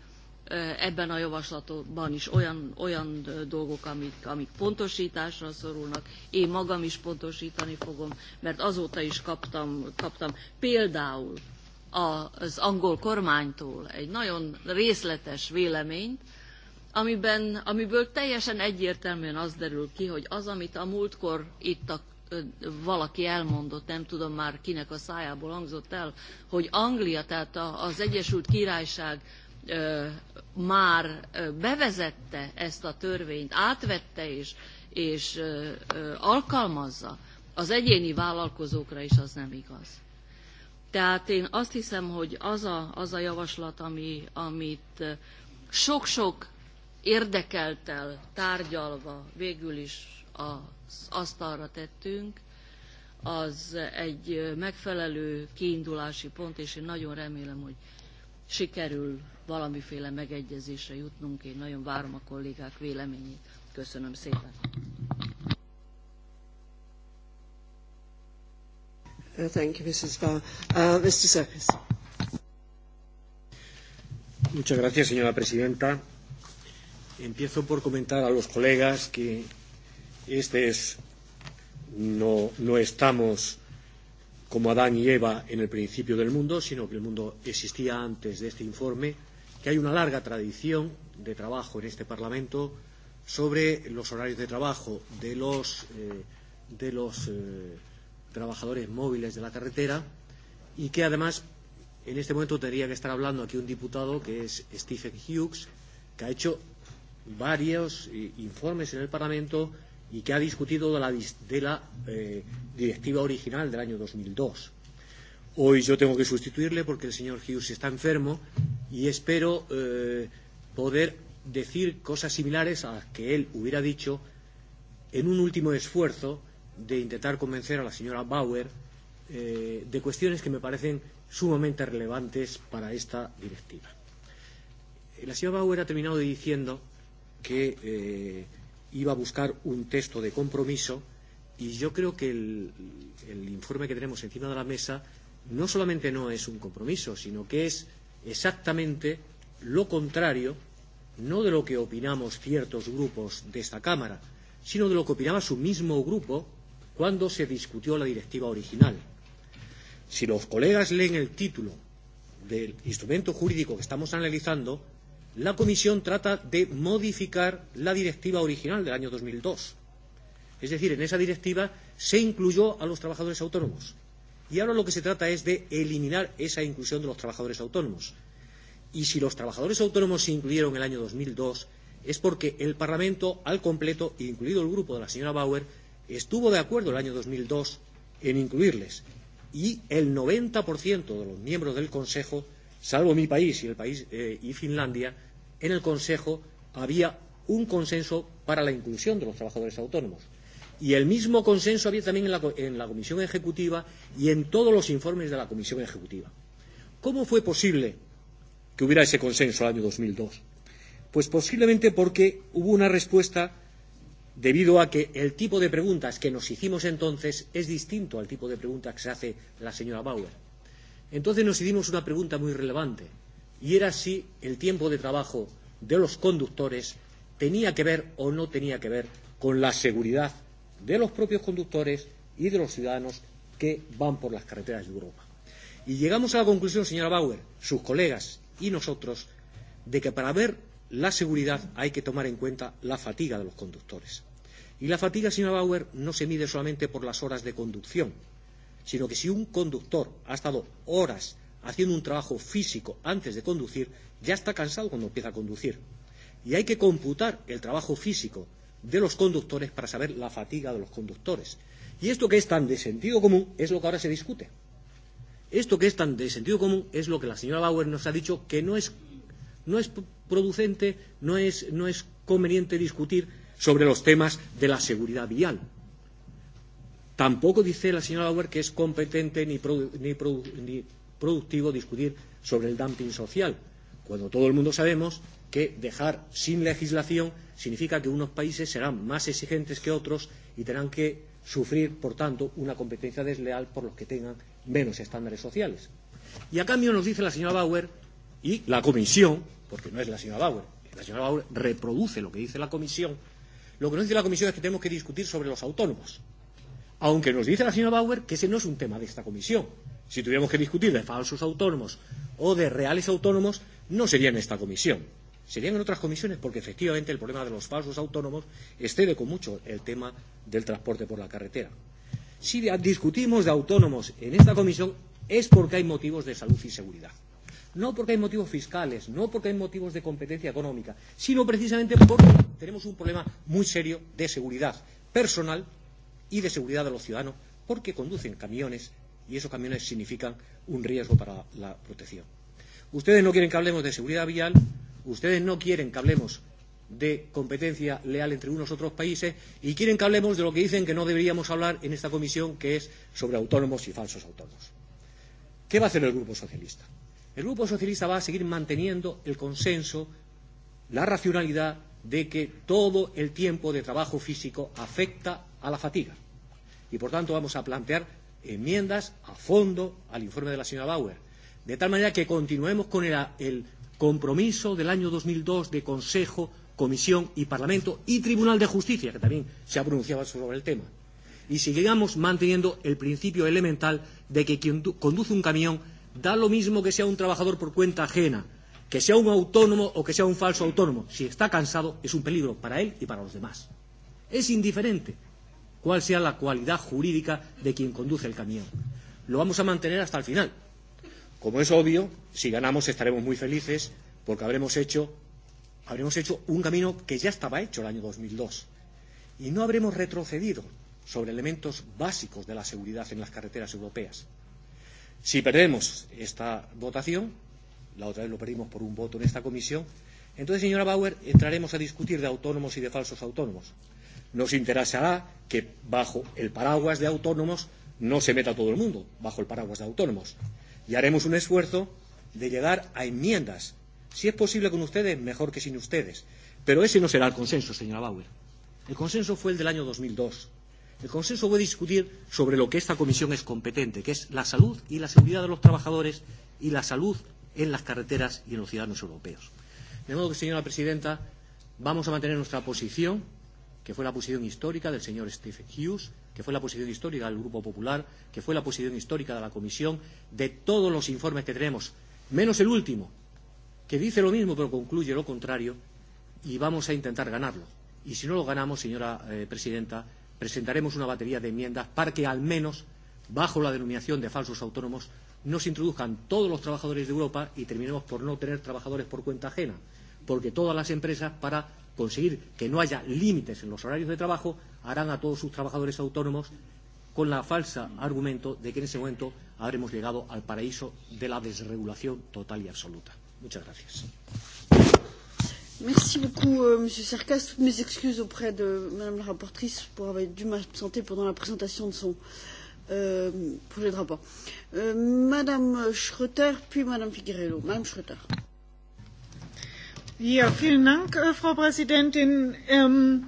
ebben a javaslatban is olyan, olyan dolgok, amik, amik pontosításra szorulnak. Én magam is pontosítani fogom, mert azóta is kaptam, kaptam például az angol kormánytól egy nagyon részletes véleményt, amiben, amiből teljesen egyértelműen az derül ki, hogy az, amit a múltkor itt a valaki elmondott, nem tudom már kinek a szájából hangzott el, hogy Anglia, tehát az Egyesült Királyság már bevezette ezt a törvényt, átvette és, és alkalmazza, az egyéni vállalkozókra is az nem igaz. Tehát én azt hiszem, hogy az a, az a javaslat, ami, amit sok-sok érdekeltel tárgyalva végül is az asztalra tettünk, az egy megfelelő kiindulási pont, és én nagyon remélem, hogy sikerül valamiféle megegyezésre jutnunk. Én nagyon várom a kollégák véleményét. Köszönöm szépen. Uh, thank you, Mrs. Barr. Uh, Mr. Serkis. Muchas gracias, señora presidenta. Empiezo por comentar a los colegas que este es no, no estamos como Adán y Eva en el principio del mundo, sino que el mundo existía antes de este informe que hay una larga tradición de trabajo en este Parlamento sobre los horarios de trabajo de los, eh, de los eh, trabajadores móviles de la carretera y que además en este momento tendría que estar hablando aquí un diputado que es Stephen Hughes, que ha hecho varios eh, informes en el Parlamento y que ha discutido de la, de la eh, directiva original del año 2002. Hoy yo tengo que sustituirle porque el señor Hughes está enfermo y espero eh, poder decir cosas similares a las que él hubiera dicho en un último esfuerzo de intentar convencer a la señora Bauer eh, de cuestiones que me parecen sumamente relevantes para esta directiva. Eh, la señora Bauer ha terminado diciendo que eh, iba a buscar un texto de compromiso y yo creo que el, el informe que tenemos encima de la mesa no solamente no es un compromiso, sino que es exactamente lo contrario, no de lo que opinamos ciertos grupos de esta Cámara, sino de lo que opinaba su mismo grupo cuando se discutió la directiva original. Si los colegas leen el título del instrumento jurídico que estamos analizando, la Comisión trata de modificar la directiva original del año 2002. Es decir, en esa directiva se incluyó a los trabajadores autónomos. Y ahora lo que se trata es de eliminar esa inclusión de los trabajadores autónomos. Y si los trabajadores autónomos se incluyeron en el año 2002, es porque el Parlamento al completo, incluido el grupo de la señora Bauer, estuvo de acuerdo el año 2002 en incluirles. Y el 90% de los miembros del Consejo, salvo mi país y, el país, eh, y Finlandia, en el Consejo había un consenso para la inclusión de los trabajadores autónomos. Y el mismo consenso había también en la, en la Comisión Ejecutiva y en todos los informes de la Comisión Ejecutiva. ¿Cómo fue posible que hubiera ese consenso el año 2002? Pues posiblemente porque hubo una respuesta debido a que el tipo de preguntas que nos hicimos entonces es distinto al tipo de preguntas que se hace la señora Bauer. Entonces nos hicimos una pregunta muy relevante y era si el tiempo de trabajo de los conductores tenía que ver o no tenía que ver con la seguridad de los propios conductores y de los ciudadanos que van por las carreteras de Europa. Y llegamos a la conclusión, señora Bauer, sus colegas y nosotros, de que para ver la seguridad hay que tomar en cuenta la fatiga de los conductores. Y la fatiga, señora Bauer, no se mide solamente por las horas de conducción, sino que si un conductor ha estado horas haciendo un trabajo físico antes de conducir, ya está cansado cuando empieza a conducir. Y hay que computar el trabajo físico de los conductores para saber la fatiga de los conductores. Y esto que es tan de sentido común es lo que ahora se discute. Esto que es tan de sentido común es lo que la señora Bauer nos ha dicho que no es, no es producente, no es, no es conveniente discutir sobre los temas de la seguridad vial. Tampoco dice la señora Bauer que es competente ni, produ, ni, produ, ni productivo discutir sobre el dumping social cuando todo el mundo sabemos que dejar sin legislación significa que unos países serán más exigentes que otros y tendrán que sufrir, por tanto, una competencia desleal por los que tengan menos estándares sociales. Y a cambio nos dice la señora Bauer y la Comisión, porque no es la señora Bauer, la señora Bauer reproduce lo que dice la Comisión, lo que nos dice la Comisión es que tenemos que discutir sobre los autónomos. Aunque nos dice la señora Bauer que ese no es un tema de esta Comisión. Si tuviéramos que discutir de falsos autónomos o de reales autónomos, no sería en esta comisión, serían en otras comisiones, porque efectivamente el problema de los falsos autónomos excede con mucho el tema del transporte por la carretera. Si discutimos de autónomos en esta comisión es porque hay motivos de salud y seguridad. No porque hay motivos fiscales, no porque hay motivos de competencia económica, sino precisamente porque tenemos un problema muy serio de seguridad personal y de seguridad de los ciudadanos, porque conducen camiones y esos camiones significan un riesgo para la protección. Ustedes no quieren que hablemos de seguridad vial, ustedes no quieren que hablemos de competencia leal entre unos otros países y quieren que hablemos de lo que dicen que no deberíamos hablar en esta comisión, que es sobre autónomos y falsos autónomos. ¿Qué va a hacer el Grupo Socialista? El Grupo Socialista va a seguir manteniendo el consenso, la racionalidad de que todo el tiempo de trabajo físico afecta a la fatiga. Y por tanto vamos a plantear enmiendas a fondo al informe de la señora Bauer. De tal manera que continuemos con el, el compromiso del año 2002 de Consejo, Comisión y Parlamento y Tribunal de Justicia, que también se ha pronunciado sobre el tema. Y sigamos manteniendo el principio elemental de que quien conduce un camión da lo mismo que sea un trabajador por cuenta ajena, que sea un autónomo o que sea un falso autónomo. Si está cansado, es un peligro para él y para los demás. Es indiferente cuál sea la cualidad jurídica de quien conduce el camión. Lo vamos a mantener hasta el final Como es obvio, si ganamos estaremos muy felices porque habremos hecho, habremos hecho un camino que ya estaba hecho el año 2002 y no habremos retrocedido sobre elementos básicos de la seguridad en las carreteras europeas. Si perdemos esta votación, la otra vez lo perdimos por un voto en esta comisión, entonces, señora Bauer, entraremos a discutir de autónomos y de falsos autónomos. Nos interesará que bajo el paraguas de autónomos no se meta todo el mundo, bajo el paraguas de autónomos y haremos un esfuerzo de llegar a enmiendas. Si es posible con ustedes, mejor que sin ustedes. Pero ese no será el consenso, señora Bauer. El consenso fue el del año 2002. El consenso fue discutir sobre lo que esta comisión es competente, que es la salud y la seguridad de los trabajadores y la salud en las carreteras y en los ciudadanos europeos. De modo que, señora presidenta, vamos a mantener nuestra posición, que fue la posición histórica del señor Stephen Hughes, que fue la posición histórica del Grupo Popular, que fue la posición histórica de la Comisión, de todos los informes que tenemos, menos el último, que dice lo mismo pero concluye lo contrario, y vamos a intentar ganarlo. Y si no lo ganamos, señora eh, presidenta, presentaremos una batería de enmiendas para que al menos, bajo la denominación de falsos autónomos, no se introduzcan todos los trabajadores de Europa y terminemos por no tener trabajadores por cuenta ajena porque todas las empresas, para conseguir que no haya límites en los horarios de trabajo, harán a todos sus trabajadores autónomos con la falsa argumento de que en ese momento habremos llegado al paraíso de la desregulación total y absoluta. Muchas gracias. Merci beaucoup, euh, Monsieur Cercas. Toutes mes excuses auprès de Madame la rapporteure pour avoir dû m'absenter pendant la présentation de son euh, projet de rapport. Euh, Madame Schröter, puis Madame Figueiredo. Madame Schröter. Ja, vielen Dank, äh, Frau Präsidentin. Ähm,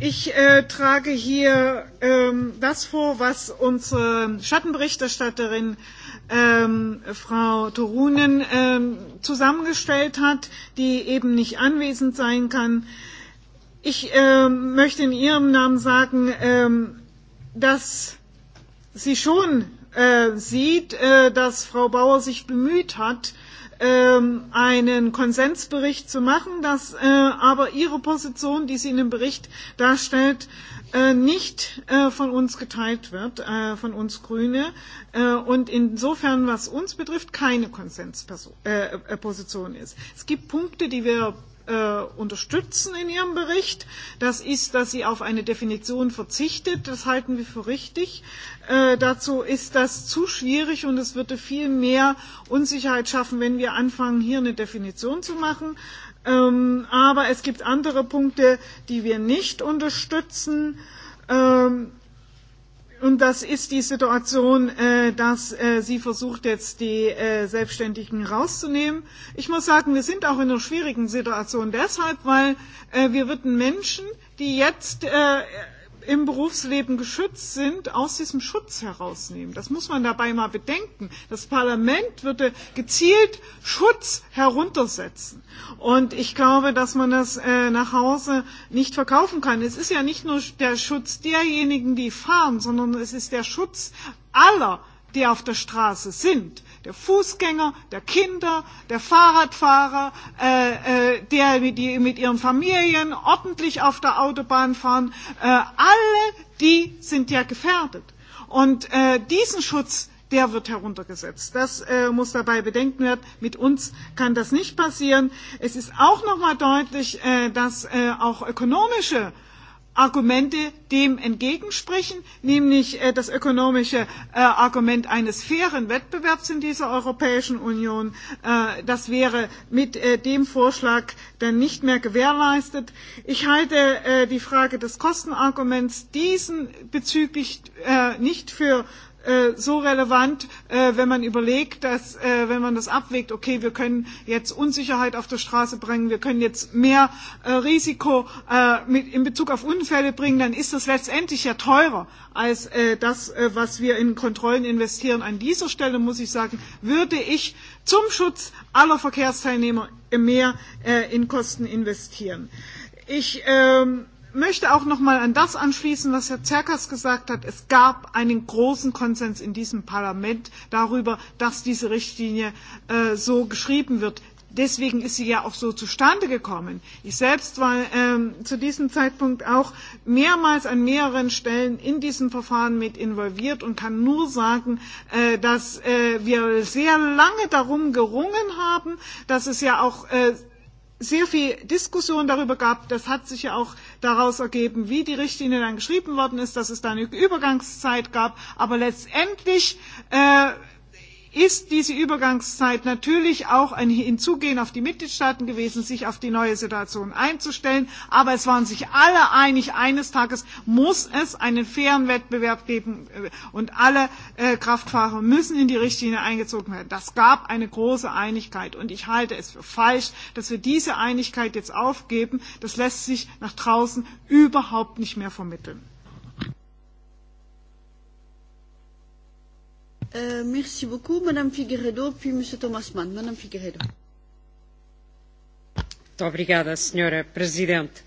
ich äh, trage hier ähm, das vor, was unsere Schattenberichterstatterin ähm, Frau Torunen ähm, zusammengestellt hat, die eben nicht anwesend sein kann. Ich ähm, möchte in Ihrem Namen sagen, ähm, dass sie schon äh, sieht, äh, dass Frau Bauer sich bemüht hat, äh, Ähm, einen Konsensbericht zu machen, dass äh, aber Ihre Position, die sie in dem Bericht darstellt, äh, nicht äh, von uns geteilt wird, äh, von uns Grüne, äh, und insofern, was uns betrifft, keine Konsensposition äh, äh ist. Es gibt Punkte, die wir Äh, unterstützen in ihrem Bericht. Das ist, dass sie auf eine Definition verzichtet. Das halten wir für richtig. Äh, dazu ist das zu schwierig und es würde viel mehr Unsicherheit schaffen, wenn wir anfangen, hier eine Definition zu machen. Ähm, aber es gibt andere Punkte, die wir nicht unterstützen. Ähm, Und das ist die Situation, äh, dass äh, sie versucht, jetzt die äh, Selbstständigen rauszunehmen. Ich muss sagen, wir sind auch in einer schwierigen Situation deshalb, weil äh, wir würden Menschen, die jetzt äh, im Berufsleben geschützt sind, aus diesem Schutz herausnehmen. Das muss man dabei mal bedenken. Das Parlament würde gezielt Schutz heruntersetzen. Und ich glaube, dass man das äh, nach Hause nicht verkaufen kann. Es ist ja nicht nur der Schutz derjenigen, die fahren, sondern es ist der Schutz aller, die auf der Straße sind der Fußgänger, der Kinder, der Fahrradfahrer, äh, äh, der mit, die mit ihren Familien ordentlich auf der Autobahn fahren. Äh, alle die sind ja gefährdet. Und äh, diesen Schutz der wird heruntergesetzt. Das äh, muss dabei bedenken werden. Mit uns kann das nicht passieren. Es ist auch nochmal deutlich, äh, dass äh, auch ökonomische äh, Argumente dem entgegensprechen, nämlich äh, das ökonomische äh, Argument eines fairen Wettbewerbs in dieser Europäischen Union. Äh, das wäre mit dem Vorschlag dann nicht mehr gewährleistet. Ich halte die Frage des Kostenarguments diesen bezüglich nicht für Äh, so relevant, äh, wenn man überlegt, dass, äh, wenn man das abwägt, okay, wir können jetzt Unsicherheit auf der Straße bringen, wir können jetzt mehr äh, Risiko äh, mit, in Bezug auf Unfälle bringen, dann ist das letztendlich ja teurer als äh, das, äh, was wir in Kontrollen investieren. An dieser Stelle muss ich sagen, würde ich zum Schutz aller Verkehrsteilnehmer mehr äh, in Kosten investieren. Ich ähm, möchte auch noch mal an das anschließen, was Herr Zerkas gesagt hat. Es gab einen großen Konsens in diesem Parlament darüber, dass diese Richtlinie äh, so geschrieben wird. Deswegen ist sie ja auch so zustande gekommen. Ich selbst war ähm, zu diesem Zeitpunkt auch mehrmals an mehreren Stellen in diesem Verfahren mit involviert und kann nur sagen, äh, dass äh, wir sehr lange darum gerungen haben, dass es ja auch äh, sehr viel Diskussion darüber gab. Das hat sich ja auch daraus ergeben, wie die Richtlinie dann geschrieben worden ist, dass es da eine Übergangszeit gab. Aber letztendlich äh, ist diese Übergangszeit natürlich auch ein Hinzugehen auf die Mitgliedstaaten gewesen, sich auf die neue Situation einzustellen. Aber es waren sich alle einig, eines Tages muss es einen fairen Wettbewerb geben äh, und alle äh, Kraftfahrer müssen in die Richtlinie eingezogen werden. Das gab eine große Einigkeit und ich halte es für falsch, dass wir diese Einigkeit jetzt aufgeben. Das lässt sich nach draußen überhaupt nicht mehr vermitteln. Euh, merci beaucoup, Madame Figueredo, puis Monsieur Thomas Mann. Madame Figueiredo. Muito obrigada, Senhora Presidente.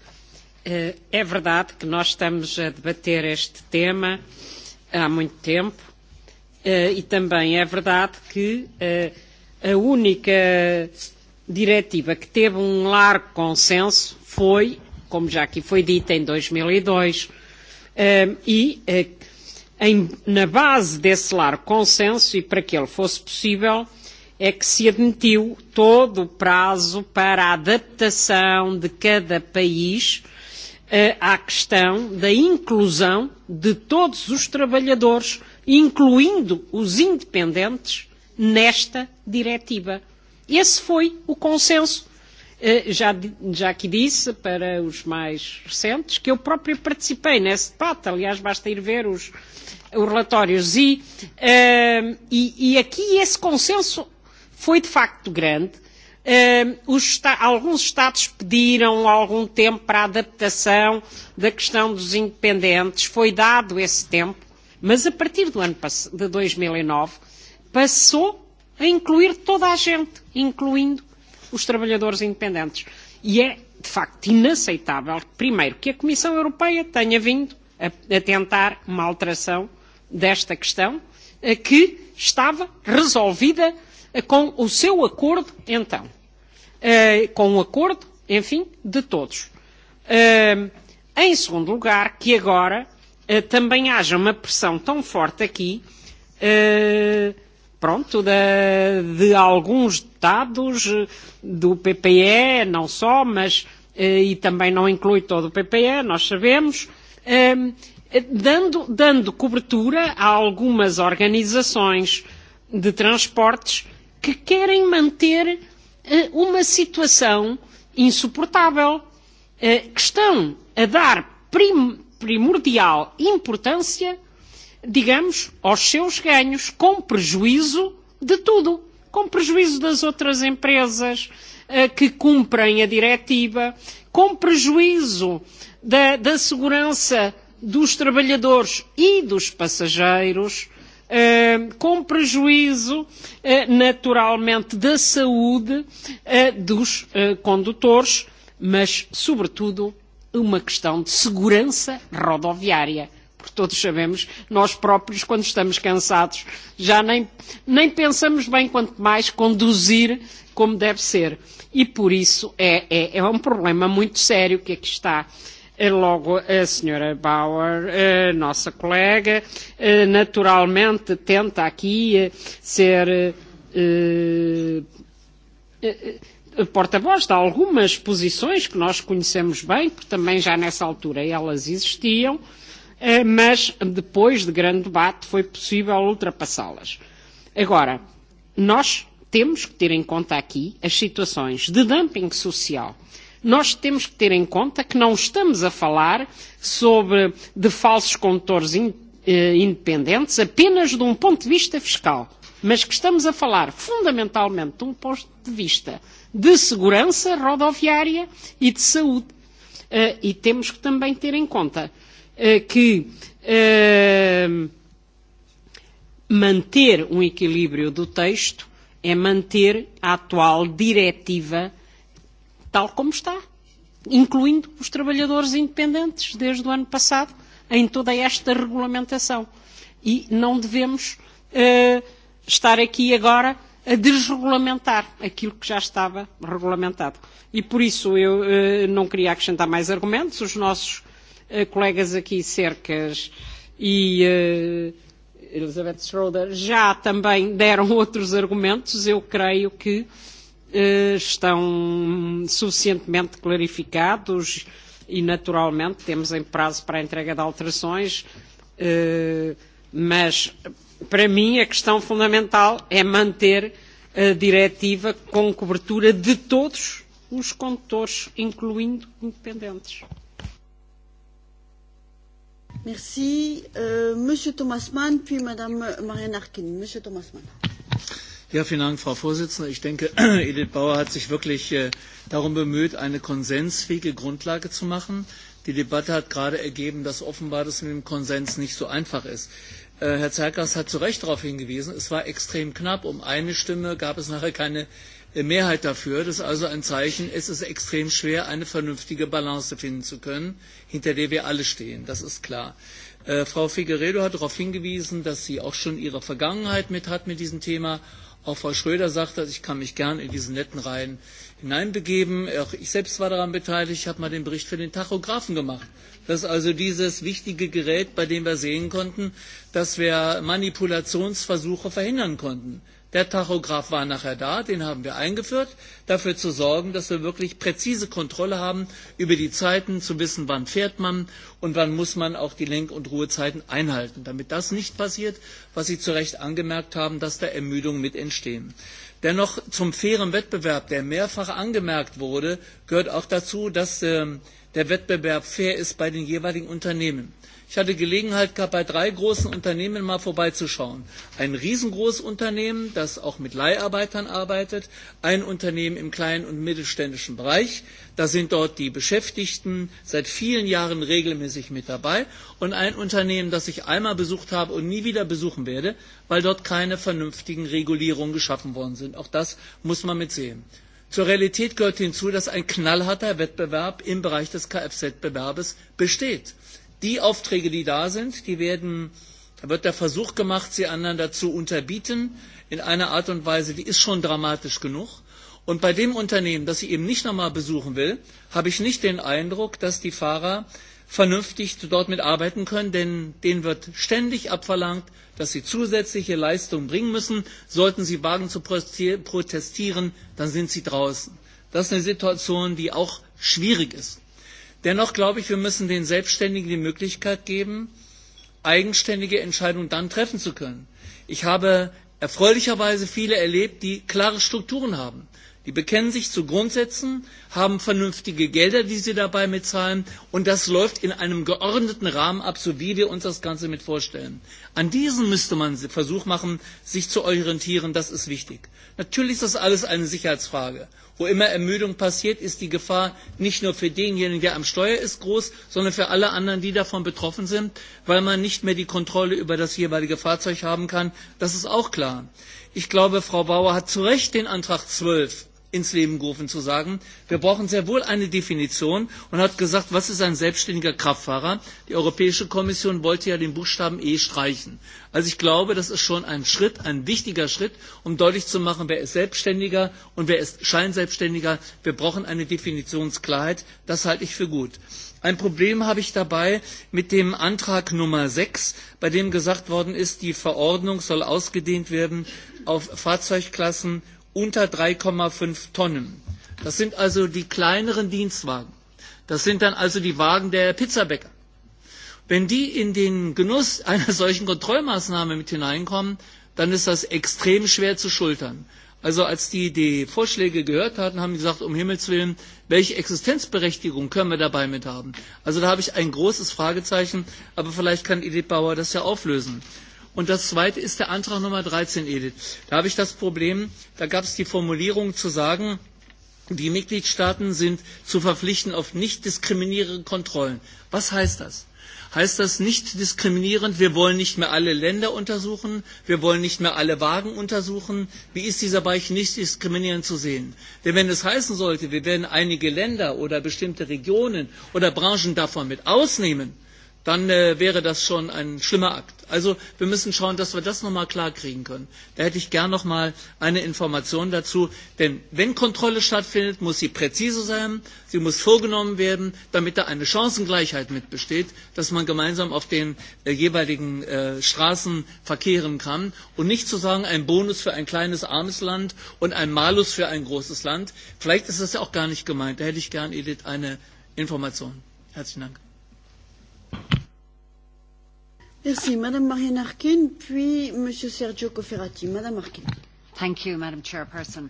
Eh, é verdade que nós estamos a debater este tema há muito tempo eh, e também é verdade que eh, a única diretiva que teve um largo consenso foi, como já aqui foi dito, em 2002 e Em, na base desse largo consenso, e para que ele fosse possível, é que se admitiu todo o prazo para a adaptação de cada país uh, à questão da inclusão de todos os trabalhadores, incluindo os independentes, nesta diretiva. Esse foi o consenso Eh, já, aqui disse, para os mais recentes, que eu próprio participei nesse debate. Aliás, basta ir ver os, os relatórios. E, uh, e, e aqui esse consenso foi de facto grande. Uh, os, alguns Estados pediram algum tempo para a adaptação da questão dos independentes. Foi dado esse tempo. Mas a partir do ano de 2009 passou a incluir toda a gente, incluindo os trabalhadores independentes. E é, de facto, inaceitável, primeiro, que a Comissão Europeia tenha vindo a, a tentar uma alteração desta questão, a, eh, que estava resolvida a, eh, com o seu acordo, então. Uh, com o um acordo, enfim, de todos. Uh, em segundo lugar, que agora uh, também haja uma pressão tão forte aqui uh, pronto, de, de alguns deputados do PPE, não só, mas eh, e também não inclui todo o PPE, nós sabemos, ehm, dando, dando cobertura a algumas organizações de transportes que querem manter eh, uma situação insuportável, eh, que estão a dar prim, primordial importância digamos, aos seus ganhos, com prejuízo de tudo, com prejuízo das outras empresas uh, que cumprem a diretiva, com prejuízo da, da segurança dos trabalhadores e dos passageiros, Uh, com prejuízo, uh, naturalmente, da saúde uh, dos uh, condutores, mas, sobretudo, uma questão de segurança rodoviária porque todos sabemos, nós próprios, quando estamos cansados, já nem, nem pensamos bem, quanto mais conduzir como deve ser. E por isso é, é, é um problema muito sério que aqui está. Eh, logo, a senhora Bauer, a eh, nossa colega, eh, naturalmente tenta aqui ser porta-voz de algumas posições que nós conhecemos bem, porque também já nessa altura elas existiam, mas depois de grande debate foi possível ultrapassá-las. Agora, nós temos que ter em conta aqui as situações de dumping social. Nós temos que ter em conta que não estamos a falar sobre de falsos condutores in, eh, independentes apenas de um ponto de vista fiscal, mas que estamos a falar fundamentalmente de um ponto de vista de segurança rodoviária e de saúde. Uh, e temos que também ter em conta que é, manter um equilíbrio do texto é manter a atual diretiva tal como está, incluindo os trabalhadores independentes desde o ano passado em toda esta regulamentação. E não devemos é, eh, estar aqui agora a desregulamentar aquilo que já estava regulamentado. E por isso eu eh, não queria acrescentar mais argumentos, os nossos uh, colegas aqui cercas e uh, Elizabeth Schroeder já também deram [laughs] outros argumentos, eu creio que uh, estão suficientemente clarificados e naturalmente temos em prazo para a entrega de alterações, uh, mas para mim a questão fundamental é manter a diretiva com cobertura de todos os condutores, incluindo independentes. Merci. Euh, Monsieur Thomas Mann, puis Madame Marianne Harkin. Monsieur Thomas Mann. Ja, vielen Dank, Frau Vorsitzende. Ich denke, [clears throat] Edith Bauer hat sich wirklich äh, darum bemüht, eine konsensfähige Grundlage zu machen. Die Debatte hat gerade ergeben, dass offenbar das mit dem Konsens nicht so einfach ist. Äh, Herr Zerkas hat zu Recht darauf hingewiesen, es war extrem knapp. Um eine Stimme gab es nachher keine Äh, Mehrheit dafür. Das ist also ein Zeichen, es ist extrem schwer, eine vernünftige Balance finden zu können, hinter der wir alle stehen. Das ist klar. Äh, Frau Figueredo hat darauf hingewiesen, dass sie auch schon ihre Vergangenheit mit hat mit diesem Thema. Auch Frau Schröder sagt das, ich kann mich gern in diesen netten Reihen hineinbegeben. Auch ich selbst war daran beteiligt, ich habe mal den Bericht für den Tachografen gemacht. Das ist also dieses wichtige Gerät, bei dem wir sehen konnten, dass wir Manipulationsversuche verhindern konnten. Der Tachograph war nachher da, den haben wir eingeführt, dafür zu sorgen, dass wir wirklich präzise Kontrolle haben über die Zeiten, zu wissen, wann fährt man und wann muss man auch die Lenk- und Ruhezeiten einhalten, damit das nicht passiert, was Sie zu Recht angemerkt haben, dass da Ermüdungen mit entstehen. Dennoch zum fairen Wettbewerb, der mehrfach angemerkt wurde, gehört auch dazu, dass äh, der Wettbewerb fair ist bei den jeweiligen Unternehmen. Ich hatte Gelegenheit gehabt, bei drei großen Unternehmen mal vorbeizuschauen. Ein riesengroßes Unternehmen, das auch mit Leiharbeitern arbeitet, ein Unternehmen im kleinen und mittelständischen Bereich, da sind dort die Beschäftigten seit vielen Jahren regelmäßig mit dabei und ein Unternehmen, das ich einmal besucht habe und nie wieder besuchen werde, weil dort keine vernünftigen Regulierungen geschaffen worden sind. Auch das muss man mitsehen. Zur Realität gehört hinzu, dass ein knallharter Wettbewerb im Bereich des Kfz-Bewerbes besteht. Die Aufträge, die da sind, die werden, da wird der Versuch gemacht, sie einander zu unterbieten in einer Art und Weise, die ist schon dramatisch genug. Und bei dem Unternehmen, das ich eben nicht nochmal besuchen will, habe ich nicht den Eindruck, dass die Fahrer vernünftig dort mitarbeiten können, denn denen wird ständig abverlangt, dass sie zusätzliche Leistungen bringen müssen. Sollten sie wagen zu protestieren, dann sind sie draußen. Das ist eine Situation, die auch schwierig ist. Dennoch glaube ich, wir müssen den Selbstständigen die Möglichkeit geben, eigenständige Entscheidungen dann treffen zu können. Ich habe erfreulicherweise viele erlebt, die klare Strukturen haben Die bekennen sich zu Grundsätzen, haben vernünftige Gelder, die sie dabei mitzahlen, und das läuft in einem geordneten Rahmen ab, so wie wir uns das Ganze mit vorstellen. An diesen müsste man einen Versuch machen, sich zu orientieren, das ist wichtig. Natürlich ist das alles eine Sicherheitsfrage. Wo immer Ermüdung passiert, ist die Gefahr nicht nur für denjenigen, der am Steuer ist, groß, sondern für alle anderen, die davon betroffen sind, weil man nicht mehr die Kontrolle über das jeweilige Fahrzeug haben kann. Das ist auch klar. Ich glaube, Frau Bauer hat zu Recht den Antrag 12 ins Leben gerufen, zu sagen, wir brauchen sehr wohl eine Definition und hat gesagt, was ist ein selbstständiger Kraftfahrer? Die Europäische Kommission wollte ja den Buchstaben E streichen. Also ich glaube, das ist schon ein Schritt, ein wichtiger Schritt, um deutlich zu machen, wer ist Selbstständiger und wer ist Scheinselbstständiger. Wir brauchen eine Definitionsklarheit. Das halte ich für gut. Ein Problem habe ich dabei mit dem Antrag Nummer 6, bei dem gesagt worden ist, die Verordnung soll ausgedehnt werden auf Fahrzeugklassen unter 3,5 Tonnen. Das sind also die kleineren Dienstwagen. Das sind dann also die Wagen der Pizzabäcker. Wenn die in den Genuss einer [laughs] solchen Kontrollmaßnahme mit hineinkommen, dann ist das extrem schwer zu schultern. Also als die die Vorschläge gehört hatten, haben die gesagt, um Himmels Willen, welche Existenzberechtigung können wir dabei mit haben? Also da habe ich ein großes Fragezeichen, aber vielleicht kann Edith Bauer das ja auflösen. Und das zweite ist der Antrag Nummer 13, Edith. Da habe ich das Problem, da gab es die Formulierung zu sagen, die Mitgliedstaaten sind zu verpflichten auf nicht diskriminierende Kontrollen. Was heißt das? heißt das nicht diskriminierend, wir wollen nicht mehr alle Länder untersuchen, wir wollen nicht mehr alle Wagen untersuchen. Wie ist dieser Bereich nicht diskriminierend zu sehen? Denn wenn es heißen sollte, wir werden einige Länder oder bestimmte Regionen oder Branchen davon mit ausnehmen, dann äh, wäre das schon ein schlimmer Akt. Also wir müssen schauen, dass wir das nochmal klar kriegen können. Da hätte ich gern nochmal eine Information dazu. Denn wenn Kontrolle stattfindet, muss sie präzise sein, sie muss vorgenommen werden, damit da eine Chancengleichheit mit besteht, dass man gemeinsam auf den äh, jeweiligen äh, Straßen verkehren kann und nicht zu sagen, ein Bonus für ein kleines armes Land und ein Malus für ein großes Land. Vielleicht ist das ja auch gar nicht gemeint. Da hätte ich gern, Edith, eine Information. Herzlichen Dank. Merci, Madame Marianne Harkin, puis Monsieur Sergio Cofferati. Madame Harkin. Thank you, Madam Chairperson.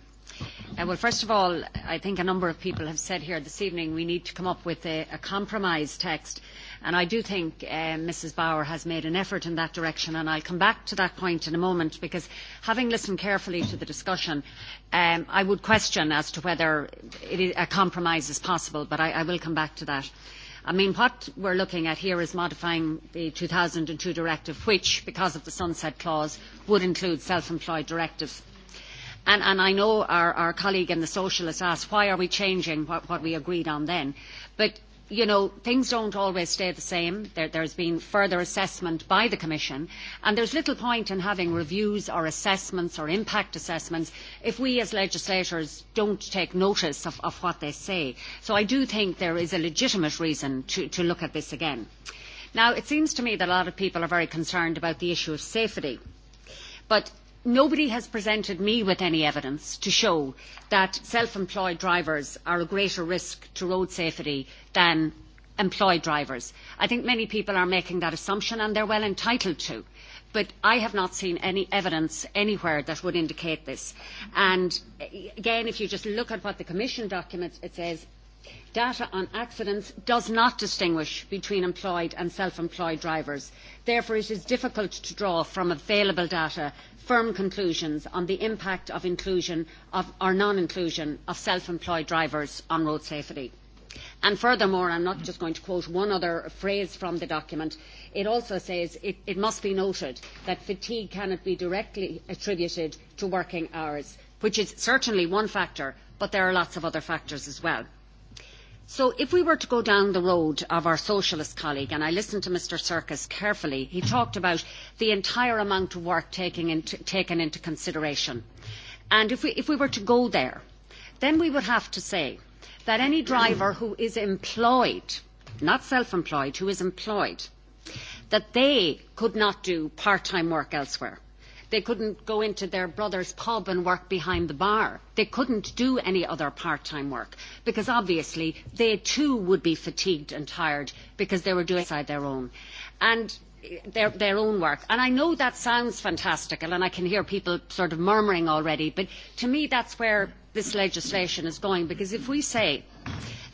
Uh, well, first of all, I think a number of people have said here this evening we need to come up with a, a compromise text. And I do think uh, Mrs Bauer has made an effort in that direction, and I'll come back to that point in a moment because having listened carefully to the discussion, um, I would question as to whether is, a compromise is possible, but I, I will come back to that. I mean, what we're looking at here is modifying the 2002 directive, which, because of the sunset clause, would include self-employed directives. And, and I know our, our colleague in the Socialists asked, why are we changing what, what we agreed on then? But you know, things don't always stay the same. There, there's been further assessment by the Commission, and there's little point in having reviews or assessments or impact assessments if we as legislators don't take notice of, of what they say. So I do think there is a legitimate reason to, to look at this again. Now, it seems to me that a lot of people are very concerned about the issue of safety. But nobody has presented me with any evidence to show that self-employed drivers are a greater risk to road safety than employed drivers. I think many people are making that assumption and they're well entitled to. But I have not seen any evidence anywhere that would indicate this. And again, if you just look at what the Commission documents, it says Data on accidents does not distinguish between employed and self-employed drivers. Therefore, it is difficult to draw from available data firm conclusions on the impact of inclusion of, or non-inclusion of self-employed drivers on road safety. And furthermore, I'm not just going to quote one other phrase from the document, it also says it, it must be noted that fatigue cannot be directly attributed to working hours, which is certainly one factor, but there are lots of other factors as well. So if we were to go down the road of our socialist colleague, and I listened to Mr Serkis carefully, he talked about the entire amount of work taken into, taken into consideration. And if we, if we were to go there, then we would have to say that any driver who is employed, not self-employed, who is employed, that they could not do part-time work elsewhere They couldn't go into their brother's pub and work behind the bar. They couldn't do any other part-time work because obviously they too would be fatigued and tired because they were doing inside their own. And their, their own work. And I know that sounds fantastical and I can hear people sort of murmuring already, but to me that's where this legislation is going because if we say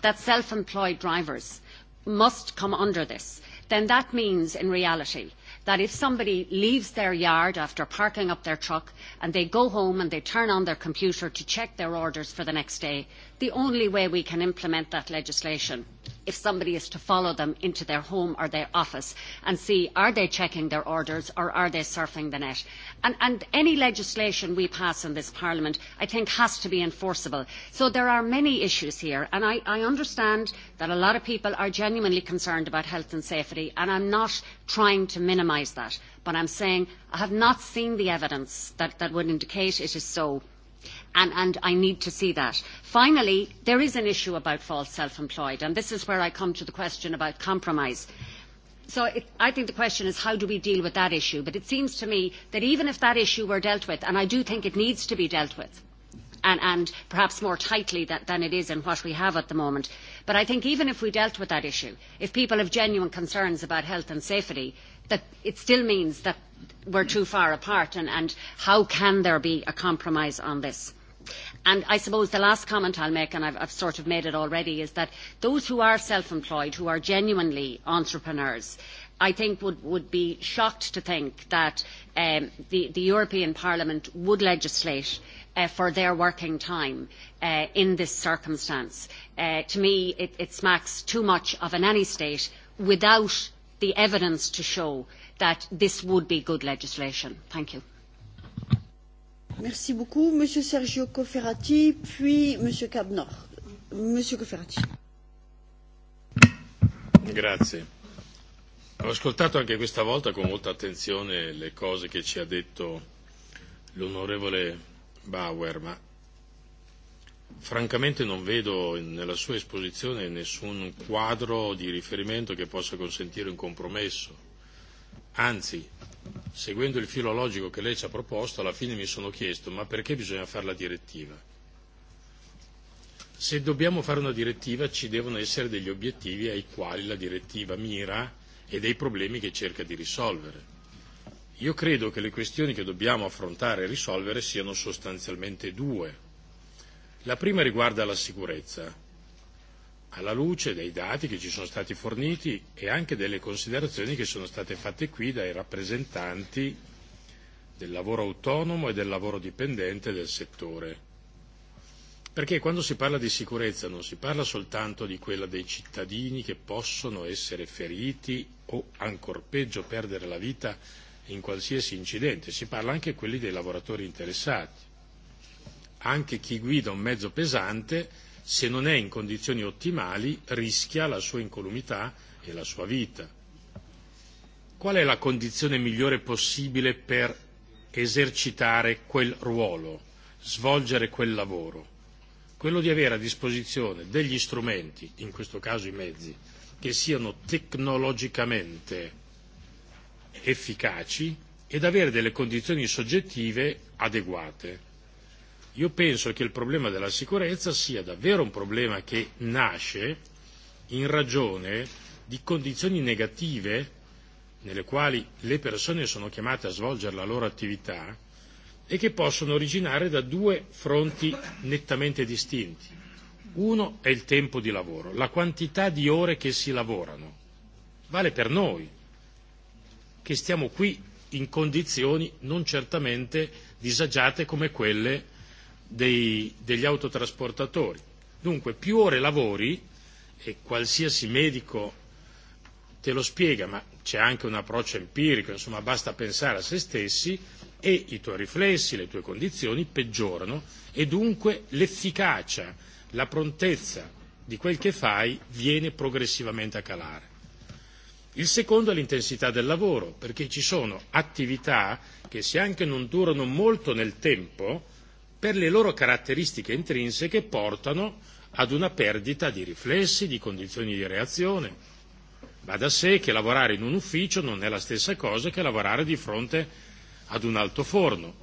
that self-employed drivers must come under this, then that means in reality that if somebody leaves their yard after parking up their truck and they go home and they turn on their computer to check their orders for the next day, the only way we can implement that legislation if somebody is to follow them into their home or their office and see are they checking their orders or are they surfing the net. And, and any legislation we pass in this Parliament I think has to be enforceable. So there are many issues here and I, I understand that a lot of people are genuinely concerned about health and safety and I'm not trying to minimise that but I'm saying I have not seen the evidence that, that would indicate it is so and, and I need to see that. Finally, there is an issue about false self-employed, and this is where I come to the question about compromise. So it, I think the question is how do we deal with that issue? But it seems to me that even if that issue were dealt with, and I do think it needs to be dealt with, and, and perhaps more tightly that, than it is in what we have at the moment. But I think even if we dealt with that issue, if people have genuine concerns about health and safety, that it still means that we're too far apart, and, and how can there be a compromise on this? And I suppose the last comment I'll make, and I've, I've sort of made it already, is that those who are self-employed, who are genuinely entrepreneurs, I think would, would be shocked to think that um, the, the European Parliament would legislate Uh, for their working time uh, in this circumstance. Uh, to me, it, it, smacks too much of a nanny state without the evidence to show that this would be good legislation. Thank you. Ho ascoltato anche questa volta con molta attenzione le cose che ci ha detto l'onorevole Bauer, ma francamente non vedo nella sua esposizione nessun quadro di riferimento che possa consentire un compromesso. Anzi, seguendo il filo logico che lei ci ha proposto, alla fine mi sono chiesto ma perché bisogna fare la direttiva? Se dobbiamo fare una direttiva ci devono essere degli obiettivi ai quali la direttiva mira e dei problemi che cerca di risolvere. Io credo che le questioni che dobbiamo affrontare e risolvere siano sostanzialmente due. La prima riguarda la sicurezza alla luce dei dati che ci sono stati forniti e anche delle considerazioni che sono state fatte qui dai rappresentanti del lavoro autonomo e del lavoro dipendente del settore. Perché quando si parla di sicurezza non si parla soltanto di quella dei cittadini che possono essere feriti o ancor peggio perdere la vita in qualsiasi incidente, si parla anche quelli dei lavoratori interessati. Anche chi guida un mezzo pesante se non è in condizioni ottimali, rischia la sua incolumità e la sua vita. Qual è la condizione migliore possibile per esercitare quel ruolo, svolgere quel lavoro? Quello di avere a disposizione degli strumenti, in questo caso i mezzi, che siano tecnologicamente efficaci ed avere delle condizioni soggettive adeguate. Io penso che il problema della sicurezza sia davvero un problema che nasce in ragione di condizioni negative nelle quali le persone sono chiamate a svolgere la loro attività e che possono originare da due fronti nettamente distinti. Uno è il tempo di lavoro, la quantità di ore che si lavorano. Vale per noi, che stiamo qui in condizioni non certamente disagiate come quelle dei, degli autotrasportatori. Dunque più ore lavori, e qualsiasi medico te lo spiega, ma c'è anche un approccio empirico, insomma basta pensare a se stessi, e i tuoi riflessi, le tue condizioni peggiorano e dunque l'efficacia, la prontezza di quel che fai viene progressivamente a calare. Il secondo è l'intensità del lavoro, perché ci sono attività che se anche non durano molto nel tempo, per le loro caratteristiche intrinseche portano ad una perdita di riflessi, di condizioni di reazione. Va da sé che lavorare in un ufficio non è la stessa cosa che lavorare di fronte ad un alto forno.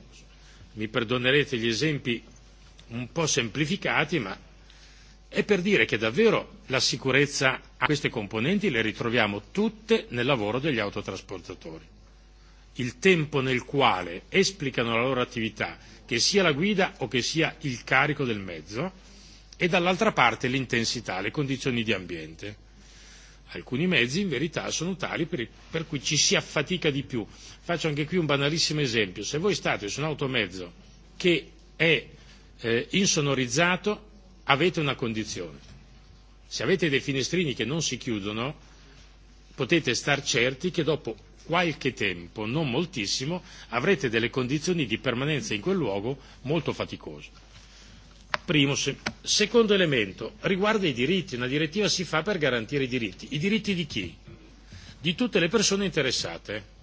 Mi perdonerete gli esempi un po' semplificati, ma è per dire che davvero la sicurezza a queste componenti le ritroviamo tutte nel lavoro degli autotrasportatori il tempo nel quale esplicano la loro attività, che sia la guida o che sia il carico del mezzo, e dall'altra parte l'intensità, le condizioni di ambiente. Alcuni mezzi in verità sono tali per, per cui ci si affatica di più. Faccio anche qui un banalissimo esempio. Se voi state su un automezzo che è eh, insonorizzato, avete una condizione. Se avete dei finestrini che non si chiudono, potete star certi che dopo qualche tempo, non moltissimo, avrete delle condizioni di permanenza in quel luogo molto faticose. Primo, se. secondo elemento riguarda i diritti. Una direttiva si fa per garantire i diritti. I diritti di chi? Di tutte le persone interessate.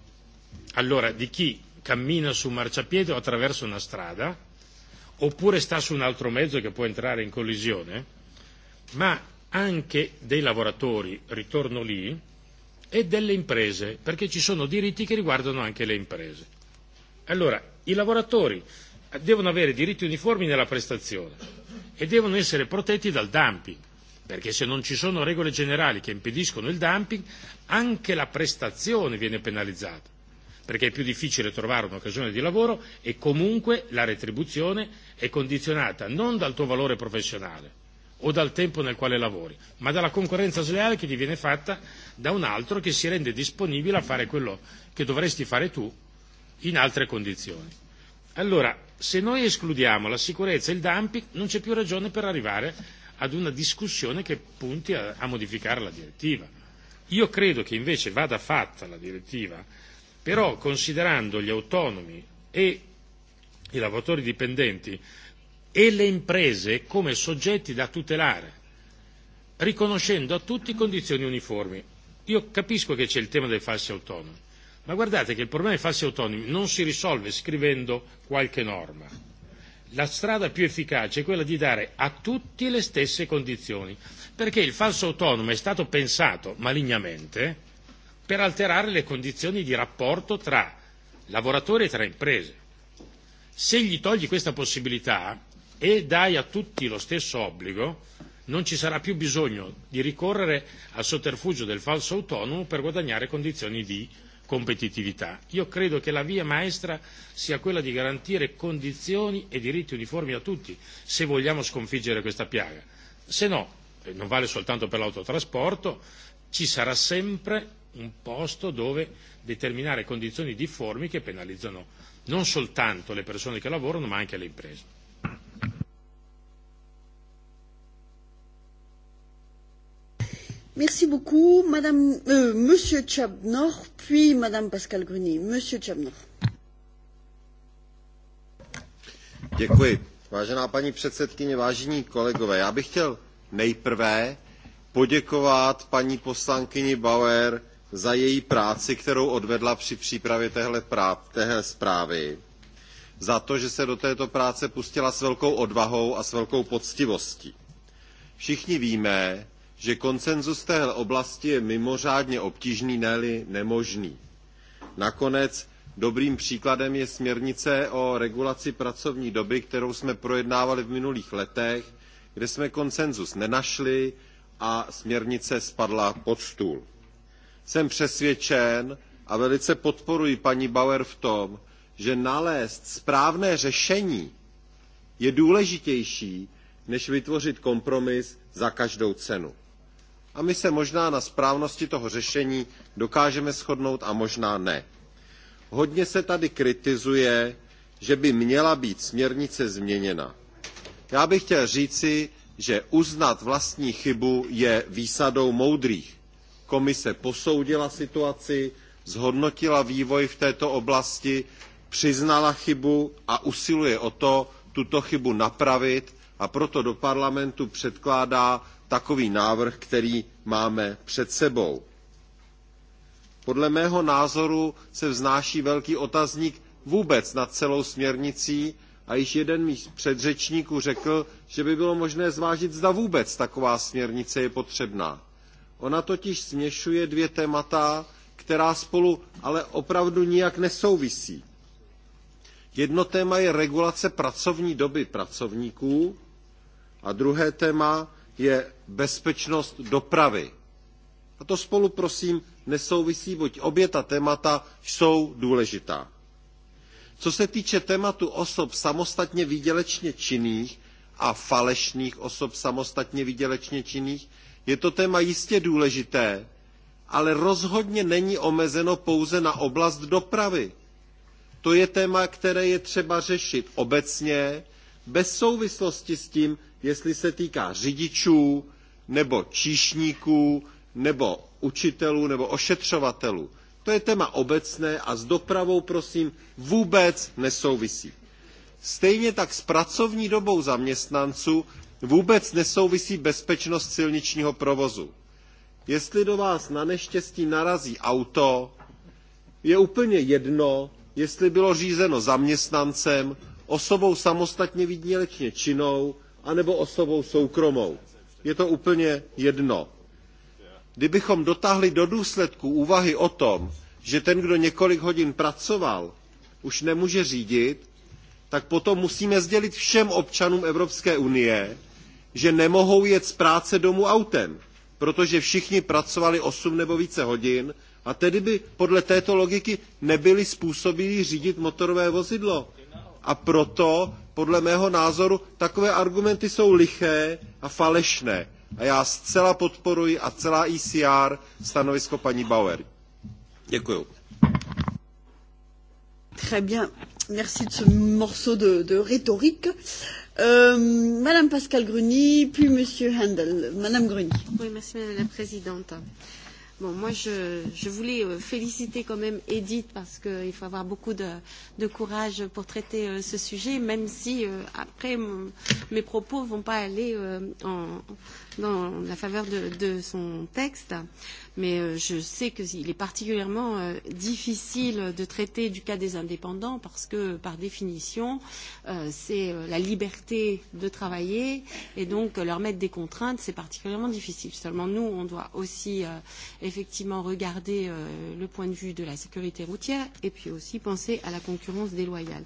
Allora, di chi cammina su un marciapiede o attraverso una strada, oppure sta su un altro mezzo che può entrare in collisione, ma anche dei lavoratori, ritorno lì, e delle imprese, perché ci sono diritti che riguardano anche le imprese. Allora, i lavoratori devono avere diritti uniformi nella prestazione e devono essere protetti dal dumping, perché se non ci sono regole generali che impediscono il dumping, anche la prestazione viene penalizzata, perché è più difficile trovare un'occasione di lavoro e comunque la retribuzione è condizionata non dal tuo valore professionale o dal tempo nel quale lavori, ma dalla concorrenza sleale che ti viene fatta da un altro che si rende disponibile a fare quello che dovresti fare tu in altre condizioni. Allora, se noi escludiamo la sicurezza e il dumping, non c'è più ragione per arrivare ad una discussione che punti a, a modificare la direttiva. Io credo che invece vada fatta la direttiva, però considerando gli autonomi e i lavoratori dipendenti e le imprese come soggetti da tutelare, riconoscendo a tutti condizioni uniformi. Io capisco che c'è il tema dei falsi autonomi, ma guardate che il problema dei falsi autonomi non si risolve scrivendo qualche norma. La strada più efficace è quella di dare a tutti le stesse condizioni, perché il falso autonomo è stato pensato malignamente per alterare le condizioni di rapporto tra lavoratori e tra imprese. Se gli togli questa possibilità e dai a tutti lo stesso obbligo, non ci sarà più bisogno di ricorrere al sotterfugio del falso autonomo per guadagnare condizioni di competitività. Io credo che la via maestra sia quella di garantire condizioni e diritti uniformi a tutti se vogliamo sconfiggere questa piaga. Se no, e eh, non vale soltanto per l'autotrasporto, ci sarà sempre un posto dove determinare condizioni difformi che penalizzano non soltanto le persone che lavorano ma anche le imprese. Merci beaucoup, Madame, euh, Monsieur Chabnor, puis Madame Pascal Gruny. Monsieur Chabnor. Děkuji. Vážená paní předsedkyně, vážení kolegové, já bych chtěl nejprve poděkovat paní poslankyni Bauer za její práci, kterou odvedla při přípravě téhle, práv, téhle zprávy, za to, že se do této práce pustila s velkou odvahou a s velkou poctivostí. Všichni víme, že konsenzus téhle oblasti je mimořádně obtížný, ne-li nemožný. Nakonec dobrým příkladem je směrnice o regulaci pracovní doby, kterou jsme projednávali v minulých letech, kde jsme konsenzus nenašli a směrnice spadla pod stůl. Jsem přesvědčen a velice podporuji paní Bauer v tom, že nalézt správné řešení je důležitější, než vytvořit kompromis za každou cenu a my se možná na správnosti toho řešení dokážeme shodnout a možná ne. Hodně se tady kritizuje, že by měla být směrnice změněna. Já bych chtěl říci, že uznat vlastní chybu je výsadou moudrých. Komise posoudila situaci, zhodnotila vývoj v této oblasti, přiznala chybu a usiluje o to, tuto chybu napravit a proto do parlamentu předkládá takový návrh, který máme před sebou. Podle mého názoru se vznáší velký otazník vůbec nad celou směrnicí a již jeden mých předřečníků řekl, že by bylo možné zvážit, zda vůbec taková směrnice je potřebná. Ona totiž směšuje dvě témata, která spolu ale opravdu nijak nesouvisí. Jedno téma je regulace pracovní doby pracovníků a druhé téma je bezpečnost dopravy. A to spolu prosím nesouvisí, buď obě ta témata jsou důležitá. Co se týče tématu osob samostatně výdělečně činných a falešných osob samostatně výdělečně činných, je to téma jistě důležité, ale rozhodně není omezeno pouze na oblast dopravy. To je téma, které je třeba řešit obecně, bez souvislosti s tím, jestli se týká řidičů nebo číšníků nebo učitelů nebo ošetřovatelů. To je téma obecné a s dopravou, prosím, vůbec nesouvisí. Stejně tak s pracovní dobou zaměstnanců vůbec nesouvisí bezpečnost silničního provozu. Jestli do vás na neštěstí narazí auto, je úplně jedno, jestli bylo řízeno zaměstnancem, osobou samostatně výdělečně činnou anebo osobou soukromou. Je to úplně jedno. Kdybychom dotáhli do důsledku úvahy o tom, že ten, kdo několik hodin pracoval, už nemůže řídit, tak potom musíme sdělit všem občanům Evropské unie, že nemohou jet z práce domů autem, protože všichni pracovali 8 nebo více hodin a tedy by podle této logiky nebyli způsobili řídit motorové vozidlo. A proto podle mého názoru takové argumenty jsou liché a falešné. A já zcela podporuji a celá ICR stanovisko paní Bauer. Děkuju. Très bien. Merci de ce morceau de, de rhétorique. Euh, Madame Pascal Gruny, puis Monsieur Handel. Madame Gruny. Oui, merci Madame la Présidente. Euh, Bon, moi, je, je voulais euh, féliciter quand même Edith parce qu'il faut avoir beaucoup de, de courage pour traiter euh, ce sujet, même si euh, après mon, mes propos vont pas aller euh, en, dans la faveur de, de son texte. Euh, mais euh, je sais qu'il est particulièrement euh, difficile de traiter du cas des indépendants parce que, par définition, euh, c'est la liberté de travailler et donc leur mettre des contraintes, c'est particulièrement difficile. Seulement, nous, on doit aussi effectivement regarder le point de vue de la sécurité routière et puis aussi penser à la concurrence déloyale.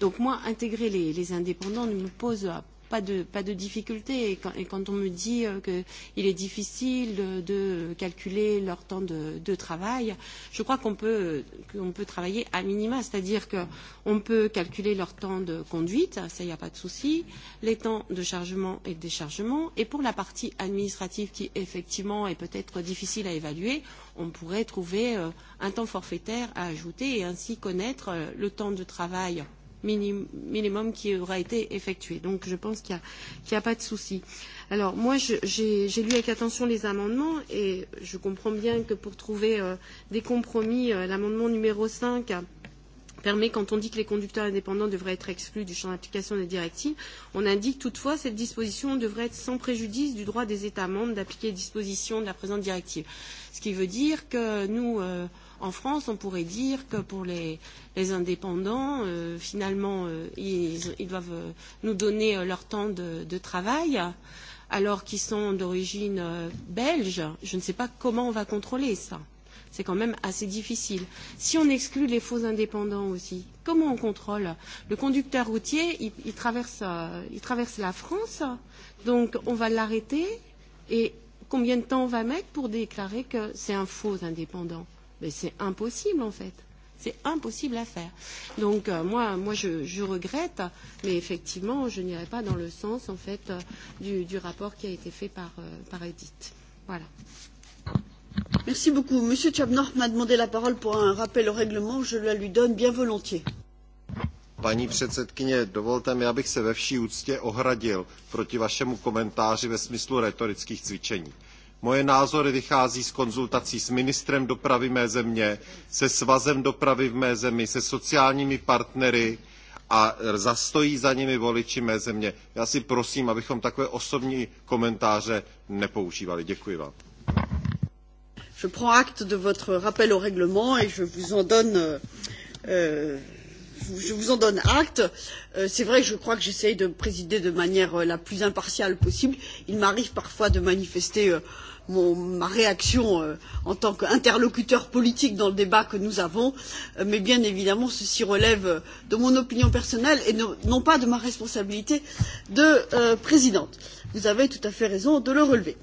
Donc moi, intégrer les, les indépendants ne me pose pas pas de, pas de difficulté. Et quand, et quand on me dit euh, qu'il est difficile de, de calculer leur temps de, de travail, je crois qu'on peut, qu peut travailler à minima, c'est-à-dire qu'on peut calculer leur temps de conduite, ça, il n'y a pas de souci, les temps de chargement et de déchargement. Et pour la partie administrative qui, effectivement, est peut-être difficile à évaluer, on pourrait trouver euh, un temps forfaitaire à ajouter et ainsi connaître euh, le temps de travail minim, minimum qui aura été effectué. Donc je pense qu'il n'y a, qu a pas de souci. Alors moi, j'ai lu avec attention les amendements et je comprends bien que pour trouver euh, des compromis, euh, l'amendement numéro 5 permet, quand on dit que les conducteurs indépendants devraient être exclus du champ d'application des directives, on indique toutefois que cette disposition devrait être sans préjudice du droit des États membres d'appliquer les dispositions de la présente directive. Ce qui veut dire que nous, euh, En France, on pourrait dire que pour les, les indépendants, euh, finalement, euh, ils, ils doivent euh, nous donner euh, leur temps de, de travail, alors qu'ils sont d'origine euh, belge. Je ne sais pas comment on va contrôler ça. C'est quand même assez difficile. Si on exclut les faux indépendants aussi, comment on contrôle Le conducteur routier, il, il, traverse, euh, il traverse la France, donc on va l'arrêter et combien de temps on va mettre pour déclarer que c'est un faux indépendant Mais c'est impossible en fait. C'est impossible à faire. Donc euh, moi, moi je, je regrette, mais effectivement, je n'irai pas dans le sens en fait euh, du, du rapport qui a été fait par, euh, par Edith. Voilà. Merci beaucoup. Monsieur Chabnor m'a demandé la parole pour un rappel au règlement. Je la lui donne bien volontiers. Paní předsedkyně, dovolte mi, abych se ve vší úctě ohradil proti vašemu komentáři ve smyslu retorických cvičení. Moje názory vychází z konzultací s ministrem dopravy mé země, se svazem dopravy v mé zemi, se sociálními partnery a zastojí za nimi voliči mé země. Já si prosím, abychom takové osobní komentáře nepoužívali. Děkuji vám. Je prends acte de votre rappel au règlement et je vous en donne, euh, euh je vous en donne acte. Euh, c'est vrai je crois que j'essaye de présider de manière euh, la plus impartiale possible. Il m'arrive parfois de manifester euh, mon, ma réaction euh, en tant qu'interlocuteur politique dans le débat que nous avons, euh, mais bien évidemment, ceci relève euh, de mon opinion personnelle et ne, non pas de ma responsabilité de euh, présidente. Vous avez tout à fait raison de le relever.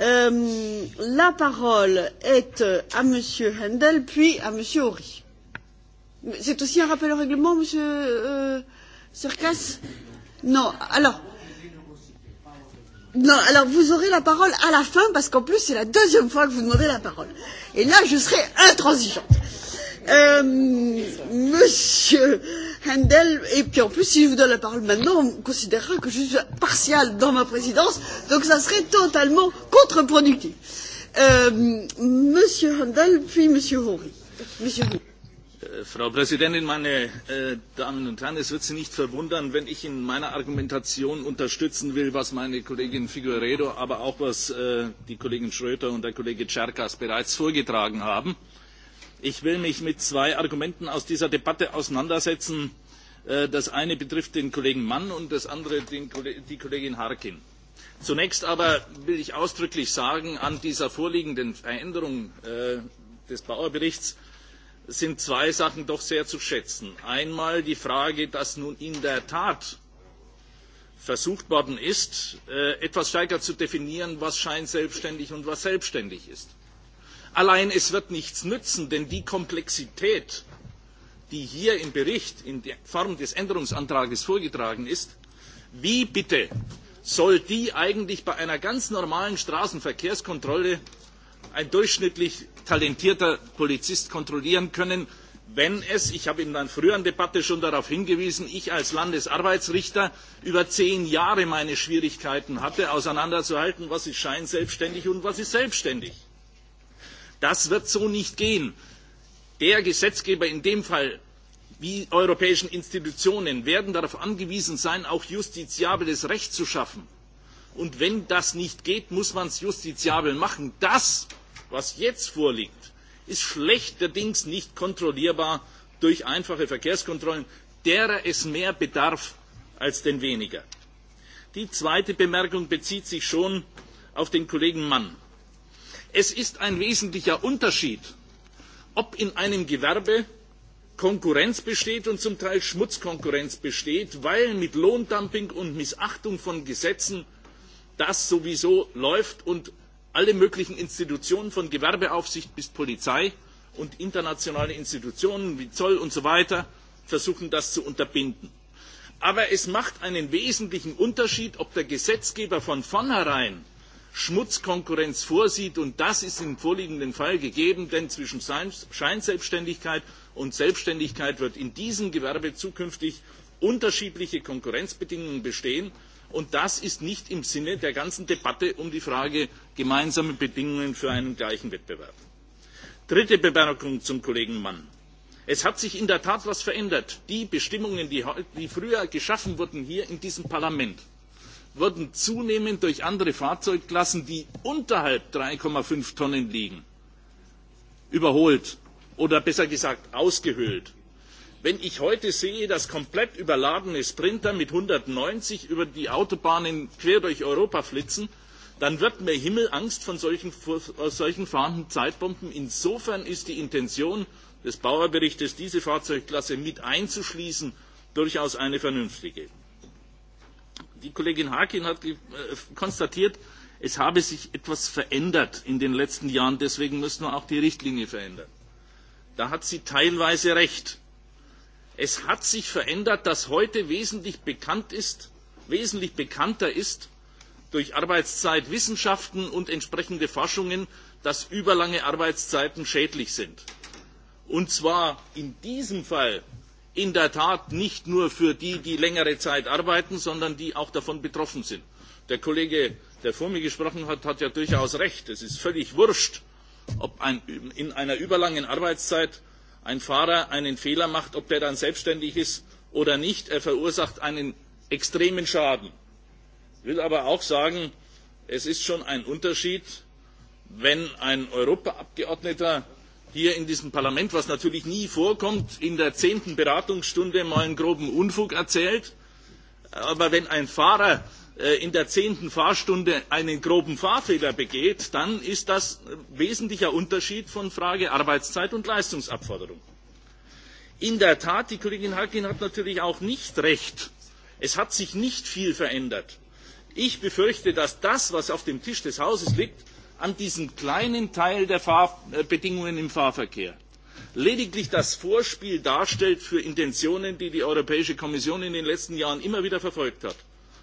Euh, la parole est euh, à Monsieur Handel, puis à Monsieur Horry. C'est aussi un rappel au règlement, Monsieur euh, Cercas Non. Alors, Non, alors vous aurez la parole à la fin parce qu'en plus c'est la deuxième fois que vous demandez la parole. Et là, je serai intransigeante. Euh, monsieur Handel, et puis en plus, si je vous donne la parole maintenant, on considérera que je suis partial dans ma présidence, donc ça serait totalement contre-productif. Euh, monsieur Handel, puis monsieur Horry. Monsieur Horry. Frau Präsidentin, meine äh, Damen und Herren! Es wird Sie nicht verwundern, wenn ich in meiner Argumentation unterstützen will, was meine Kollegin Figueiredo, aber auch was äh, die Kollegin Schröter und der Kollege Cercas bereits vorgetragen haben. Ich will mich mit zwei Argumenten aus dieser Debatte auseinandersetzen. Äh, das eine betrifft den Kollegen Mann und das andere den, die Kollegin Harkin. Zunächst aber will ich ausdrücklich sagen, an dieser vorliegenden Veränderung des Bauerberichts sind zwei Sachen doch sehr zu schätzen. Einmal die Frage, dass nun in der Tat versucht worden ist, äh, etwas stärker zu definieren, was scheinselbstständig und was selbstständig ist. Allein es wird nichts nützen, denn die Komplexität, die hier im Bericht in der Form des Änderungsantrages vorgetragen ist, wie bitte soll die eigentlich bei einer ganz normalen Straßenverkehrskontrolle ein durchschnittlich talentierter Polizist kontrollieren können, wenn es, ich habe in einer früheren Debatte schon darauf hingewiesen, ich als Landesarbeitsrichter über zehn Jahre meine Schwierigkeiten hatte, auseinanderzuhalten, was ist scheinselbstständig und was ist selbstständig. Das wird so nicht gehen. Der Gesetzgeber in dem Fall, die europäischen Institutionen, werden darauf angewiesen sein, auch justiziables Recht zu schaffen. Und wenn das nicht geht, muss man es justiziabel machen. Das was jetzt vorliegt, ist schlechterdings nicht kontrollierbar durch einfache Verkehrskontrollen, derer es mehr bedarf als den weniger. Die zweite Bemerkung bezieht sich schon auf den Kollegen Mann. Es ist ein wesentlicher Unterschied, ob in einem Gewerbe Konkurrenz besteht und zum Teil Schmutzkonkurrenz besteht, weil mit Lohndumping und Missachtung von Gesetzen das sowieso läuft und alle möglichen Institutionen von Gewerbeaufsicht bis Polizei und internationale Institutionen wie Zoll und so weiter versuchen das zu unterbinden. Aber es macht einen wesentlichen Unterschied, ob der Gesetzgeber von vornherein Schmutzkonkurrenz vorsieht und das ist im vorliegenden Fall gegeben, denn zwischen Scheinselbstständigkeit und Selbstständigkeit wird in diesem Gewerbe zukünftig unterschiedliche Konkurrenzbedingungen bestehen Und das ist nicht im Sinne der ganzen Debatte um die Frage gemeinsame Bedingungen für einen gleichen Wettbewerb. Dritte Bemerkung zum Kollegen Mann. Es hat sich in der Tat etwas verändert. Die Bestimmungen, die, die früher geschaffen wurden hier in diesem Parlament, wurden zunehmend durch andere Fahrzeugklassen, die unterhalb 3,5 Tonnen liegen, überholt oder besser gesagt ausgehöhlt. Wenn ich heute sehe, dass komplett überladene Sprinter mit 190 über die Autobahnen quer durch Europa flitzen, dann wird mir Himmelangst von solchen, von äh, solchen fahrenden Zeitbomben. Insofern ist die Intention des Bauerberichtes, diese Fahrzeugklasse mit einzuschließen, durchaus eine vernünftige. Die Kollegin Harkin hat äh, konstatiert, es habe sich etwas verändert in den letzten Jahren, deswegen müssen wir auch die Richtlinie verändern. Da hat sie teilweise recht. Es hat sich verändert, dass heute wesentlich, bekannt ist, wesentlich bekannter ist durch Arbeitszeitwissenschaften und entsprechende Forschungen, dass überlange Arbeitszeiten schädlich sind. Und zwar in diesem Fall in der Tat nicht nur für die, die längere Zeit arbeiten, sondern die auch davon betroffen sind. Der Kollege, der vor mir gesprochen hat, hat ja durchaus recht. Es ist völlig wurscht, ob ein, in einer überlangen Arbeitszeit ein Fahrer einen Fehler macht, ob der dann selbstständig ist oder nicht, er verursacht einen extremen Schaden. Ich will aber auch sagen, es ist schon ein Unterschied, wenn ein Europaabgeordneter hier in diesem Parlament, was natürlich nie vorkommt, in der zehnten Beratungsstunde mal einen groben Unfug erzählt. Aber wenn ein Fahrer Äh, in der zehnten Fahrstunde einen groben Fahrfehler begeht, dann ist das ein wesentlicher Unterschied von Frage Arbeitszeit und Leistungsabforderung. In der Tat, die Kollegin Harkin hat natürlich auch nicht recht. Es hat sich nicht viel verändert. Ich befürchte, dass das, was auf dem Tisch des Hauses liegt, an diesem kleinen Teil der Fahr äh, Bedingungen im Fahrverkehr lediglich das Vorspiel darstellt für Intentionen, die die Europäische Kommission in den letzten Jahren immer wieder verfolgt hat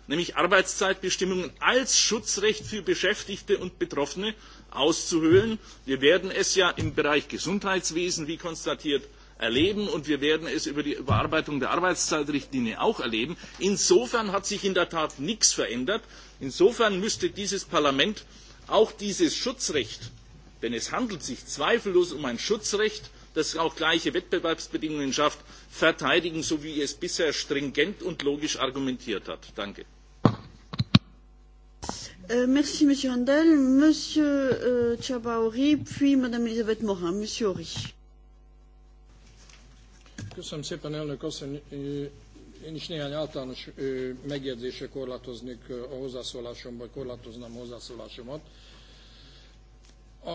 nämlich Arbeitszeitbestimmungen als Schutzrecht für Beschäftigte und Betroffene auszuhöhlen. Wir werden es ja im Bereich Gesundheitswesen, wie konstatiert, erleben und wir werden es über die Überarbeitung der Arbeitszeitrichtlinie auch erleben. Insofern hat sich in der Tat nichts verändert. Insofern müsste dieses Parlament auch dieses Schutzrecht, denn es handelt sich zweifellos um ein Schutzrecht, dass es auch gleiche Wettbewerbsbedingungen schafft, verteidigen, so wie es bisher stringent und logisch argumentiert hat. Danke. Uh, merci, Monsieur Handel. Monsieur uh, äh, Chabaori, puis Madame Elisabeth Morin. Monsieur Ori. Köszönöm szépen, elnök asszony. Én is néhány általános megjegyzésre korlátoznék a hozzászólásomban, korlátoznám a hozzászólásomat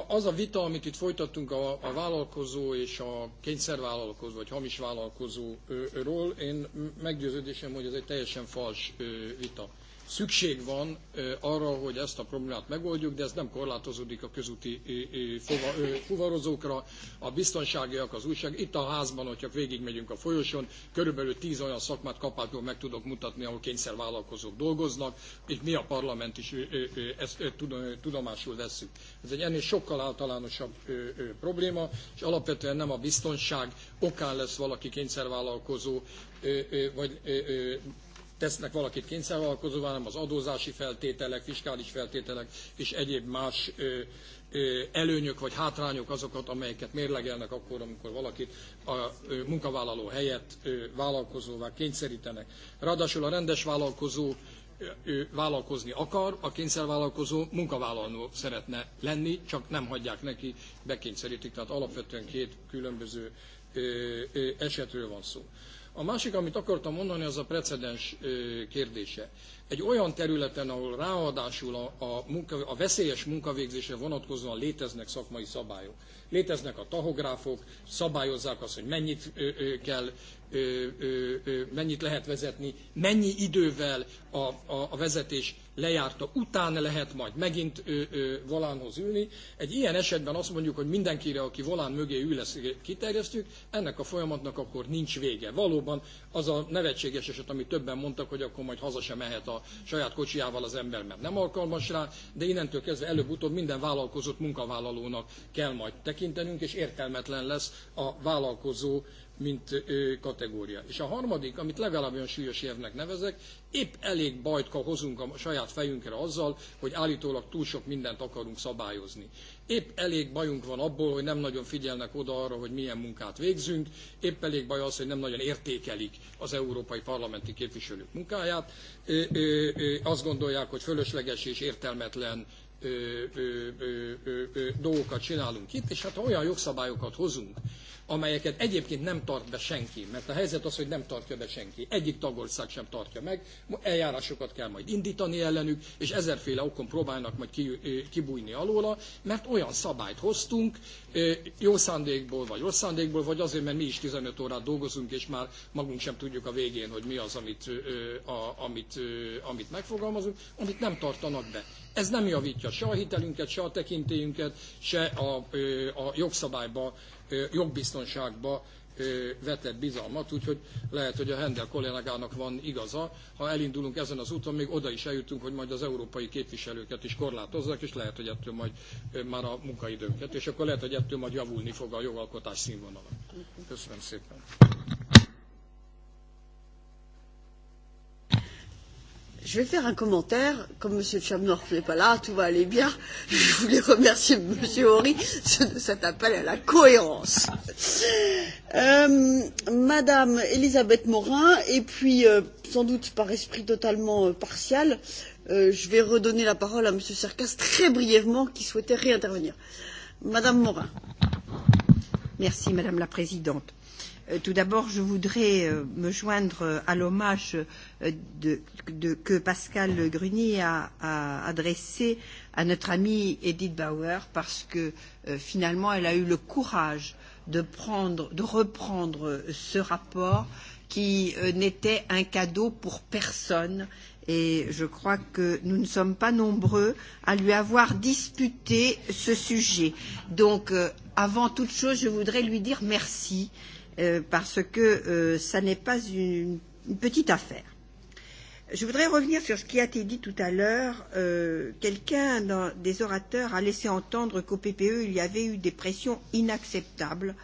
az a vita, amit itt folytattunk a, a vállalkozó és a kényszervállalkozó, vagy hamis vállalkozóról, én meggyőződésem, hogy ez egy teljesen fals vita. Szükség van arra, hogy ezt a problémát megoldjuk, de ez nem korlátozódik a közúti fuvarozókra, a biztonságiak, az újság. Itt a házban, hogyha végigmegyünk a folyosón, körülbelül tíz olyan szakmát kapától meg tudok mutatni, ahol kényszervállalkozók dolgoznak, és mi a parlament is ezt tudomásul vesszük. Ez egy ennél sokkal általánosabb probléma, és alapvetően nem a biztonság okán lesz valaki kényszervállalkozó, vagy tesznek valakit kényszervállalkozóvá, hanem az adózási feltételek, fiskális feltételek és egyéb más ö, ö, előnyök vagy hátrányok azokat, amelyeket mérlegelnek akkor, amikor valakit a ö, munkavállaló helyett ö, vállalkozóvá kényszerítenek. Ráadásul a rendes vállalkozó ő vállalkozni akar, a kényszervállalkozó munkavállaló szeretne lenni, csak nem hagyják neki, bekényszerítik. Tehát alapvetően két különböző esetről van szó. A másik, amit akartam mondani, az a precedens kérdése egy olyan területen, ahol ráadásul a, a, munka, a veszélyes munkavégzésre vonatkozóan léteznek szakmai szabályok. Léteznek a tahográfok, szabályozzák azt, hogy mennyit ö, ö, kell, ö, ö, ö, mennyit lehet vezetni, mennyi idővel a, a, a vezetés lejárta után lehet majd megint ö, ö, volánhoz ülni. Egy ilyen esetben azt mondjuk, hogy mindenkire, aki volán mögé ül, lesz kiterjesztjük, ennek a folyamatnak akkor nincs vége. Valóban az a nevetséges eset, amit többen mondtak, hogy akkor majd haza sem mehet a a saját kocsiával az ember, mert nem alkalmas rá, de innentől kezdve előbb-utóbb minden vállalkozott munkavállalónak kell majd tekintenünk, és értelmetlen lesz a vállalkozó mint kategória. És a harmadik, amit legalább olyan súlyos érvnek nevezek, épp elég bajtka hozunk a saját fejünkre azzal, hogy állítólag túl sok mindent akarunk szabályozni. Épp elég bajunk van abból, hogy nem nagyon figyelnek oda arra, hogy milyen munkát végzünk, épp elég baj az, hogy nem nagyon értékelik az európai parlamenti képviselők munkáját, ö, ö, ö, azt gondolják, hogy fölösleges és értelmetlen ö, ö, ö, ö, ö, dolgokat csinálunk itt, és hát ha olyan jogszabályokat hozunk, amelyeket egyébként nem tart be senki, mert a helyzet az, hogy nem tartja be senki. Egyik tagország sem tartja meg, eljárásokat kell majd indítani ellenük, és ezerféle okon próbálnak majd kibújni alóla, mert olyan szabályt hoztunk, jó szándékból vagy rossz szándékból, vagy azért, mert mi is 15 órát dolgozunk, és már magunk sem tudjuk a végén, hogy mi az, amit, a, amit, amit megfogalmazunk, amit nem tartanak be. Ez nem javítja se a hitelünket, se a tekintélyünket, se a, a jogszabályba jogbiztonságba vetett bizalmat, úgyhogy lehet, hogy a Hendel kollégának van igaza. Ha elindulunk ezen az úton, még oda is eljutunk, hogy majd az európai képviselőket is korlátozzák, és lehet, hogy ettől majd már a munkaidőnket, és akkor lehet, hogy ettől majd javulni fog a jogalkotás színvonala. Köszönöm szépen. je vais faire un commentaire. Comme M. Chamnorf n'est pas là, tout va aller bien. Je voulais remercier M. Horry de cet appel à la cohérence. Euh, Madame Elisabeth Morin, et puis euh, sans doute par esprit totalement euh, partial, euh, je vais redonner la parole à M. Cercas très brièvement qui souhaitait réintervenir. Madame Morin. Merci Madame la Présidente Euh, tout d'abord, je voudrais euh, me joindre euh, à l'hommage de, de, que Pascal Gruny a, a adressé à notre amie Edith Bauer parce que euh, finalement, elle a eu le courage de, prendre, de reprendre ce rapport qui euh, n'était un cadeau pour personne et je crois que nous ne sommes pas nombreux à lui avoir disputé ce sujet. Donc, euh, avant toute chose, je voudrais lui dire merci. Euh, Euh, parce que euh, ça n'est pas une, une petite affaire. Je voudrais revenir sur ce qui a été dit tout à l'heure. Euh, Quelqu'un des orateurs a laissé entendre qu'au PPE, il y avait eu des pressions inacceptables.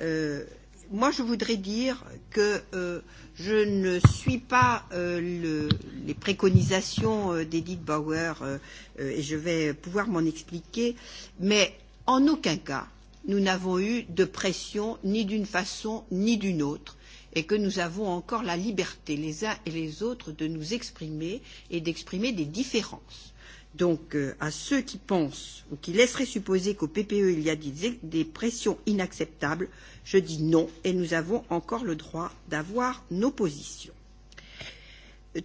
Euh, moi, je voudrais dire que euh, je ne suis pas euh, le, les préconisations euh, d'Edith Bauer, euh, euh, et je vais pouvoir m'en expliquer, mais en aucun cas, nous n'avons eu de pression ni d'une façon ni d'une autre et que nous avons encore la liberté, les uns et les autres, de nous exprimer et d'exprimer des différences. Donc, euh, à ceux qui pensent ou qui laisseraient supposer qu'au PPE il y a des, des pressions inacceptables, je dis non, et nous avons encore le droit d'avoir nos positions.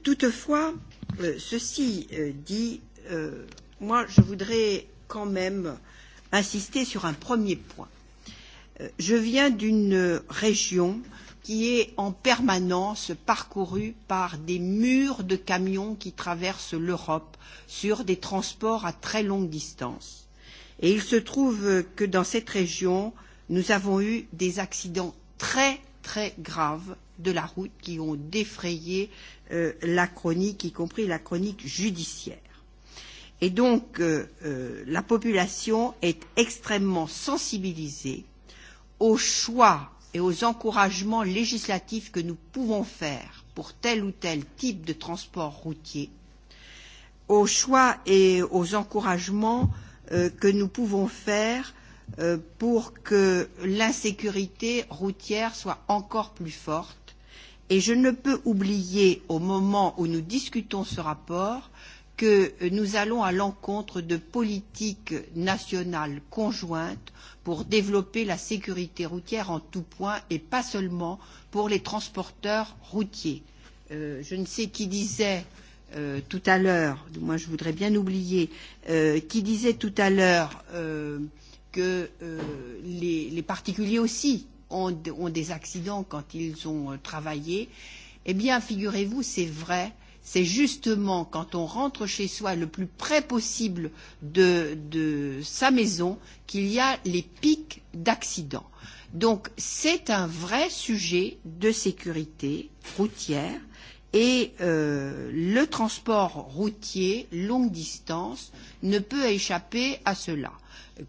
Toutefois, euh, ceci euh, dit, euh, moi je voudrais quand même euh, insister sur un premier point. Euh, je viens d'une région qui est en permanence parcourue par des murs de camions qui traversent l'Europe sur des transports à très longue distance. Et il se trouve que dans cette région, nous avons eu des accidents très très graves de la route qui ont défrayé euh, la chronique, y compris la chronique judiciaire. Et donc, euh, euh, la population est extrêmement sensibilisée aux choix et aux encouragements législatifs que nous pouvons faire pour tel ou tel type de transport routier, aux choix et aux encouragements euh, que nous pouvons faire euh, pour que l'insécurité routière soit encore plus forte. Et je ne peux oublier, au moment où nous discutons ce rapport, que euh, nous allons à l'encontre de politiques nationales conjointes pour développer la sécurité routière en tout point et pas seulement pour les transporteurs routiers. Euh, je ne sais qui disait euh, tout à l'heure, moi je voudrais bien oublier, euh, qui disait tout à l'heure euh, que euh, les, les particuliers aussi ont, ont des accidents quand ils ont euh, travaillé. Eh bien, figurez-vous, c'est vrai euh, c'est justement quand on rentre chez soi le plus près possible de, de sa maison qu'il y a les pics d'accidents. Donc c'est un vrai sujet de sécurité routière et euh, le transport routier longue distance ne peut échapper à cela.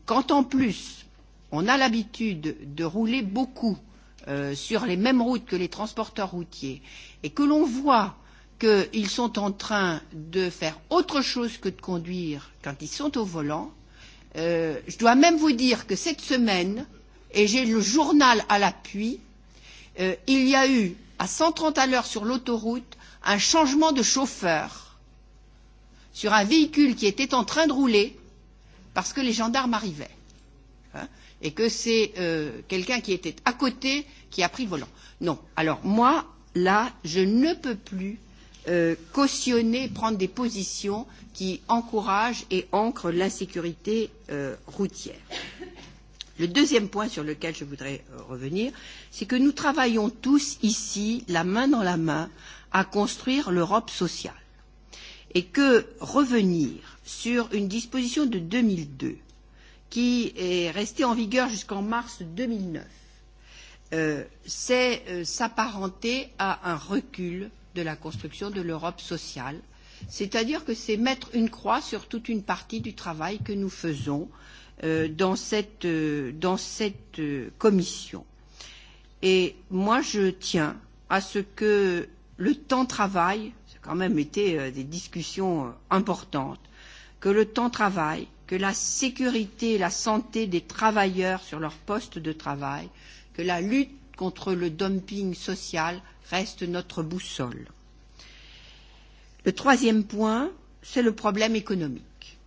Quand en plus on a l'habitude de rouler beaucoup euh, sur les mêmes routes que les transporteurs routiers et que l'on voit euh, qu'ils sont en train de faire autre chose que de conduire quand ils sont au volant. Euh, je dois même vous dire que cette semaine, et j'ai le journal à l'appui, euh, il y a eu à 130 à l'heure sur l'autoroute un changement de chauffeur sur un véhicule qui était en train de rouler parce que les gendarmes arrivaient. Hein, et que c'est euh, quelqu'un qui était à côté qui a pris le volant. Non. Alors moi, là, je ne peux plus euh, cautionner, prendre des positions qui encouragent et ancrent l'insécurité euh, routière. Le deuxième point sur lequel je voudrais euh, revenir, c'est que nous travaillons tous ici, la main dans la main, à construire l'Europe sociale. Et que revenir sur une disposition de 2002 qui est restée en vigueur jusqu'en mars 2009, euh, c'est euh, s'apparenter à un recul euh, de la construction de l'Europe sociale. C'est-à-dire que c'est mettre une croix sur toute une partie du travail que nous faisons euh, dans cette, euh, dans cette euh, commission. Et moi, je tiens à ce que le temps travail, ça a quand même été euh, des discussions euh, importantes, que le temps travail, que la sécurité et la santé des travailleurs sur leur poste de travail, que la lutte contre le dumping social reste notre boussole. Le troisième point, c'est le problème économique.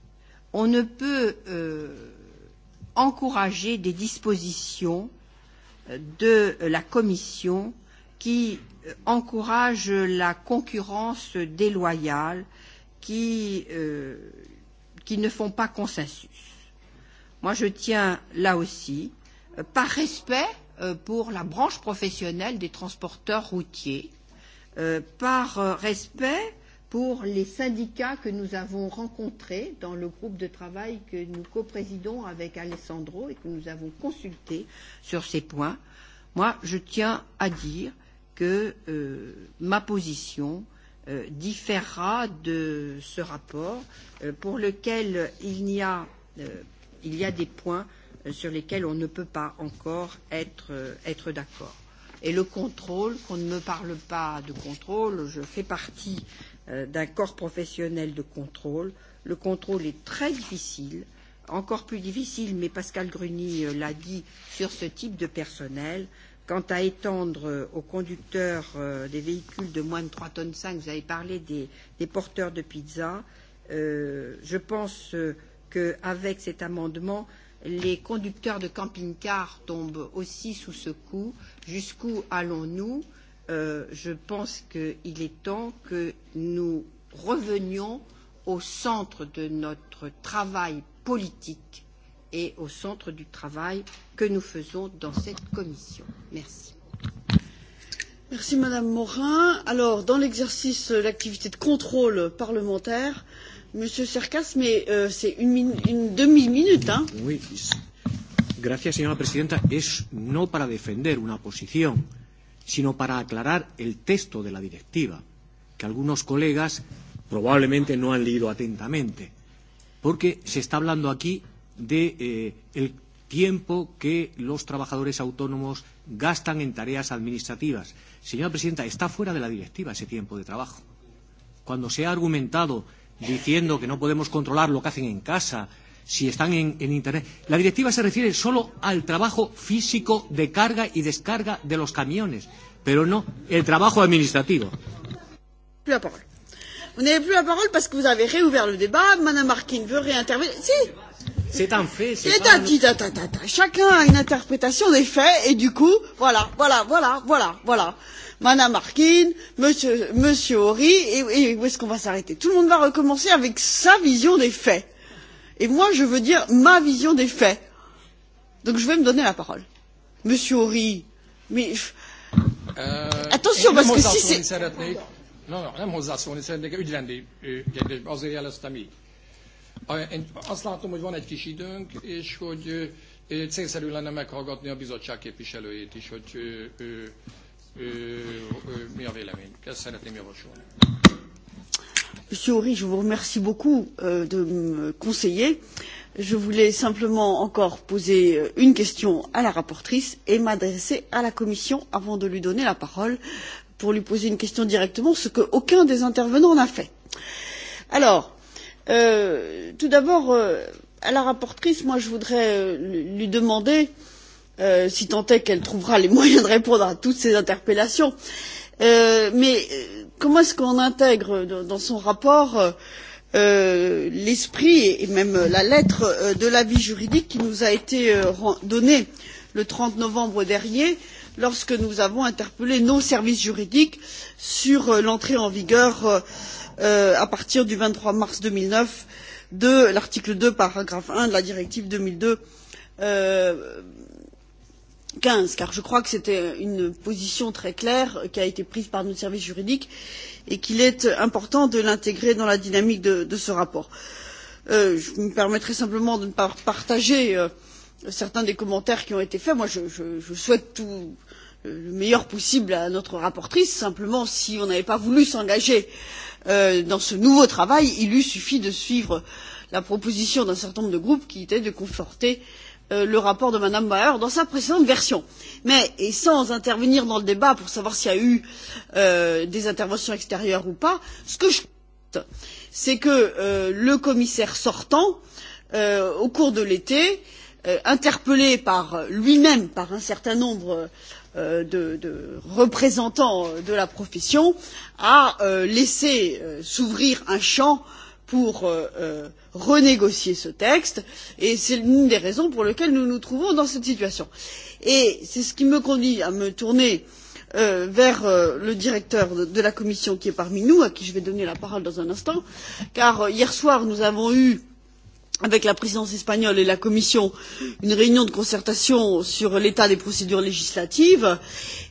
On ne peut euh, encourager des dispositions de la Commission qui euh, encourage la concurrence déloyale, qui, euh, qui ne font pas consensus. Moi, je tiens là aussi, euh, par respect Euh, pour la branche professionnelle des transporteurs routiers, euh, par euh, respect pour les syndicats que nous avons rencontrés dans le groupe de travail que nous coprésidons avec Alessandro et que nous avons consulté sur ces points. Moi, je tiens à dire que euh, ma position euh, différera de ce rapport euh, pour lequel il y a, euh, il y a des points Euh, sur lesquels on ne peut pas encore être, euh, être d'accord. Et le contrôle, qu'on ne me parle pas de contrôle, je fais partie euh, d'un corps professionnel de contrôle. Le contrôle est très difficile, encore plus difficile, mais Pascal Gruny euh, l'a dit, sur ce type de personnel. Quant à étendre euh, aux conducteurs euh, des véhicules de moins de 3 ,5 tonnes 5, vous avez parlé des, des porteurs de pizza, euh, je pense euh, qu'avec cet amendement, euh, les conducteurs de camping-cars tombent aussi sous ce coup. Jusqu'où allons-nous euh, Je pense qu'il est temps que nous revenions au centre de notre travail politique et au centre du travail que nous faisons dans cette commission. Merci. Merci Madame Morin. Alors, dans l'exercice de l'activité de contrôle parlementaire, euh, Monsieur Cercas, mais euh, c'est une, une demi-minute. Hein. Oui. Gracias, señora presidenta. Es no para defender una posición, sino para aclarar el texto de la directiva, que algunos colegas probablemente no han leído atentamente, porque se está hablando aquí de eh, el tiempo que los trabajadores autónomos gastan en tareas administrativas. Señora presidenta, está fuera de la directiva ese tiempo de trabajo. Cuando se ha argumentado diciendo que no podemos controlar lo que hacen en casa, si están en, en Internet. La directiva se refiere solo al trabajo físico de carga y descarga de los camiones, pero no el trabajo administrativo. Vous n'avez plus la parole parce que vous avez réouvert le débat. Madame Marquine veut réintervenir. Si C'est un fait. C'est un petit. un... Chacun a une interprétation des faits et du coup, voilà, voilà, voilà, voilà, voilà mme harkin Monsieur Horry, et, et où est ce qu'on va s'arrêter? tout le monde va recommencer avec sa vision des faits et moi je veux dire ma vision des faits. donc je vais me donner la parole. monsieur Horry, mais euh, attention parce que si c'est non, nem hozzászólni szeretnék, ügyrendi kérdés, azért jeleztem így. Én azt látom, hogy van egy kis időnk, és hogy euh, célszerű lenne meghallgatni a bizottság képviselőjét is, hogy euh, mi a vélemény? Ezt szeretném javasolni. Monsieur Horry, je vous remercie beaucoup euh, de me conseiller. Je voulais simplement encore poser euh, une question à la rapporteure et m'adresser à la Commission avant de lui donner la parole pour lui poser une question directement, ce qu'aucun des intervenants n'a fait. Alors, euh, tout d'abord, euh, à la rapporteure, moi, je voudrais euh, lui demander euh, Euh, si tant est qu'elle trouvera les [laughs] moyens de répondre à toutes ces interpellations. Euh, mais euh, comment est-ce qu'on intègre euh, dans son rapport euh, l'esprit et même la lettre de l'avis juridique qui nous a été donné le 30 novembre dernier lorsque nous avons interpellé nos services juridiques sur l'entrée en vigueur euh, à partir du 23 mars 2009 de l'article 2 paragraphe 1 de la directive 2002 euh, quinze car je crois que c'était euh, une position très claire euh, qui a été prise par nos services juridiques et qu'il est euh, important de l'intégrer dans la dynamique de, ce rapport. je me permettrai simplement de ne pas partager certains des commentaires qui ont été faits. Moi, je, souhaite tout le meilleur possible à notre rapporteure. Simplement, si on n'avait pas voulu s'engager dans ce nouveau travail, il eût suffi de suivre la proposition d'un certain nombre de groupes qui était de conforter euh, Euh, le rapport de mme bauer dans sa précédente version mais et sans intervenir dans le débat pour savoir s'il y a eu euh, des interventions extérieures ou pas ce que je constate c'est que euh, le commissaire sortant euh, au cours de l'été euh, interpellé par lui même par un certain nombre euh, de, de représentants de la profession a laissé s'ouvrir un champ euh, pour euh, euh, renégocier ce texte et c'est l'une des raisons pour lesquelles nous nous trouvons dans cette situation. et c'est ce qui me conduit à me tourner euh, vers euh, le directeur de, de la commission qui est parmi nous à qui je vais donner la parole dans un instant car euh, hier soir nous avons eu avec la présidence espagnole et la commission une réunion de concertation sur l'état des procédures législatives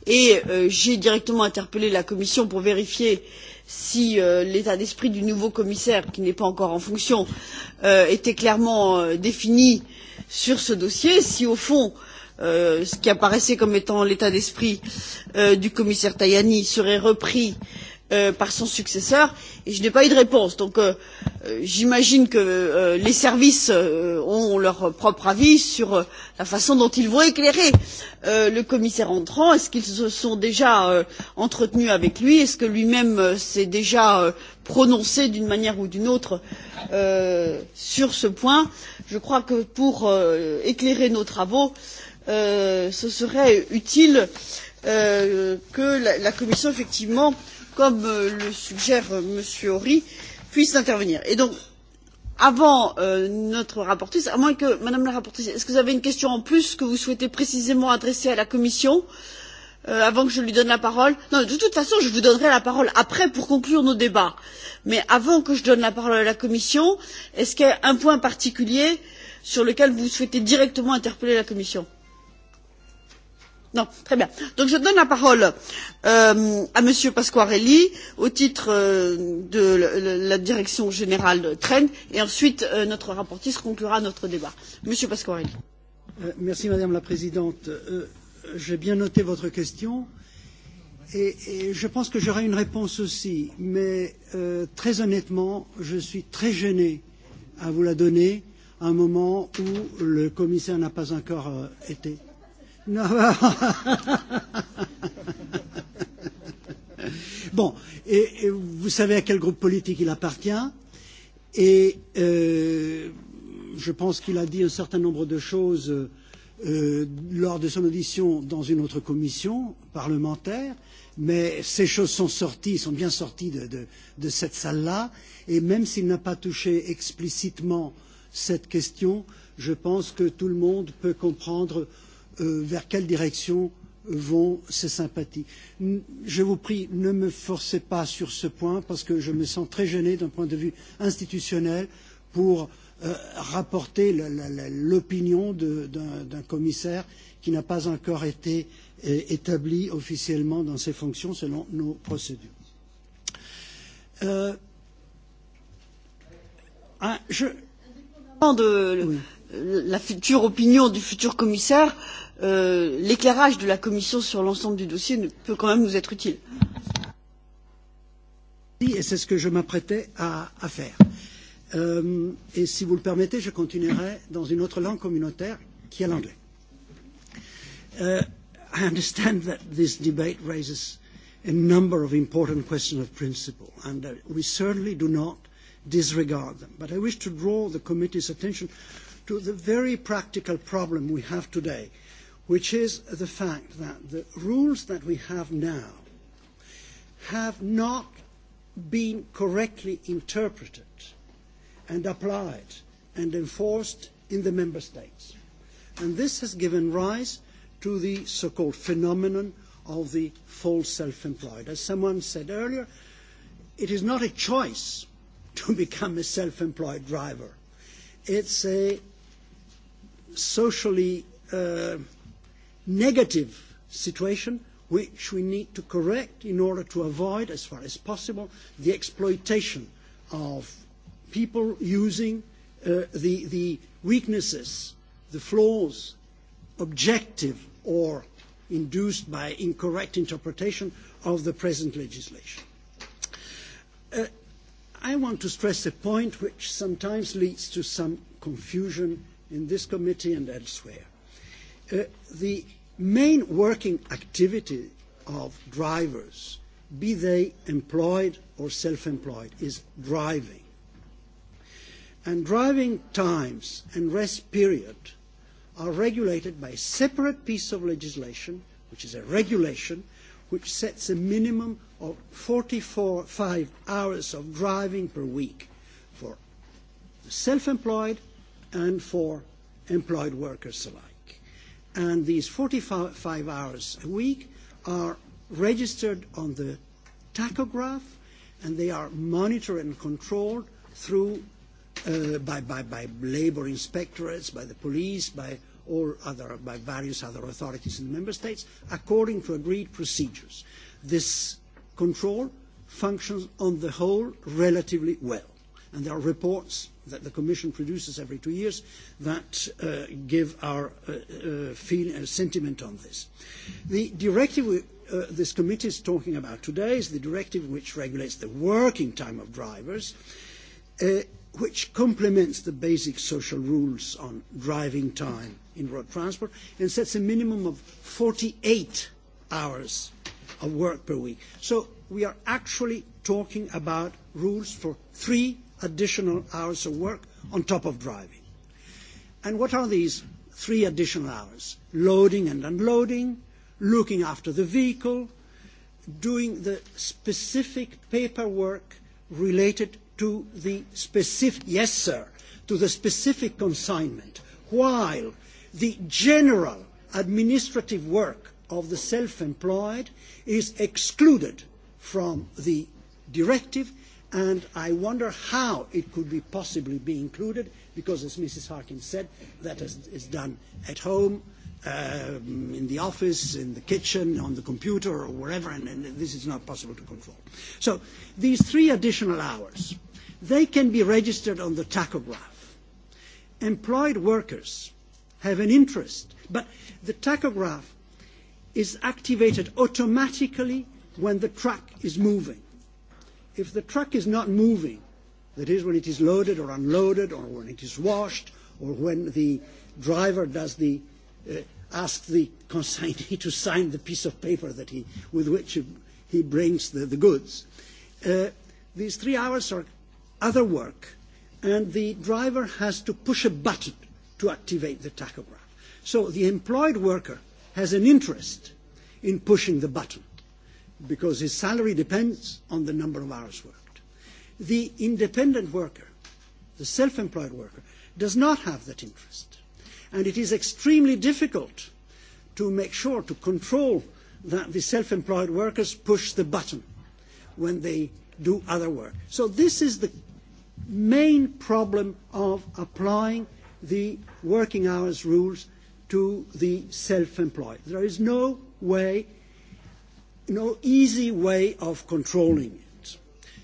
et euh, j'ai directement interpellé la commission pour vérifier euh, si euh, l'état d'esprit du nouveau commissaire qui n'est pas encore en fonction euh, était clairement euh, défini sur ce dossier si au fond euh, ce qui apparaissait comme étant l'état d'esprit euh, du commissaire tajani serait repris dans Euh, par son successeur et je n'ai pas eu de réponse. donc euh, euh j'imagine que euh, les services euh, ont leur propre avis sur la façon dont ils vont éclairer le commissaire entrant. est ce qu'ils se sont déjà entretenus avec lui? est ce que lui même s'est déjà prononcé d'une manière ou d'une autre sur ce point? je crois que pour éclairer nos travaux ce serait utile que la, la commission effectivement comme euh, le suggère euh, m. ry puissent intervenir. et donc avant euh, notre rapporteure à moins que madame la rapporteure est ce que vous avez une question en plus que vous souhaitez précisément adresser à la commission euh, avant que je lui donne la parole non de toute façon je vous donnerai la parole après pour conclure nos débats mais avant que je donne la parole à la commission est ce qu'il y a un point particulier sur lequel vous souhaitez directement interpeller la commission? Non, très bien. Donc je donne la parole euh, à Monsieur Pasquarelli au titre euh, de la, la direction générale de Trend et ensuite euh, notre rapporteur conclura notre débat. Monsieur Pasquarelli. Euh, merci Madame la Présidente. Euh, J'ai bien noté votre question et, et je pense que j'aurai une réponse aussi, mais euh, très honnêtement, je suis très gêné à vous la donner à un moment où le commissaire n'a pas encore euh, été. [laughs] Non. bon, et, et vous savez à quel groupe politique il appartient, et euh, je pense qu'il a dit un certain nombre de choses euh, lors de son audition dans une autre commission parlementaire, mais ces choses sont sorties, sont bien sorties de, de, de cette salle-là, et même s'il n'a pas touché explicitement cette question, je pense que tout le monde peut comprendre euh, Euh, vers quelle direction vont ces sympathies. Je vous prie, ne me forcez pas sur ce point parce que je me sens très gêné d'un point de vue institutionnel pour euh, rapporter l'opinion d'un commissaire qui n'a pas encore été euh, établi officiellement dans ses fonctions selon nos procédures. Euh, hein, je... de oui. la future opinion du futur commissaire, euh, Euh, l'éclairage de la Commission sur l'ensemble du dossier peut quand même nous être utile. Et c'est ce que je m'apprêtais à, à faire. Euh, et si vous le permettez, je continuerai dans une autre langue communautaire qui est l'anglais. Uh, I understand that this debate raises a number of important questions of principle, and uh, we certainly do not disregard them. But I wish to draw the committee's attention to the very practical problem we have today which is the fact that the rules that we have now have not been correctly interpreted and applied and enforced in the member states. And this has given rise to the so-called phenomenon of the false self-employed. As someone said earlier, it is not a choice [laughs] to become a self-employed driver. It's a socially uh, negative situation which we need to correct in order to avoid, as far as possible, the exploitation of people using uh, the, the weaknesses, the flaws, objective or induced by incorrect interpretation of the present legislation. Uh, I want to stress a point which sometimes leads to some confusion in this committee and elsewhere Uh, the main working activity of drivers, be they employed or self-employed, is driving. And driving times and rest period are regulated by a separate piece of legislation, which is a regulation, which sets a minimum of 44 5 hours of driving per week for self-employed and for employed workers alike and these 45 hours a week are registered on the tachograph and they are monitored and controlled through uh, by, by, by labor inspectorates, by the police, by all other, by various other authorities in the member states, according to agreed procedures. This control functions on the whole relatively well. And there are reports that the Commission produces every two years that uh, give our uh, uh, uh sentiment on this. The directive we, uh, this committee is talking about today is the directive which regulates the working time of drivers, uh, which complements the basic social rules on driving time in road transport and sets a minimum of 48 hours of work per week. So we are actually talking about rules for three additional hours of work on top of driving. And what are these three additional hours? Loading and unloading, looking after the vehicle, doing the specific paperwork related to the specific, yes sir, to the specific consignment, while the general administrative work of the self-employed is excluded from the directive And I wonder how it could be possibly be included, because as Mrs. Harkin said, that is, is done at home, um, in the office, in the kitchen, on the computer, or wherever, and, and this is not possible to control. So these three additional hours, they can be registered on the tachograph. Employed workers have an interest, but the tachograph is activated automatically when the truck is moving if the truck is not moving, that is when it is loaded or unloaded or when it is washed or when the driver does the, uh, asks the consignee to sign the piece of paper that he, with which he brings the, the goods, uh, these three hours are other work and the driver has to push a button to activate the tachograph. So the employed worker has an interest in pushing the button because his salary depends on the number of hours worked. The independent worker, the self-employed worker, does not have that interest. And it is extremely difficult to make sure, to control that the self-employed workers push the button when they do other work. So this is the main problem of applying the working hours rules to the self-employed. There is no way no easy way of controlling it.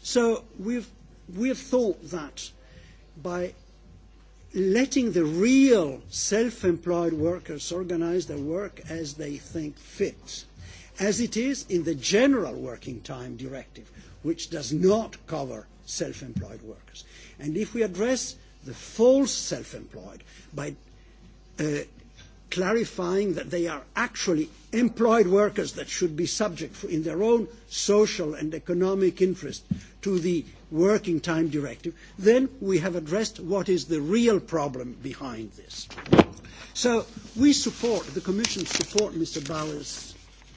So we've, we've thought that by letting the real self-employed workers organise their work as they think fit, as it is in the general working time directive, which does not cover self-employed workers. And if we address the false self-employed by uh, clarifying that they are actually employed workers that should be subject for, in their own social and economic interest to the working time directive, then we have addressed what is the real problem behind this. So we support, the Commission support Mr. Bauer's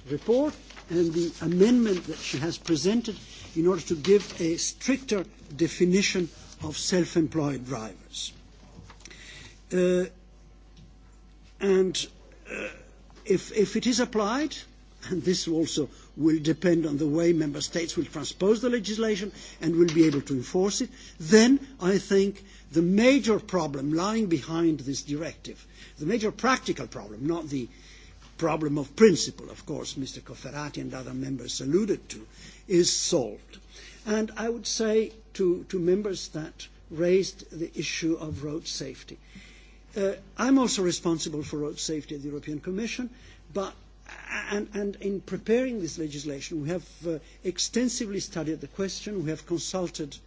report and the amendment that she has presented in order to give a stricter definition of self-employed drivers. Uh, And uh, if, if it is applied, and this also will depend on the way member states will transpose the legislation and will be able to enforce it, then I think the major problem lying behind this directive, the major practical problem, not the problem of principle, of course, Mr. Cofferati and other members alluded to, is solved. And I would say to, to members that raised the issue of road safety, uh, Uh, I'm also responsible for road safety at the European Commission, but and, and in preparing this legislation, we have uh, extensively studied the question. We have consulted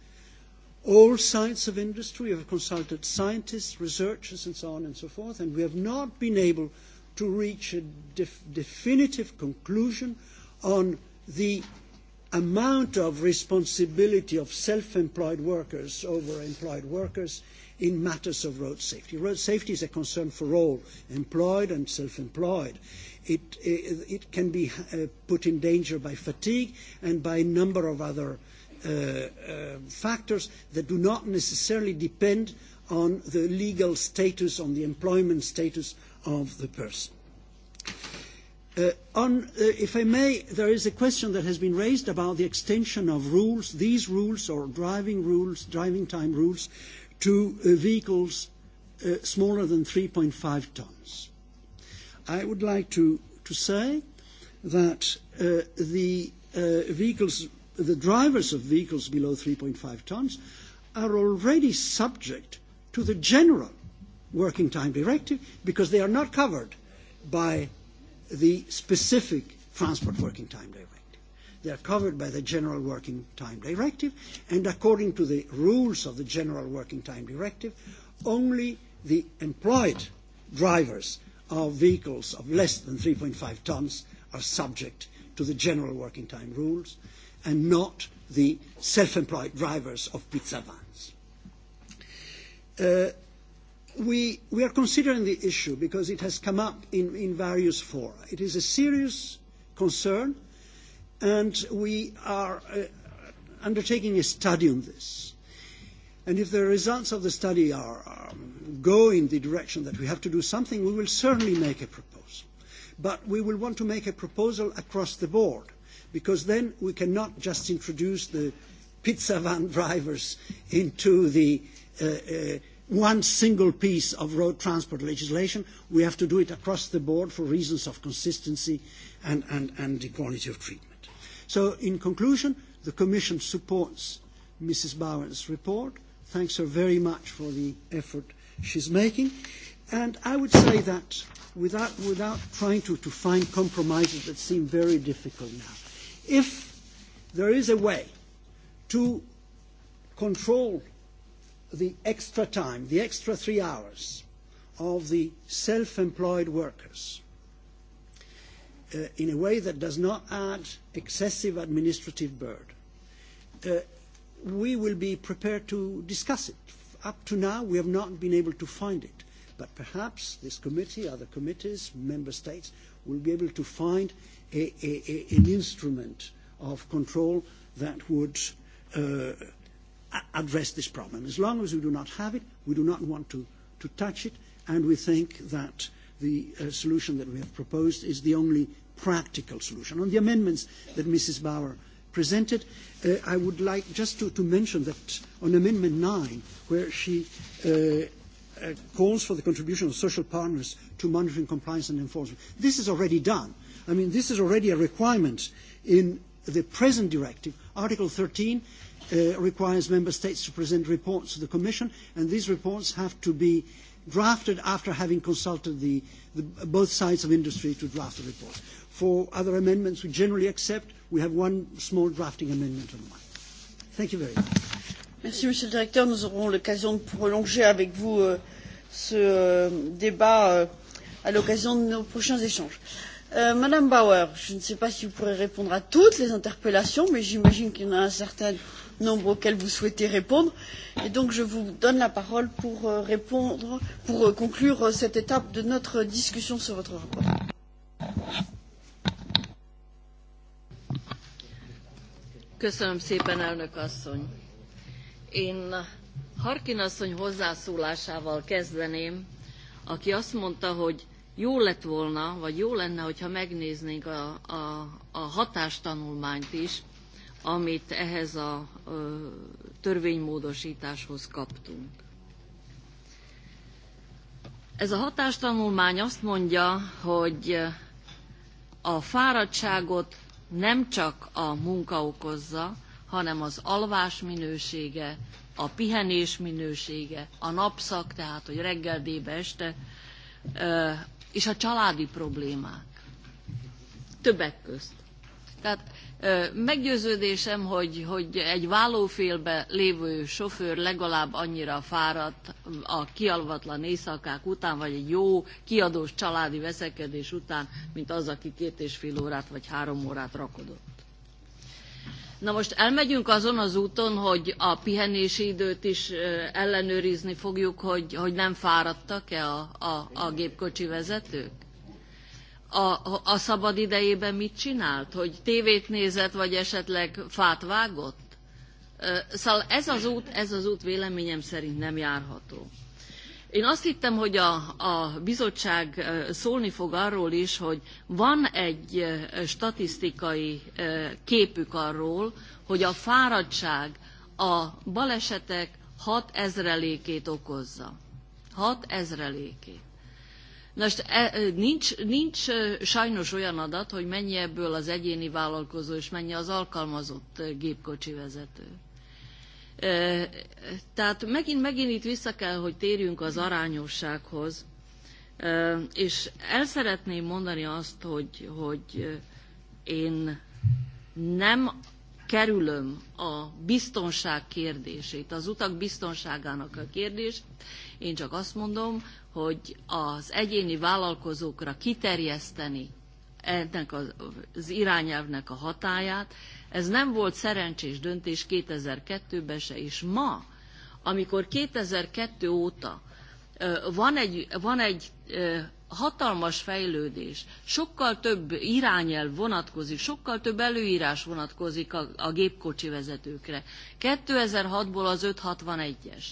all sides of industry. We have consulted scientists, researchers, and so on and so forth. And we have not been able to reach a def definitive conclusion on the amount of responsibility of self-employed workers over employed workers in matters of road safety. Road safety is a concern for all, employed and self-employed. It, it, it, can be uh, put in danger by fatigue and by a number of other uh, uh, factors that do not necessarily depend on the legal status, on the employment status of the person. Uh, on, uh, if I may, there is a question that has been raised about the extension of rules, these rules or driving rules, driving time rules, to uh, vehicles uh, smaller than 3.5 tons. I would like to, to say that uh, the uh, vehicles, the drivers of vehicles below 3.5 tons are already subject to the general working time directive because they are not covered by the specific transport working time directive. They are covered by the General Working Time Directive, and according to the rules of the General Working Time Directive, only the employed drivers of vehicles of less than 3.5 tons are subject to the General Working Time rules, and not the self-employed drivers of pizza vans. Uh, we, we are considering the issue because it has come up in, in various fora. It is a serious concern and we are uh, undertaking a study on this. And if the results of the study are, um, go in the direction that we have to do something, we will certainly make a proposal. But we will want to make a proposal across the board, because then we cannot just introduce the pizza van [laughs] drivers into the uh, uh, one single piece of road transport legislation. We have to do it across the board for reasons of consistency and, and, and equality of treatment. So in conclusion, the Commission supports Mrs. Bowen's report, thanks her very much for the effort she's making. And I would say that without, without trying to, to find compromises that seem very difficult now, if there is a way to control the extra time, the extra three hours of the self-employed workers, uh, in a way that does not add excessive administrative burden. Uh, we will be prepared to discuss it. Up to now, we have not been able to find it. But perhaps this committee, other committees, member states will be able to find a, a, a, an instrument of control that would uh, address this problem. As long as we do not have it, we do not want to, to touch it, and we think that uh, the uh, solution that we have proposed is the only practical solution. On the amendments that Mrs. Bauer presented, uh, I would like just to, to, mention that on Amendment 9, where she uh, Uh, calls for the contribution of social partners to monitoring compliance and enforcement. This is already done. I mean, this is already a requirement in the present directive. Article 13 uh, requires member states to present reports to the Commission, and these reports have to be drafted after having consulted the, the, both sides of industry to draft the report. For other amendments we generally accept, we have one small drafting amendment on the mind. Thank you very much. Merci, Monsieur le Directeur. Nous aurons l'occasion de prolonger avec vous euh, ce euh, débat euh, à l'occasion de nos prochains échanges. Euh, Madame Bauer, je ne sais pas si vous pourrez répondre à toutes les interpellations, mais j'imagine qu'il y en a un certain nombre auxquelles vous souhaitez répondre. Et donc, je vous donne la parole pour euh, répondre, pour euh, conclure cette étape de notre discussion sur votre rapport. Köszönöm szépen, elnök asszony. Én Harkin asszony hozzászólásával kezdeném, aki azt mondta, hogy jó lett volna, vagy jó lenne, hogyha megnéznénk a, a, a hatástanulmányt is, amit ehhez a ö, törvénymódosításhoz kaptunk. Ez a hatástanulmány azt mondja, hogy a fáradtságot nem csak a munka okozza, hanem az alvás minősége, a pihenés minősége, a napszak, tehát hogy reggel, délbe, este, és a családi problémák. Többek közt. Tehát meggyőződésem, hogy, hogy egy vállófélbe lévő sofőr legalább annyira fáradt a kialvatlan éjszakák után, vagy egy jó kiadós családi veszekedés után, mint az, aki két és fél órát vagy három órát rakodott. Na most elmegyünk azon az úton, hogy a pihenési időt is ellenőrizni fogjuk, hogy, hogy nem fáradtak-e a, a, a gépkocsi vezetők? A, a szabad idejében mit csinált? Hogy tévét nézett, vagy esetleg fát vágott? Szóval ez az út, ez az út véleményem szerint nem járható. Én azt hittem, hogy a, a bizottság szólni fog arról is, hogy van egy statisztikai képük arról, hogy a fáradtság a balesetek 6 ezrelékét okozza. 6 ezrelékét. Most nincs, nincs sajnos olyan adat, hogy mennyi ebből az egyéni vállalkozó és mennyi az alkalmazott gépkocsi vezető. Tehát megint, megint itt vissza kell, hogy térjünk az arányossághoz, és el szeretném mondani azt, hogy, hogy én nem kerülöm a biztonság kérdését, az utak biztonságának a kérdést. Én csak azt mondom, hogy az egyéni vállalkozókra kiterjeszteni ennek az irányelvnek a hatáját, Ez nem volt szerencsés döntés 2002-ben se, és ma, amikor 2002 óta van egy, van egy hatalmas fejlődés, sokkal több irányel vonatkozik, sokkal több előírás vonatkozik a, a gépkocsi vezetőkre. 2006-ból az 561-es,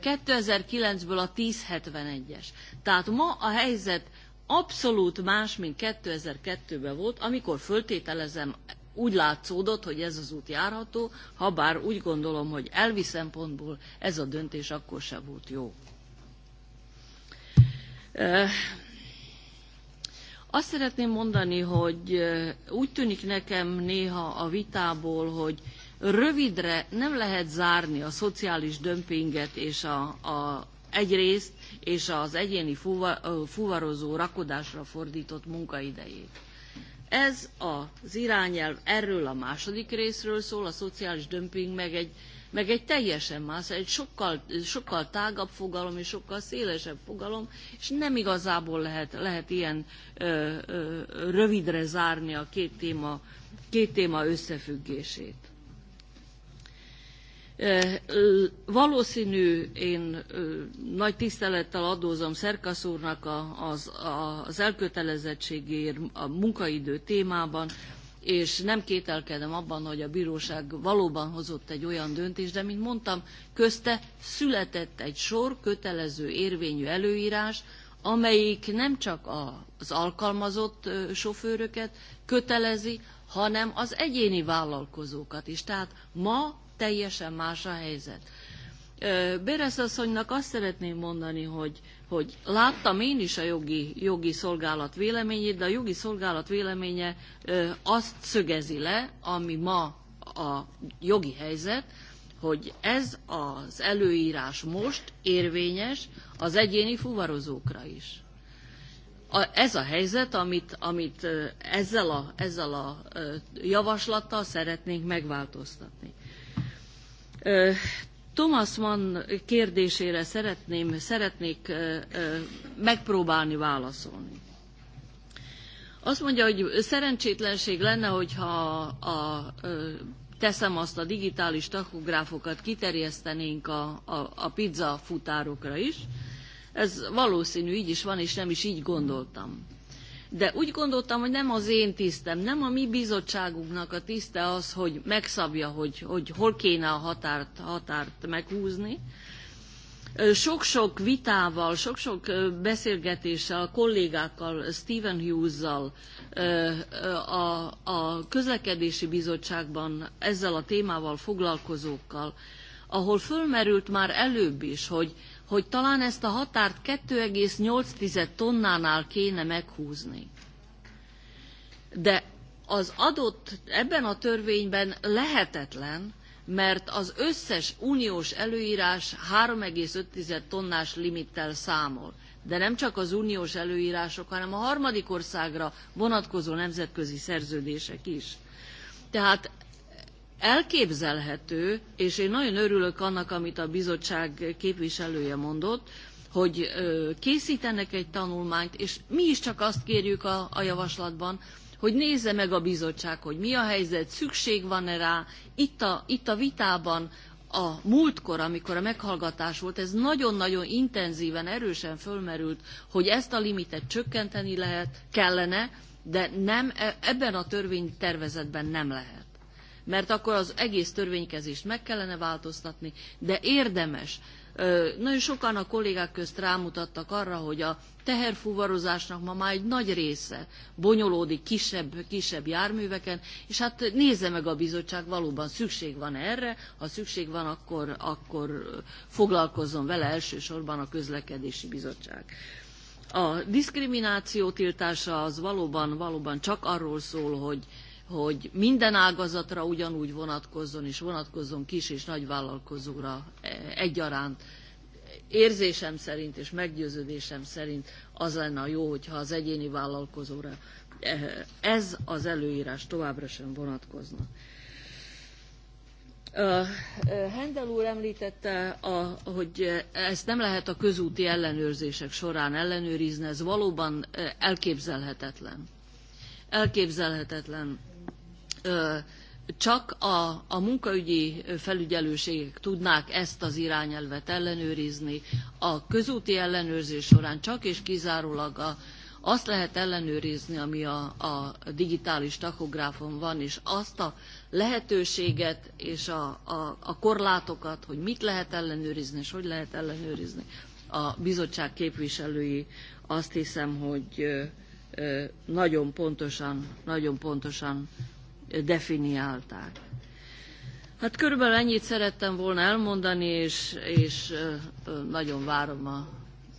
2009-ből a 1071-es. Tehát ma a helyzet abszolút más, mint 2002-ben volt, amikor föltételezem úgy látszódott, hogy ez az út járható, ha bár úgy gondolom, hogy elvi szempontból ez a döntés akkor se volt jó. Azt szeretném mondani, hogy úgy tűnik nekem néha a vitából, hogy rövidre nem lehet zárni a szociális dömpinget és a, a egyrészt, és az egyéni fuva, fuvarozó rakodásra fordított munkaidejét Ez az irányelv erről a második részről szól, a szociális dömping meg egy, meg egy teljesen más, egy sokkal, sokkal tágabb fogalom és sokkal szélesebb fogalom, és nem igazából lehet, lehet ilyen ö, ö, rövidre zárni a két téma, két téma összefüggését. Eh, valószínű, én eh, nagy tisztelettel adózom Szerkasz úrnak az, az elkötelezettségéért a munkaidő témában, és nem kételkedem abban, hogy a bíróság valóban hozott egy olyan döntést, de mint mondtam, közte született egy sor kötelező érvényű előírás, amelyik nem csak az alkalmazott eh, sofőröket kötelezi, hanem az egyéni vállalkozókat is. Tehát ma teljesen más a helyzet. Béresz asszonynak azt szeretném mondani, hogy, hogy láttam én is a jogi, jogi szolgálat véleményét, de a jogi szolgálat véleménye azt szögezi le, ami ma a jogi helyzet, hogy ez az előírás most érvényes az egyéni fuvarozókra is. A, ez a helyzet, amit, amit ezzel, a, ezzel a javaslattal szeretnénk megváltoztatni. Thomas Mann kérdésére szeretném, szeretnék megpróbálni válaszolni. Azt mondja, hogy szerencsétlenség lenne, hogyha a, teszem azt a digitális tachográfokat kiterjesztenénk a, a, a pizza futárokra is. Ez valószínű, így is van, és nem is így gondoltam de úgy gondoltam, hogy nem az én tisztem, nem a mi bizottságunknak a tiszte az, hogy megszabja, hogy, hogy hol kéne a határt, határt meghúzni, sok-sok vitával, sok-sok beszélgetéssel, a kollégákkal, Stephen Hughes-zal, a, a közlekedési bizottságban ezzel a témával foglalkozókkal, ahol fölmerült már előbb is, hogy hogy talán ezt a határt 2,8 tonnánál kéne meghúzni. De az adott ebben a törvényben lehetetlen, mert az összes uniós előírás 3,5 tonnás limittel számol. De nem csak az uniós előírások, hanem a harmadik országra vonatkozó nemzetközi szerződések is. Tehát elképzelhető, és én nagyon örülök annak, amit a bizottság képviselője mondott, hogy készítenek egy tanulmányt, és mi is csak azt kérjük a, a javaslatban, hogy nézze meg a bizottság, hogy mi a helyzet, szükség van-e rá. Itt a, itt a vitában a múltkor, amikor a meghallgatás volt, ez nagyon-nagyon intenzíven, erősen fölmerült, hogy ezt a limitet csökkenteni lehet, kellene, de nem, ebben a törvénytervezetben nem lehet mert akkor az egész törvénykezést meg kellene változtatni, de érdemes. Nagyon sokan a kollégák közt rámutattak arra, hogy a teherfuvarozásnak ma már egy nagy része bonyolódik kisebb, kisebb járműveken, és hát nézze meg a bizottság, valóban szükség van erre, ha szükség van, akkor, akkor foglalkozzon vele elsősorban a közlekedési bizottság. A diszkrimináció tiltása az valóban, valóban csak arról szól, hogy, hogy minden ágazatra ugyanúgy vonatkozzon, és vonatkozzon kis és vállalkozóra egyaránt. Érzésem szerint és meggyőződésem szerint az lenne a jó, hogyha az egyéni vállalkozóra ez az előírás továbbra sem vonatkozna. Hendel úr említette, a, hogy ezt nem lehet a közúti ellenőrzések során ellenőrizni, ez valóban elképzelhetetlen. Elképzelhetetlen csak a, a munkaügyi felügyelőségek tudnák ezt az irányelvet ellenőrizni. A közúti ellenőrzés során csak és kizárólag a, azt lehet ellenőrizni, ami a, a digitális tachográfon van, és azt a lehetőséget és a, a, a korlátokat, hogy mit lehet ellenőrizni, és hogy lehet ellenőrizni. A bizottság képviselői azt hiszem, hogy nagyon pontosan, nagyon pontosan definiálták. Hát körülbelül ennyit szerettem volna elmondani, és, és nagyon várom a,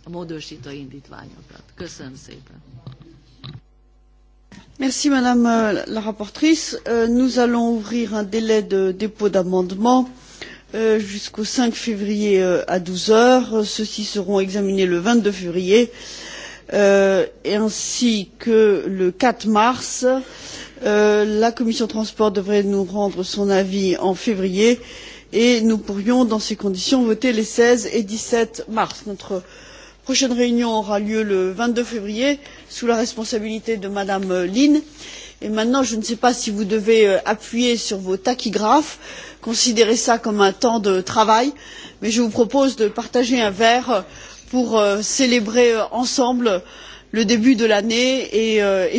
a módosító indítványokat. Köszönöm szépen. Merci Madame euh, la rapporteure. Nous allons ouvrir un délai de dépôt d'amendements euh, jusqu'au 5 février euh, à 12 heures. Ceux-ci seront examinés le 22 février ainsi que le 4 mars. Euh, Euh, la commission des transports devrait nous rendre son avis en février et nous pourrions dans ces conditions voter les seize et dix sept mars. notre prochaine réunion aura lieu le vingt deux février sous la responsabilité de mme lynne et maintenant je ne sais pas si vous devez euh, appuyer sur vos tachygraphes considérer cela comme un temps de travail mais je vous propose de partager un verre pour euh, célébrer ensemble le début de l'année et